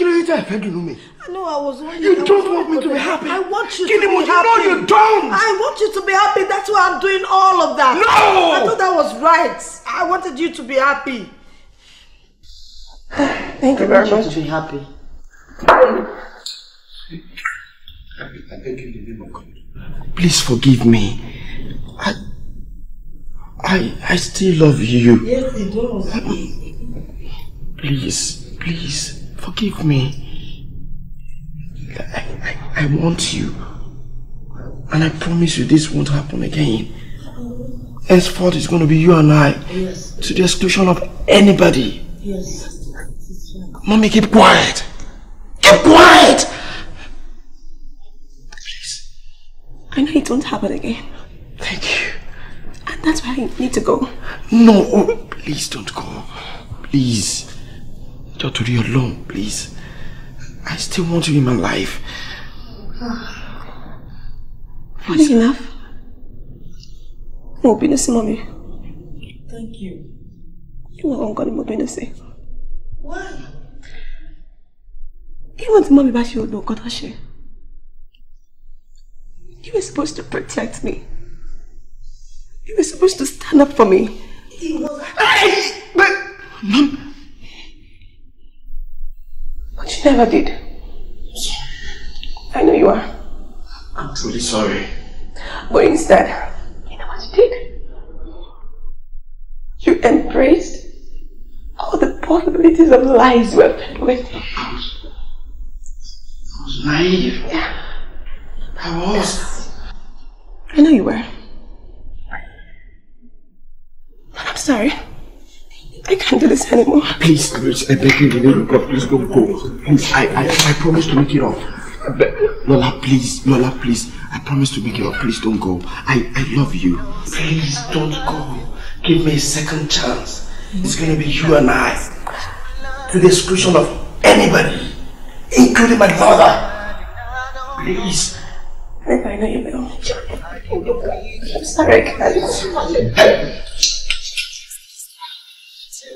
Kí ló No, I was only. You I don't want me to be happy. I want you Kini to be happy. No, you don't. I want you to be happy. That's why I'm doing all of that. No! I thought that was right. I wanted you to be happy. Thank you very much. I want you to be happy. I beg in the name of God. Please forgive me. I, I, I still love you. Yes, it does. Please, please. Forgive me. I, I, I want you. And I promise you this won't happen again. Henceforth, it's going to be you and I. Yes. To the exclusion of anybody. Yes. Mommy, keep quiet. Keep quiet! Please. I know it won't happen again. Thank you. And that's why I need to go. No, oh, please don't go. Please. Just jọ̀ọ́ torí Ọlọ́run please I still want you in my life. Funny enough No, ò bínú sí Thank you. ìwọ ọ̀gá ni mo bínú sí. Why? You want mommy back? you no got her You were supposed to protect me. You were supposed to stand up for me. It was Hey! But Mom But you never did. I know you are. I'm truly sorry. But instead, you know what you did? You embraced all the possibilities of lies you have fed with. I was, I was naive. Yeah. I was. I know you were. I'm sorry. I can't do this anymore. Please, please, I beg you, you Please don't go. Please, I, I, I promise to make it up. Lola, please, Lola, please. I promise to make it up. Please don't go. I, I love you. Please don't go. Give me a second chance. It's gonna be you and I. To the exclusion of anybody, including my mother. Please. I know you will. I'm sorry, guys.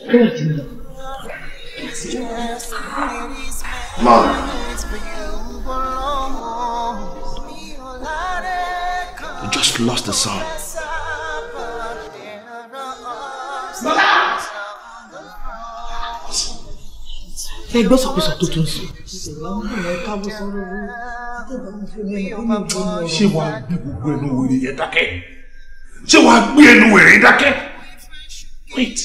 Mom. You just lost the son. ẹ gbọ́ sọ̀kúsọ tó tún sùn. ṣé wàá gbé gbogbo ẹnu wèrè yẹn dákẹ́ ṣé wàá gbé ẹnu wèrè yẹn dákẹ́ wait.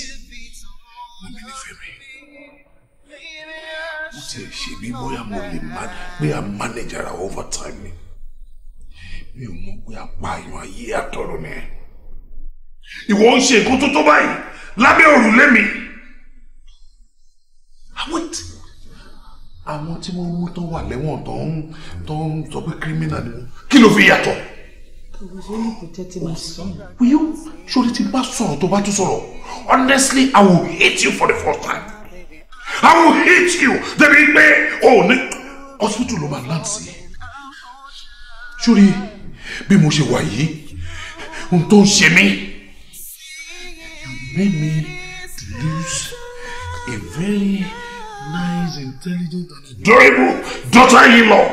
bí bóyá mo lè má pé a manage ara overtime ni mi ò mọ̀ pé apààyàn ayé àtọ̀rọ̀ ni ẹ̀ ìwọ ń ṣe nǹkan tó tó báyìí lábẹ́ òrùlé mi ah, àwọn tí wọ́n mú tán wà lẹ́wọ̀n tó ń tó ń sọ pé criminal ni kí ló fi yàtọ̀. will you sori ti bá sọ̀rọ̀ tó bá tún sọ̀rọ̀ honestly i will hate you for the first time. I will hit you débi pé o ní hospital ló máa land sí sórí bí mo ṣe wà yìí ohun tó ń ṣe you made me lose a very nice intelligent and adorable daughter-in-law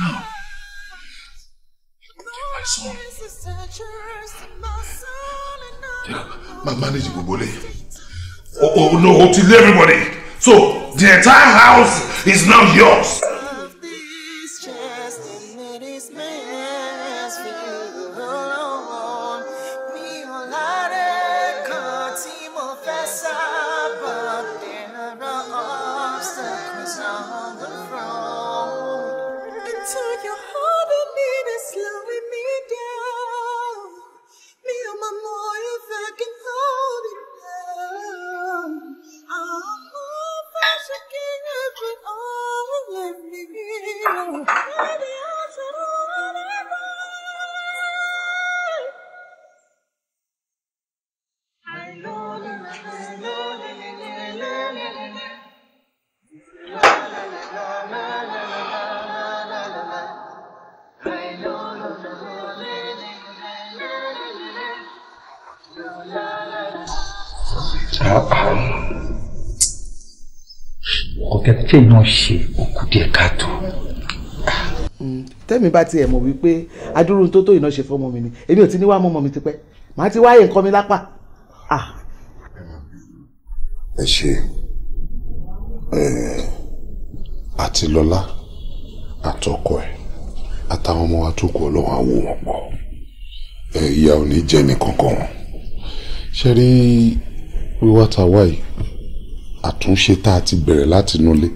now my son my ma manage gbogbo lẹ́yìn oh no, to everybody. So the entire house is now yours. téèyàn ṣe òkú díẹ̀ káàtó. tẹ́mi bá tiẹ̀ mọ̀ wípé adúrú tó tó iná ṣe fọ́mọ mi ni èmi ò ti ní wàá mọ́ ọmọ mi tipẹ́ màá ti wáyé nǹkan mi lápá. ẹ ṣe àti lọlá àtọkọ ẹ àtàwọn ọmọ wa tó kù ọlọ́wọ́ àwọ̀ wọn pọ̀ ìyá ò ní jẹ́ nìkankan wọn ṣe rí wíwá ta wáyé àtúnṣe tá a ti bẹ̀rẹ̀ láti inú ilé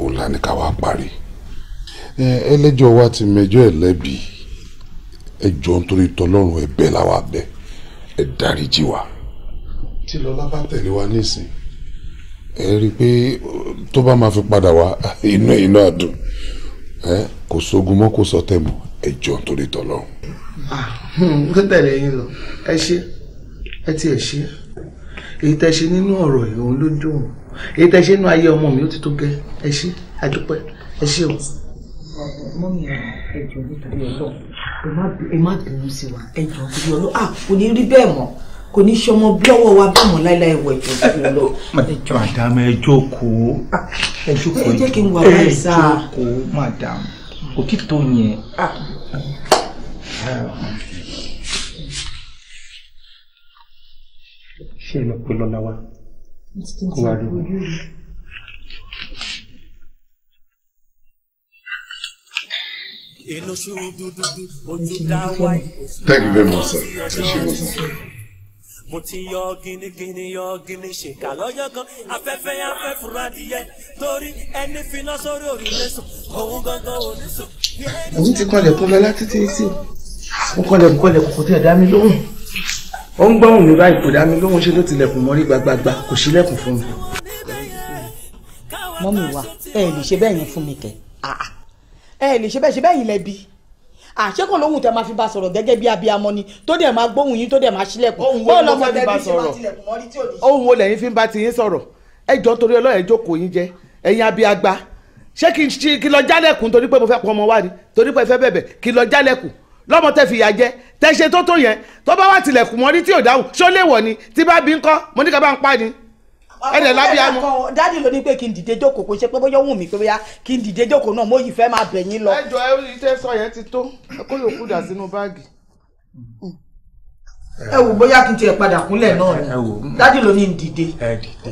òun la ní ká wá parí ẹlẹ́jọ́ wa ti mẹjọ́ ẹ̀ lẹ́bi ẹjọ́ nítorí tọlọ́run ẹ̀bẹ̀ làwa bẹ̀ ẹ dáríjì wa tí lọ́lá bá tẹ̀lé wa nísìn ẹ rí i pé tó bá máa fi padà wá inú inú àdùn ẹ kò sógun mọ́ kò sọtẹ̀ mọ́ ẹjọ́ nítorí tọlọ́run. ó tẹ̀lé yín lọ ẹ ṣe ẹ tiẹ̀ ṣe èyí tẹ́ ṣe nínú ọ̀rọ̀ yìí òun ló dùn èyí tẹ́ ṣe nínú ayé ọmọ mi ó ti tó gẹ́ ẹ ṣé àdúpẹ́ ẹ ṣé o. mọ́mí ẹ̀jọ̀ nítorí ọlọ́run ẹ má bínú sí wa ẹ̀jọ̀ nítorí ọlọ́run à kò ní rí bẹ́ẹ̀ mọ́ kò ní ṣọmọ bí ọwọ́ wa bá mọ̀ láíláí wọ ẹ̀jọ̀ nítorí ọlọ́run. madam ẹ jókòó ah, ẹ jókòó ẹ jẹ́ kí n wà báyìí sá. ẹ jókòó madam òtítọ́ yẹn. Ah. ṣé ẹ lọ pe lọ́la wa kó wá dùn. Thank you very much, sir. Appreciate it, sir. Mo ti yọ gínígíní yọ gíní ṣèkà lọ́jọ́ kan afẹ́fẹ́ yẹn afẹ́ fura díẹ̀ torí ẹni finá sórí òrùlé sùn òun gangan ò ní sùn. Òun ti kọlẹ̀ kọ́ láti tí sí. Mo kọlẹ̀ kọlẹ̀ kòkòtò ẹ̀dá mi lóhùn ó ń gbọ́hùn mi báyìí kò dá mi lóhun ṣe ló tilẹ̀kùn mọ́rí gbagbagba kò sílẹ̀kùn fún mi. mọ́mì wa ẹ lè ṣe bẹ́ẹ̀ yẹn fún mi kẹ́ ah, ẹ lè ṣe bẹ́ẹ̀ ṣe bẹ́ẹ̀ yìí lẹ́bi àṣekọ̀ ah, lóhùn tẹ máa fi bá sọ̀rọ̀ gẹ́gẹ́ bí abiyamọ ni tó dẹ̀ máa gbóhùn yín tó dẹ̀ máa sílẹ̀kùn. ohun wo ló fẹ́ fi bá sọ̀rọ̀ ohun wo lẹ́yìn fi ń bá ti yín sọ̀rọ̀ ẹ jọ torí ọlọ́yẹ̀ jókòó yín jẹ ẹ̀yin abiyagba ṣé kí lọ jálẹ̀kùn torí pé mo fẹ́ pọn ọmọ wa ni torí pé ẹ fẹ́ bẹ̀bẹ̀ kí lọ jálẹ̀kùn lọ́mọ tẹ́ fìyà jẹ tẹ́ ṣe tó tó yẹn tó bá wà tilẹ̀kùn mọ́ ní tí ò dáhùn ṣó lè wọ̀ ni tí bá bí ń kọ́ mo ní ká bá ń pa ni ẹ̀dẹ̀ lábíyá mu. dádì ló ní pé kí n dìde jókòó kò ṣe pé bóyá wù mí pé bóyá kí n dìde jókòó náà mo yìí fẹ́ máa bẹ̀ yín lọ. ẹjọ ẹ orí iṣẹ sọ yẹn ti tó kó yòókù dà sínú báàgì. ẹ wò bóyá kí n tiẹ̀ padà kúnlẹ̀ náà ni dádì ló ní n dìde. ẹ dìde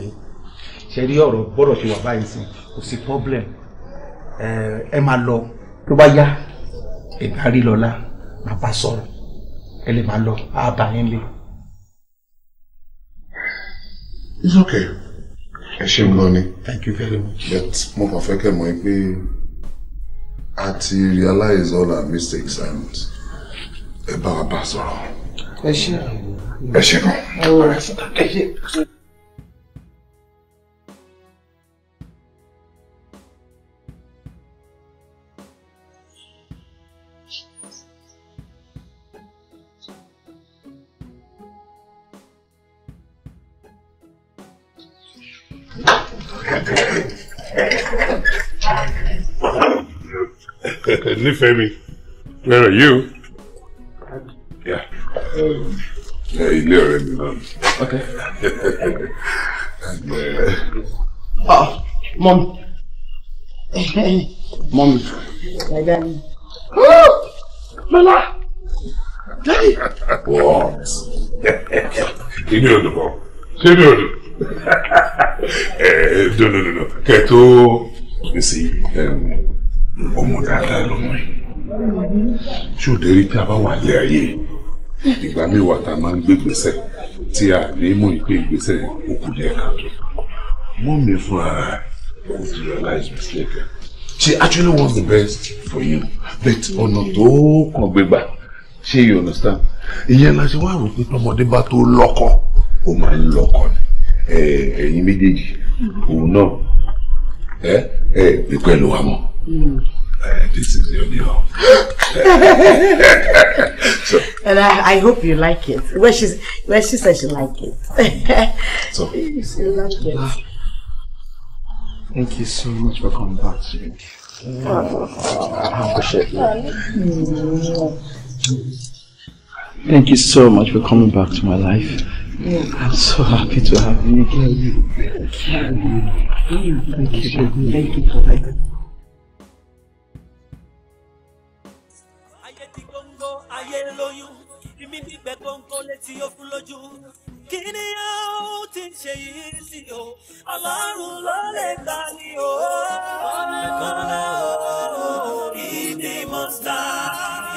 ṣe rí ọ̀rọ̀ gbọ́dọ̀ ṣe wà báyìí sí kò sí problem ẹ máa lọ tó bá yá ẹ̀dárí lọ́la máa bá sọ̀rọ̀ ẹ lè máa lọ àbá yín lé. it's okay ẹ ṣe ń lọ ni. thank you very much. but mo kàn fẹ́ kẹ́ mọ̀ ẹ́ pé a ti realize all our mistakes and ẹ bá wa bá sọ̀rọ̀. ẹ ṣe. ẹ ṣe gan. ẹ ṣe. Nifemi, where are you? Yeah. Um, yeah, ilé ọ̀rẹ́ mi Okay. Ah, uh, oh, mom. mom. Again. Oh, Bella. Daddy. What? Inú odò bọ̀. Ṣé mi ò dùn? Eh, no no no no kẹ tó ní sí ọmọ dáadáa lọmọ yìí ṣùdẹ́ rí tí a bá wà a máa ń gbé gbèsè tí a ní mọ̀ pé ìgbésẹ̀ òkú díẹ̀ káàtó mọ́ mi fún ara rẹ̀ realize mistake she actually wants the best for you but ọ̀nà tó kàn gbégbà ṣé you understand ìyẹn la ṣe wá rò pé tọmọdé bá tó lọ́kọ ó my ń lọ́kọ ẹ̀yin méjèèjì òun náà ẹ ẹ pípẹ́ ló wà mọ́. Hmm. Eh, this is your new home. so, and I, I hope you like it. Where she where she said she like it. so she like it. Thank you so much for coming back to me. Oh. Thank you so much for coming back to my life. I'm so happy to have you. Thank you. Thank you. Thank you for that. ayé lóyún ìmí ọlọ́run ló lè gbà ní o ọ̀nà kan náà ó ìdí mọ́tà.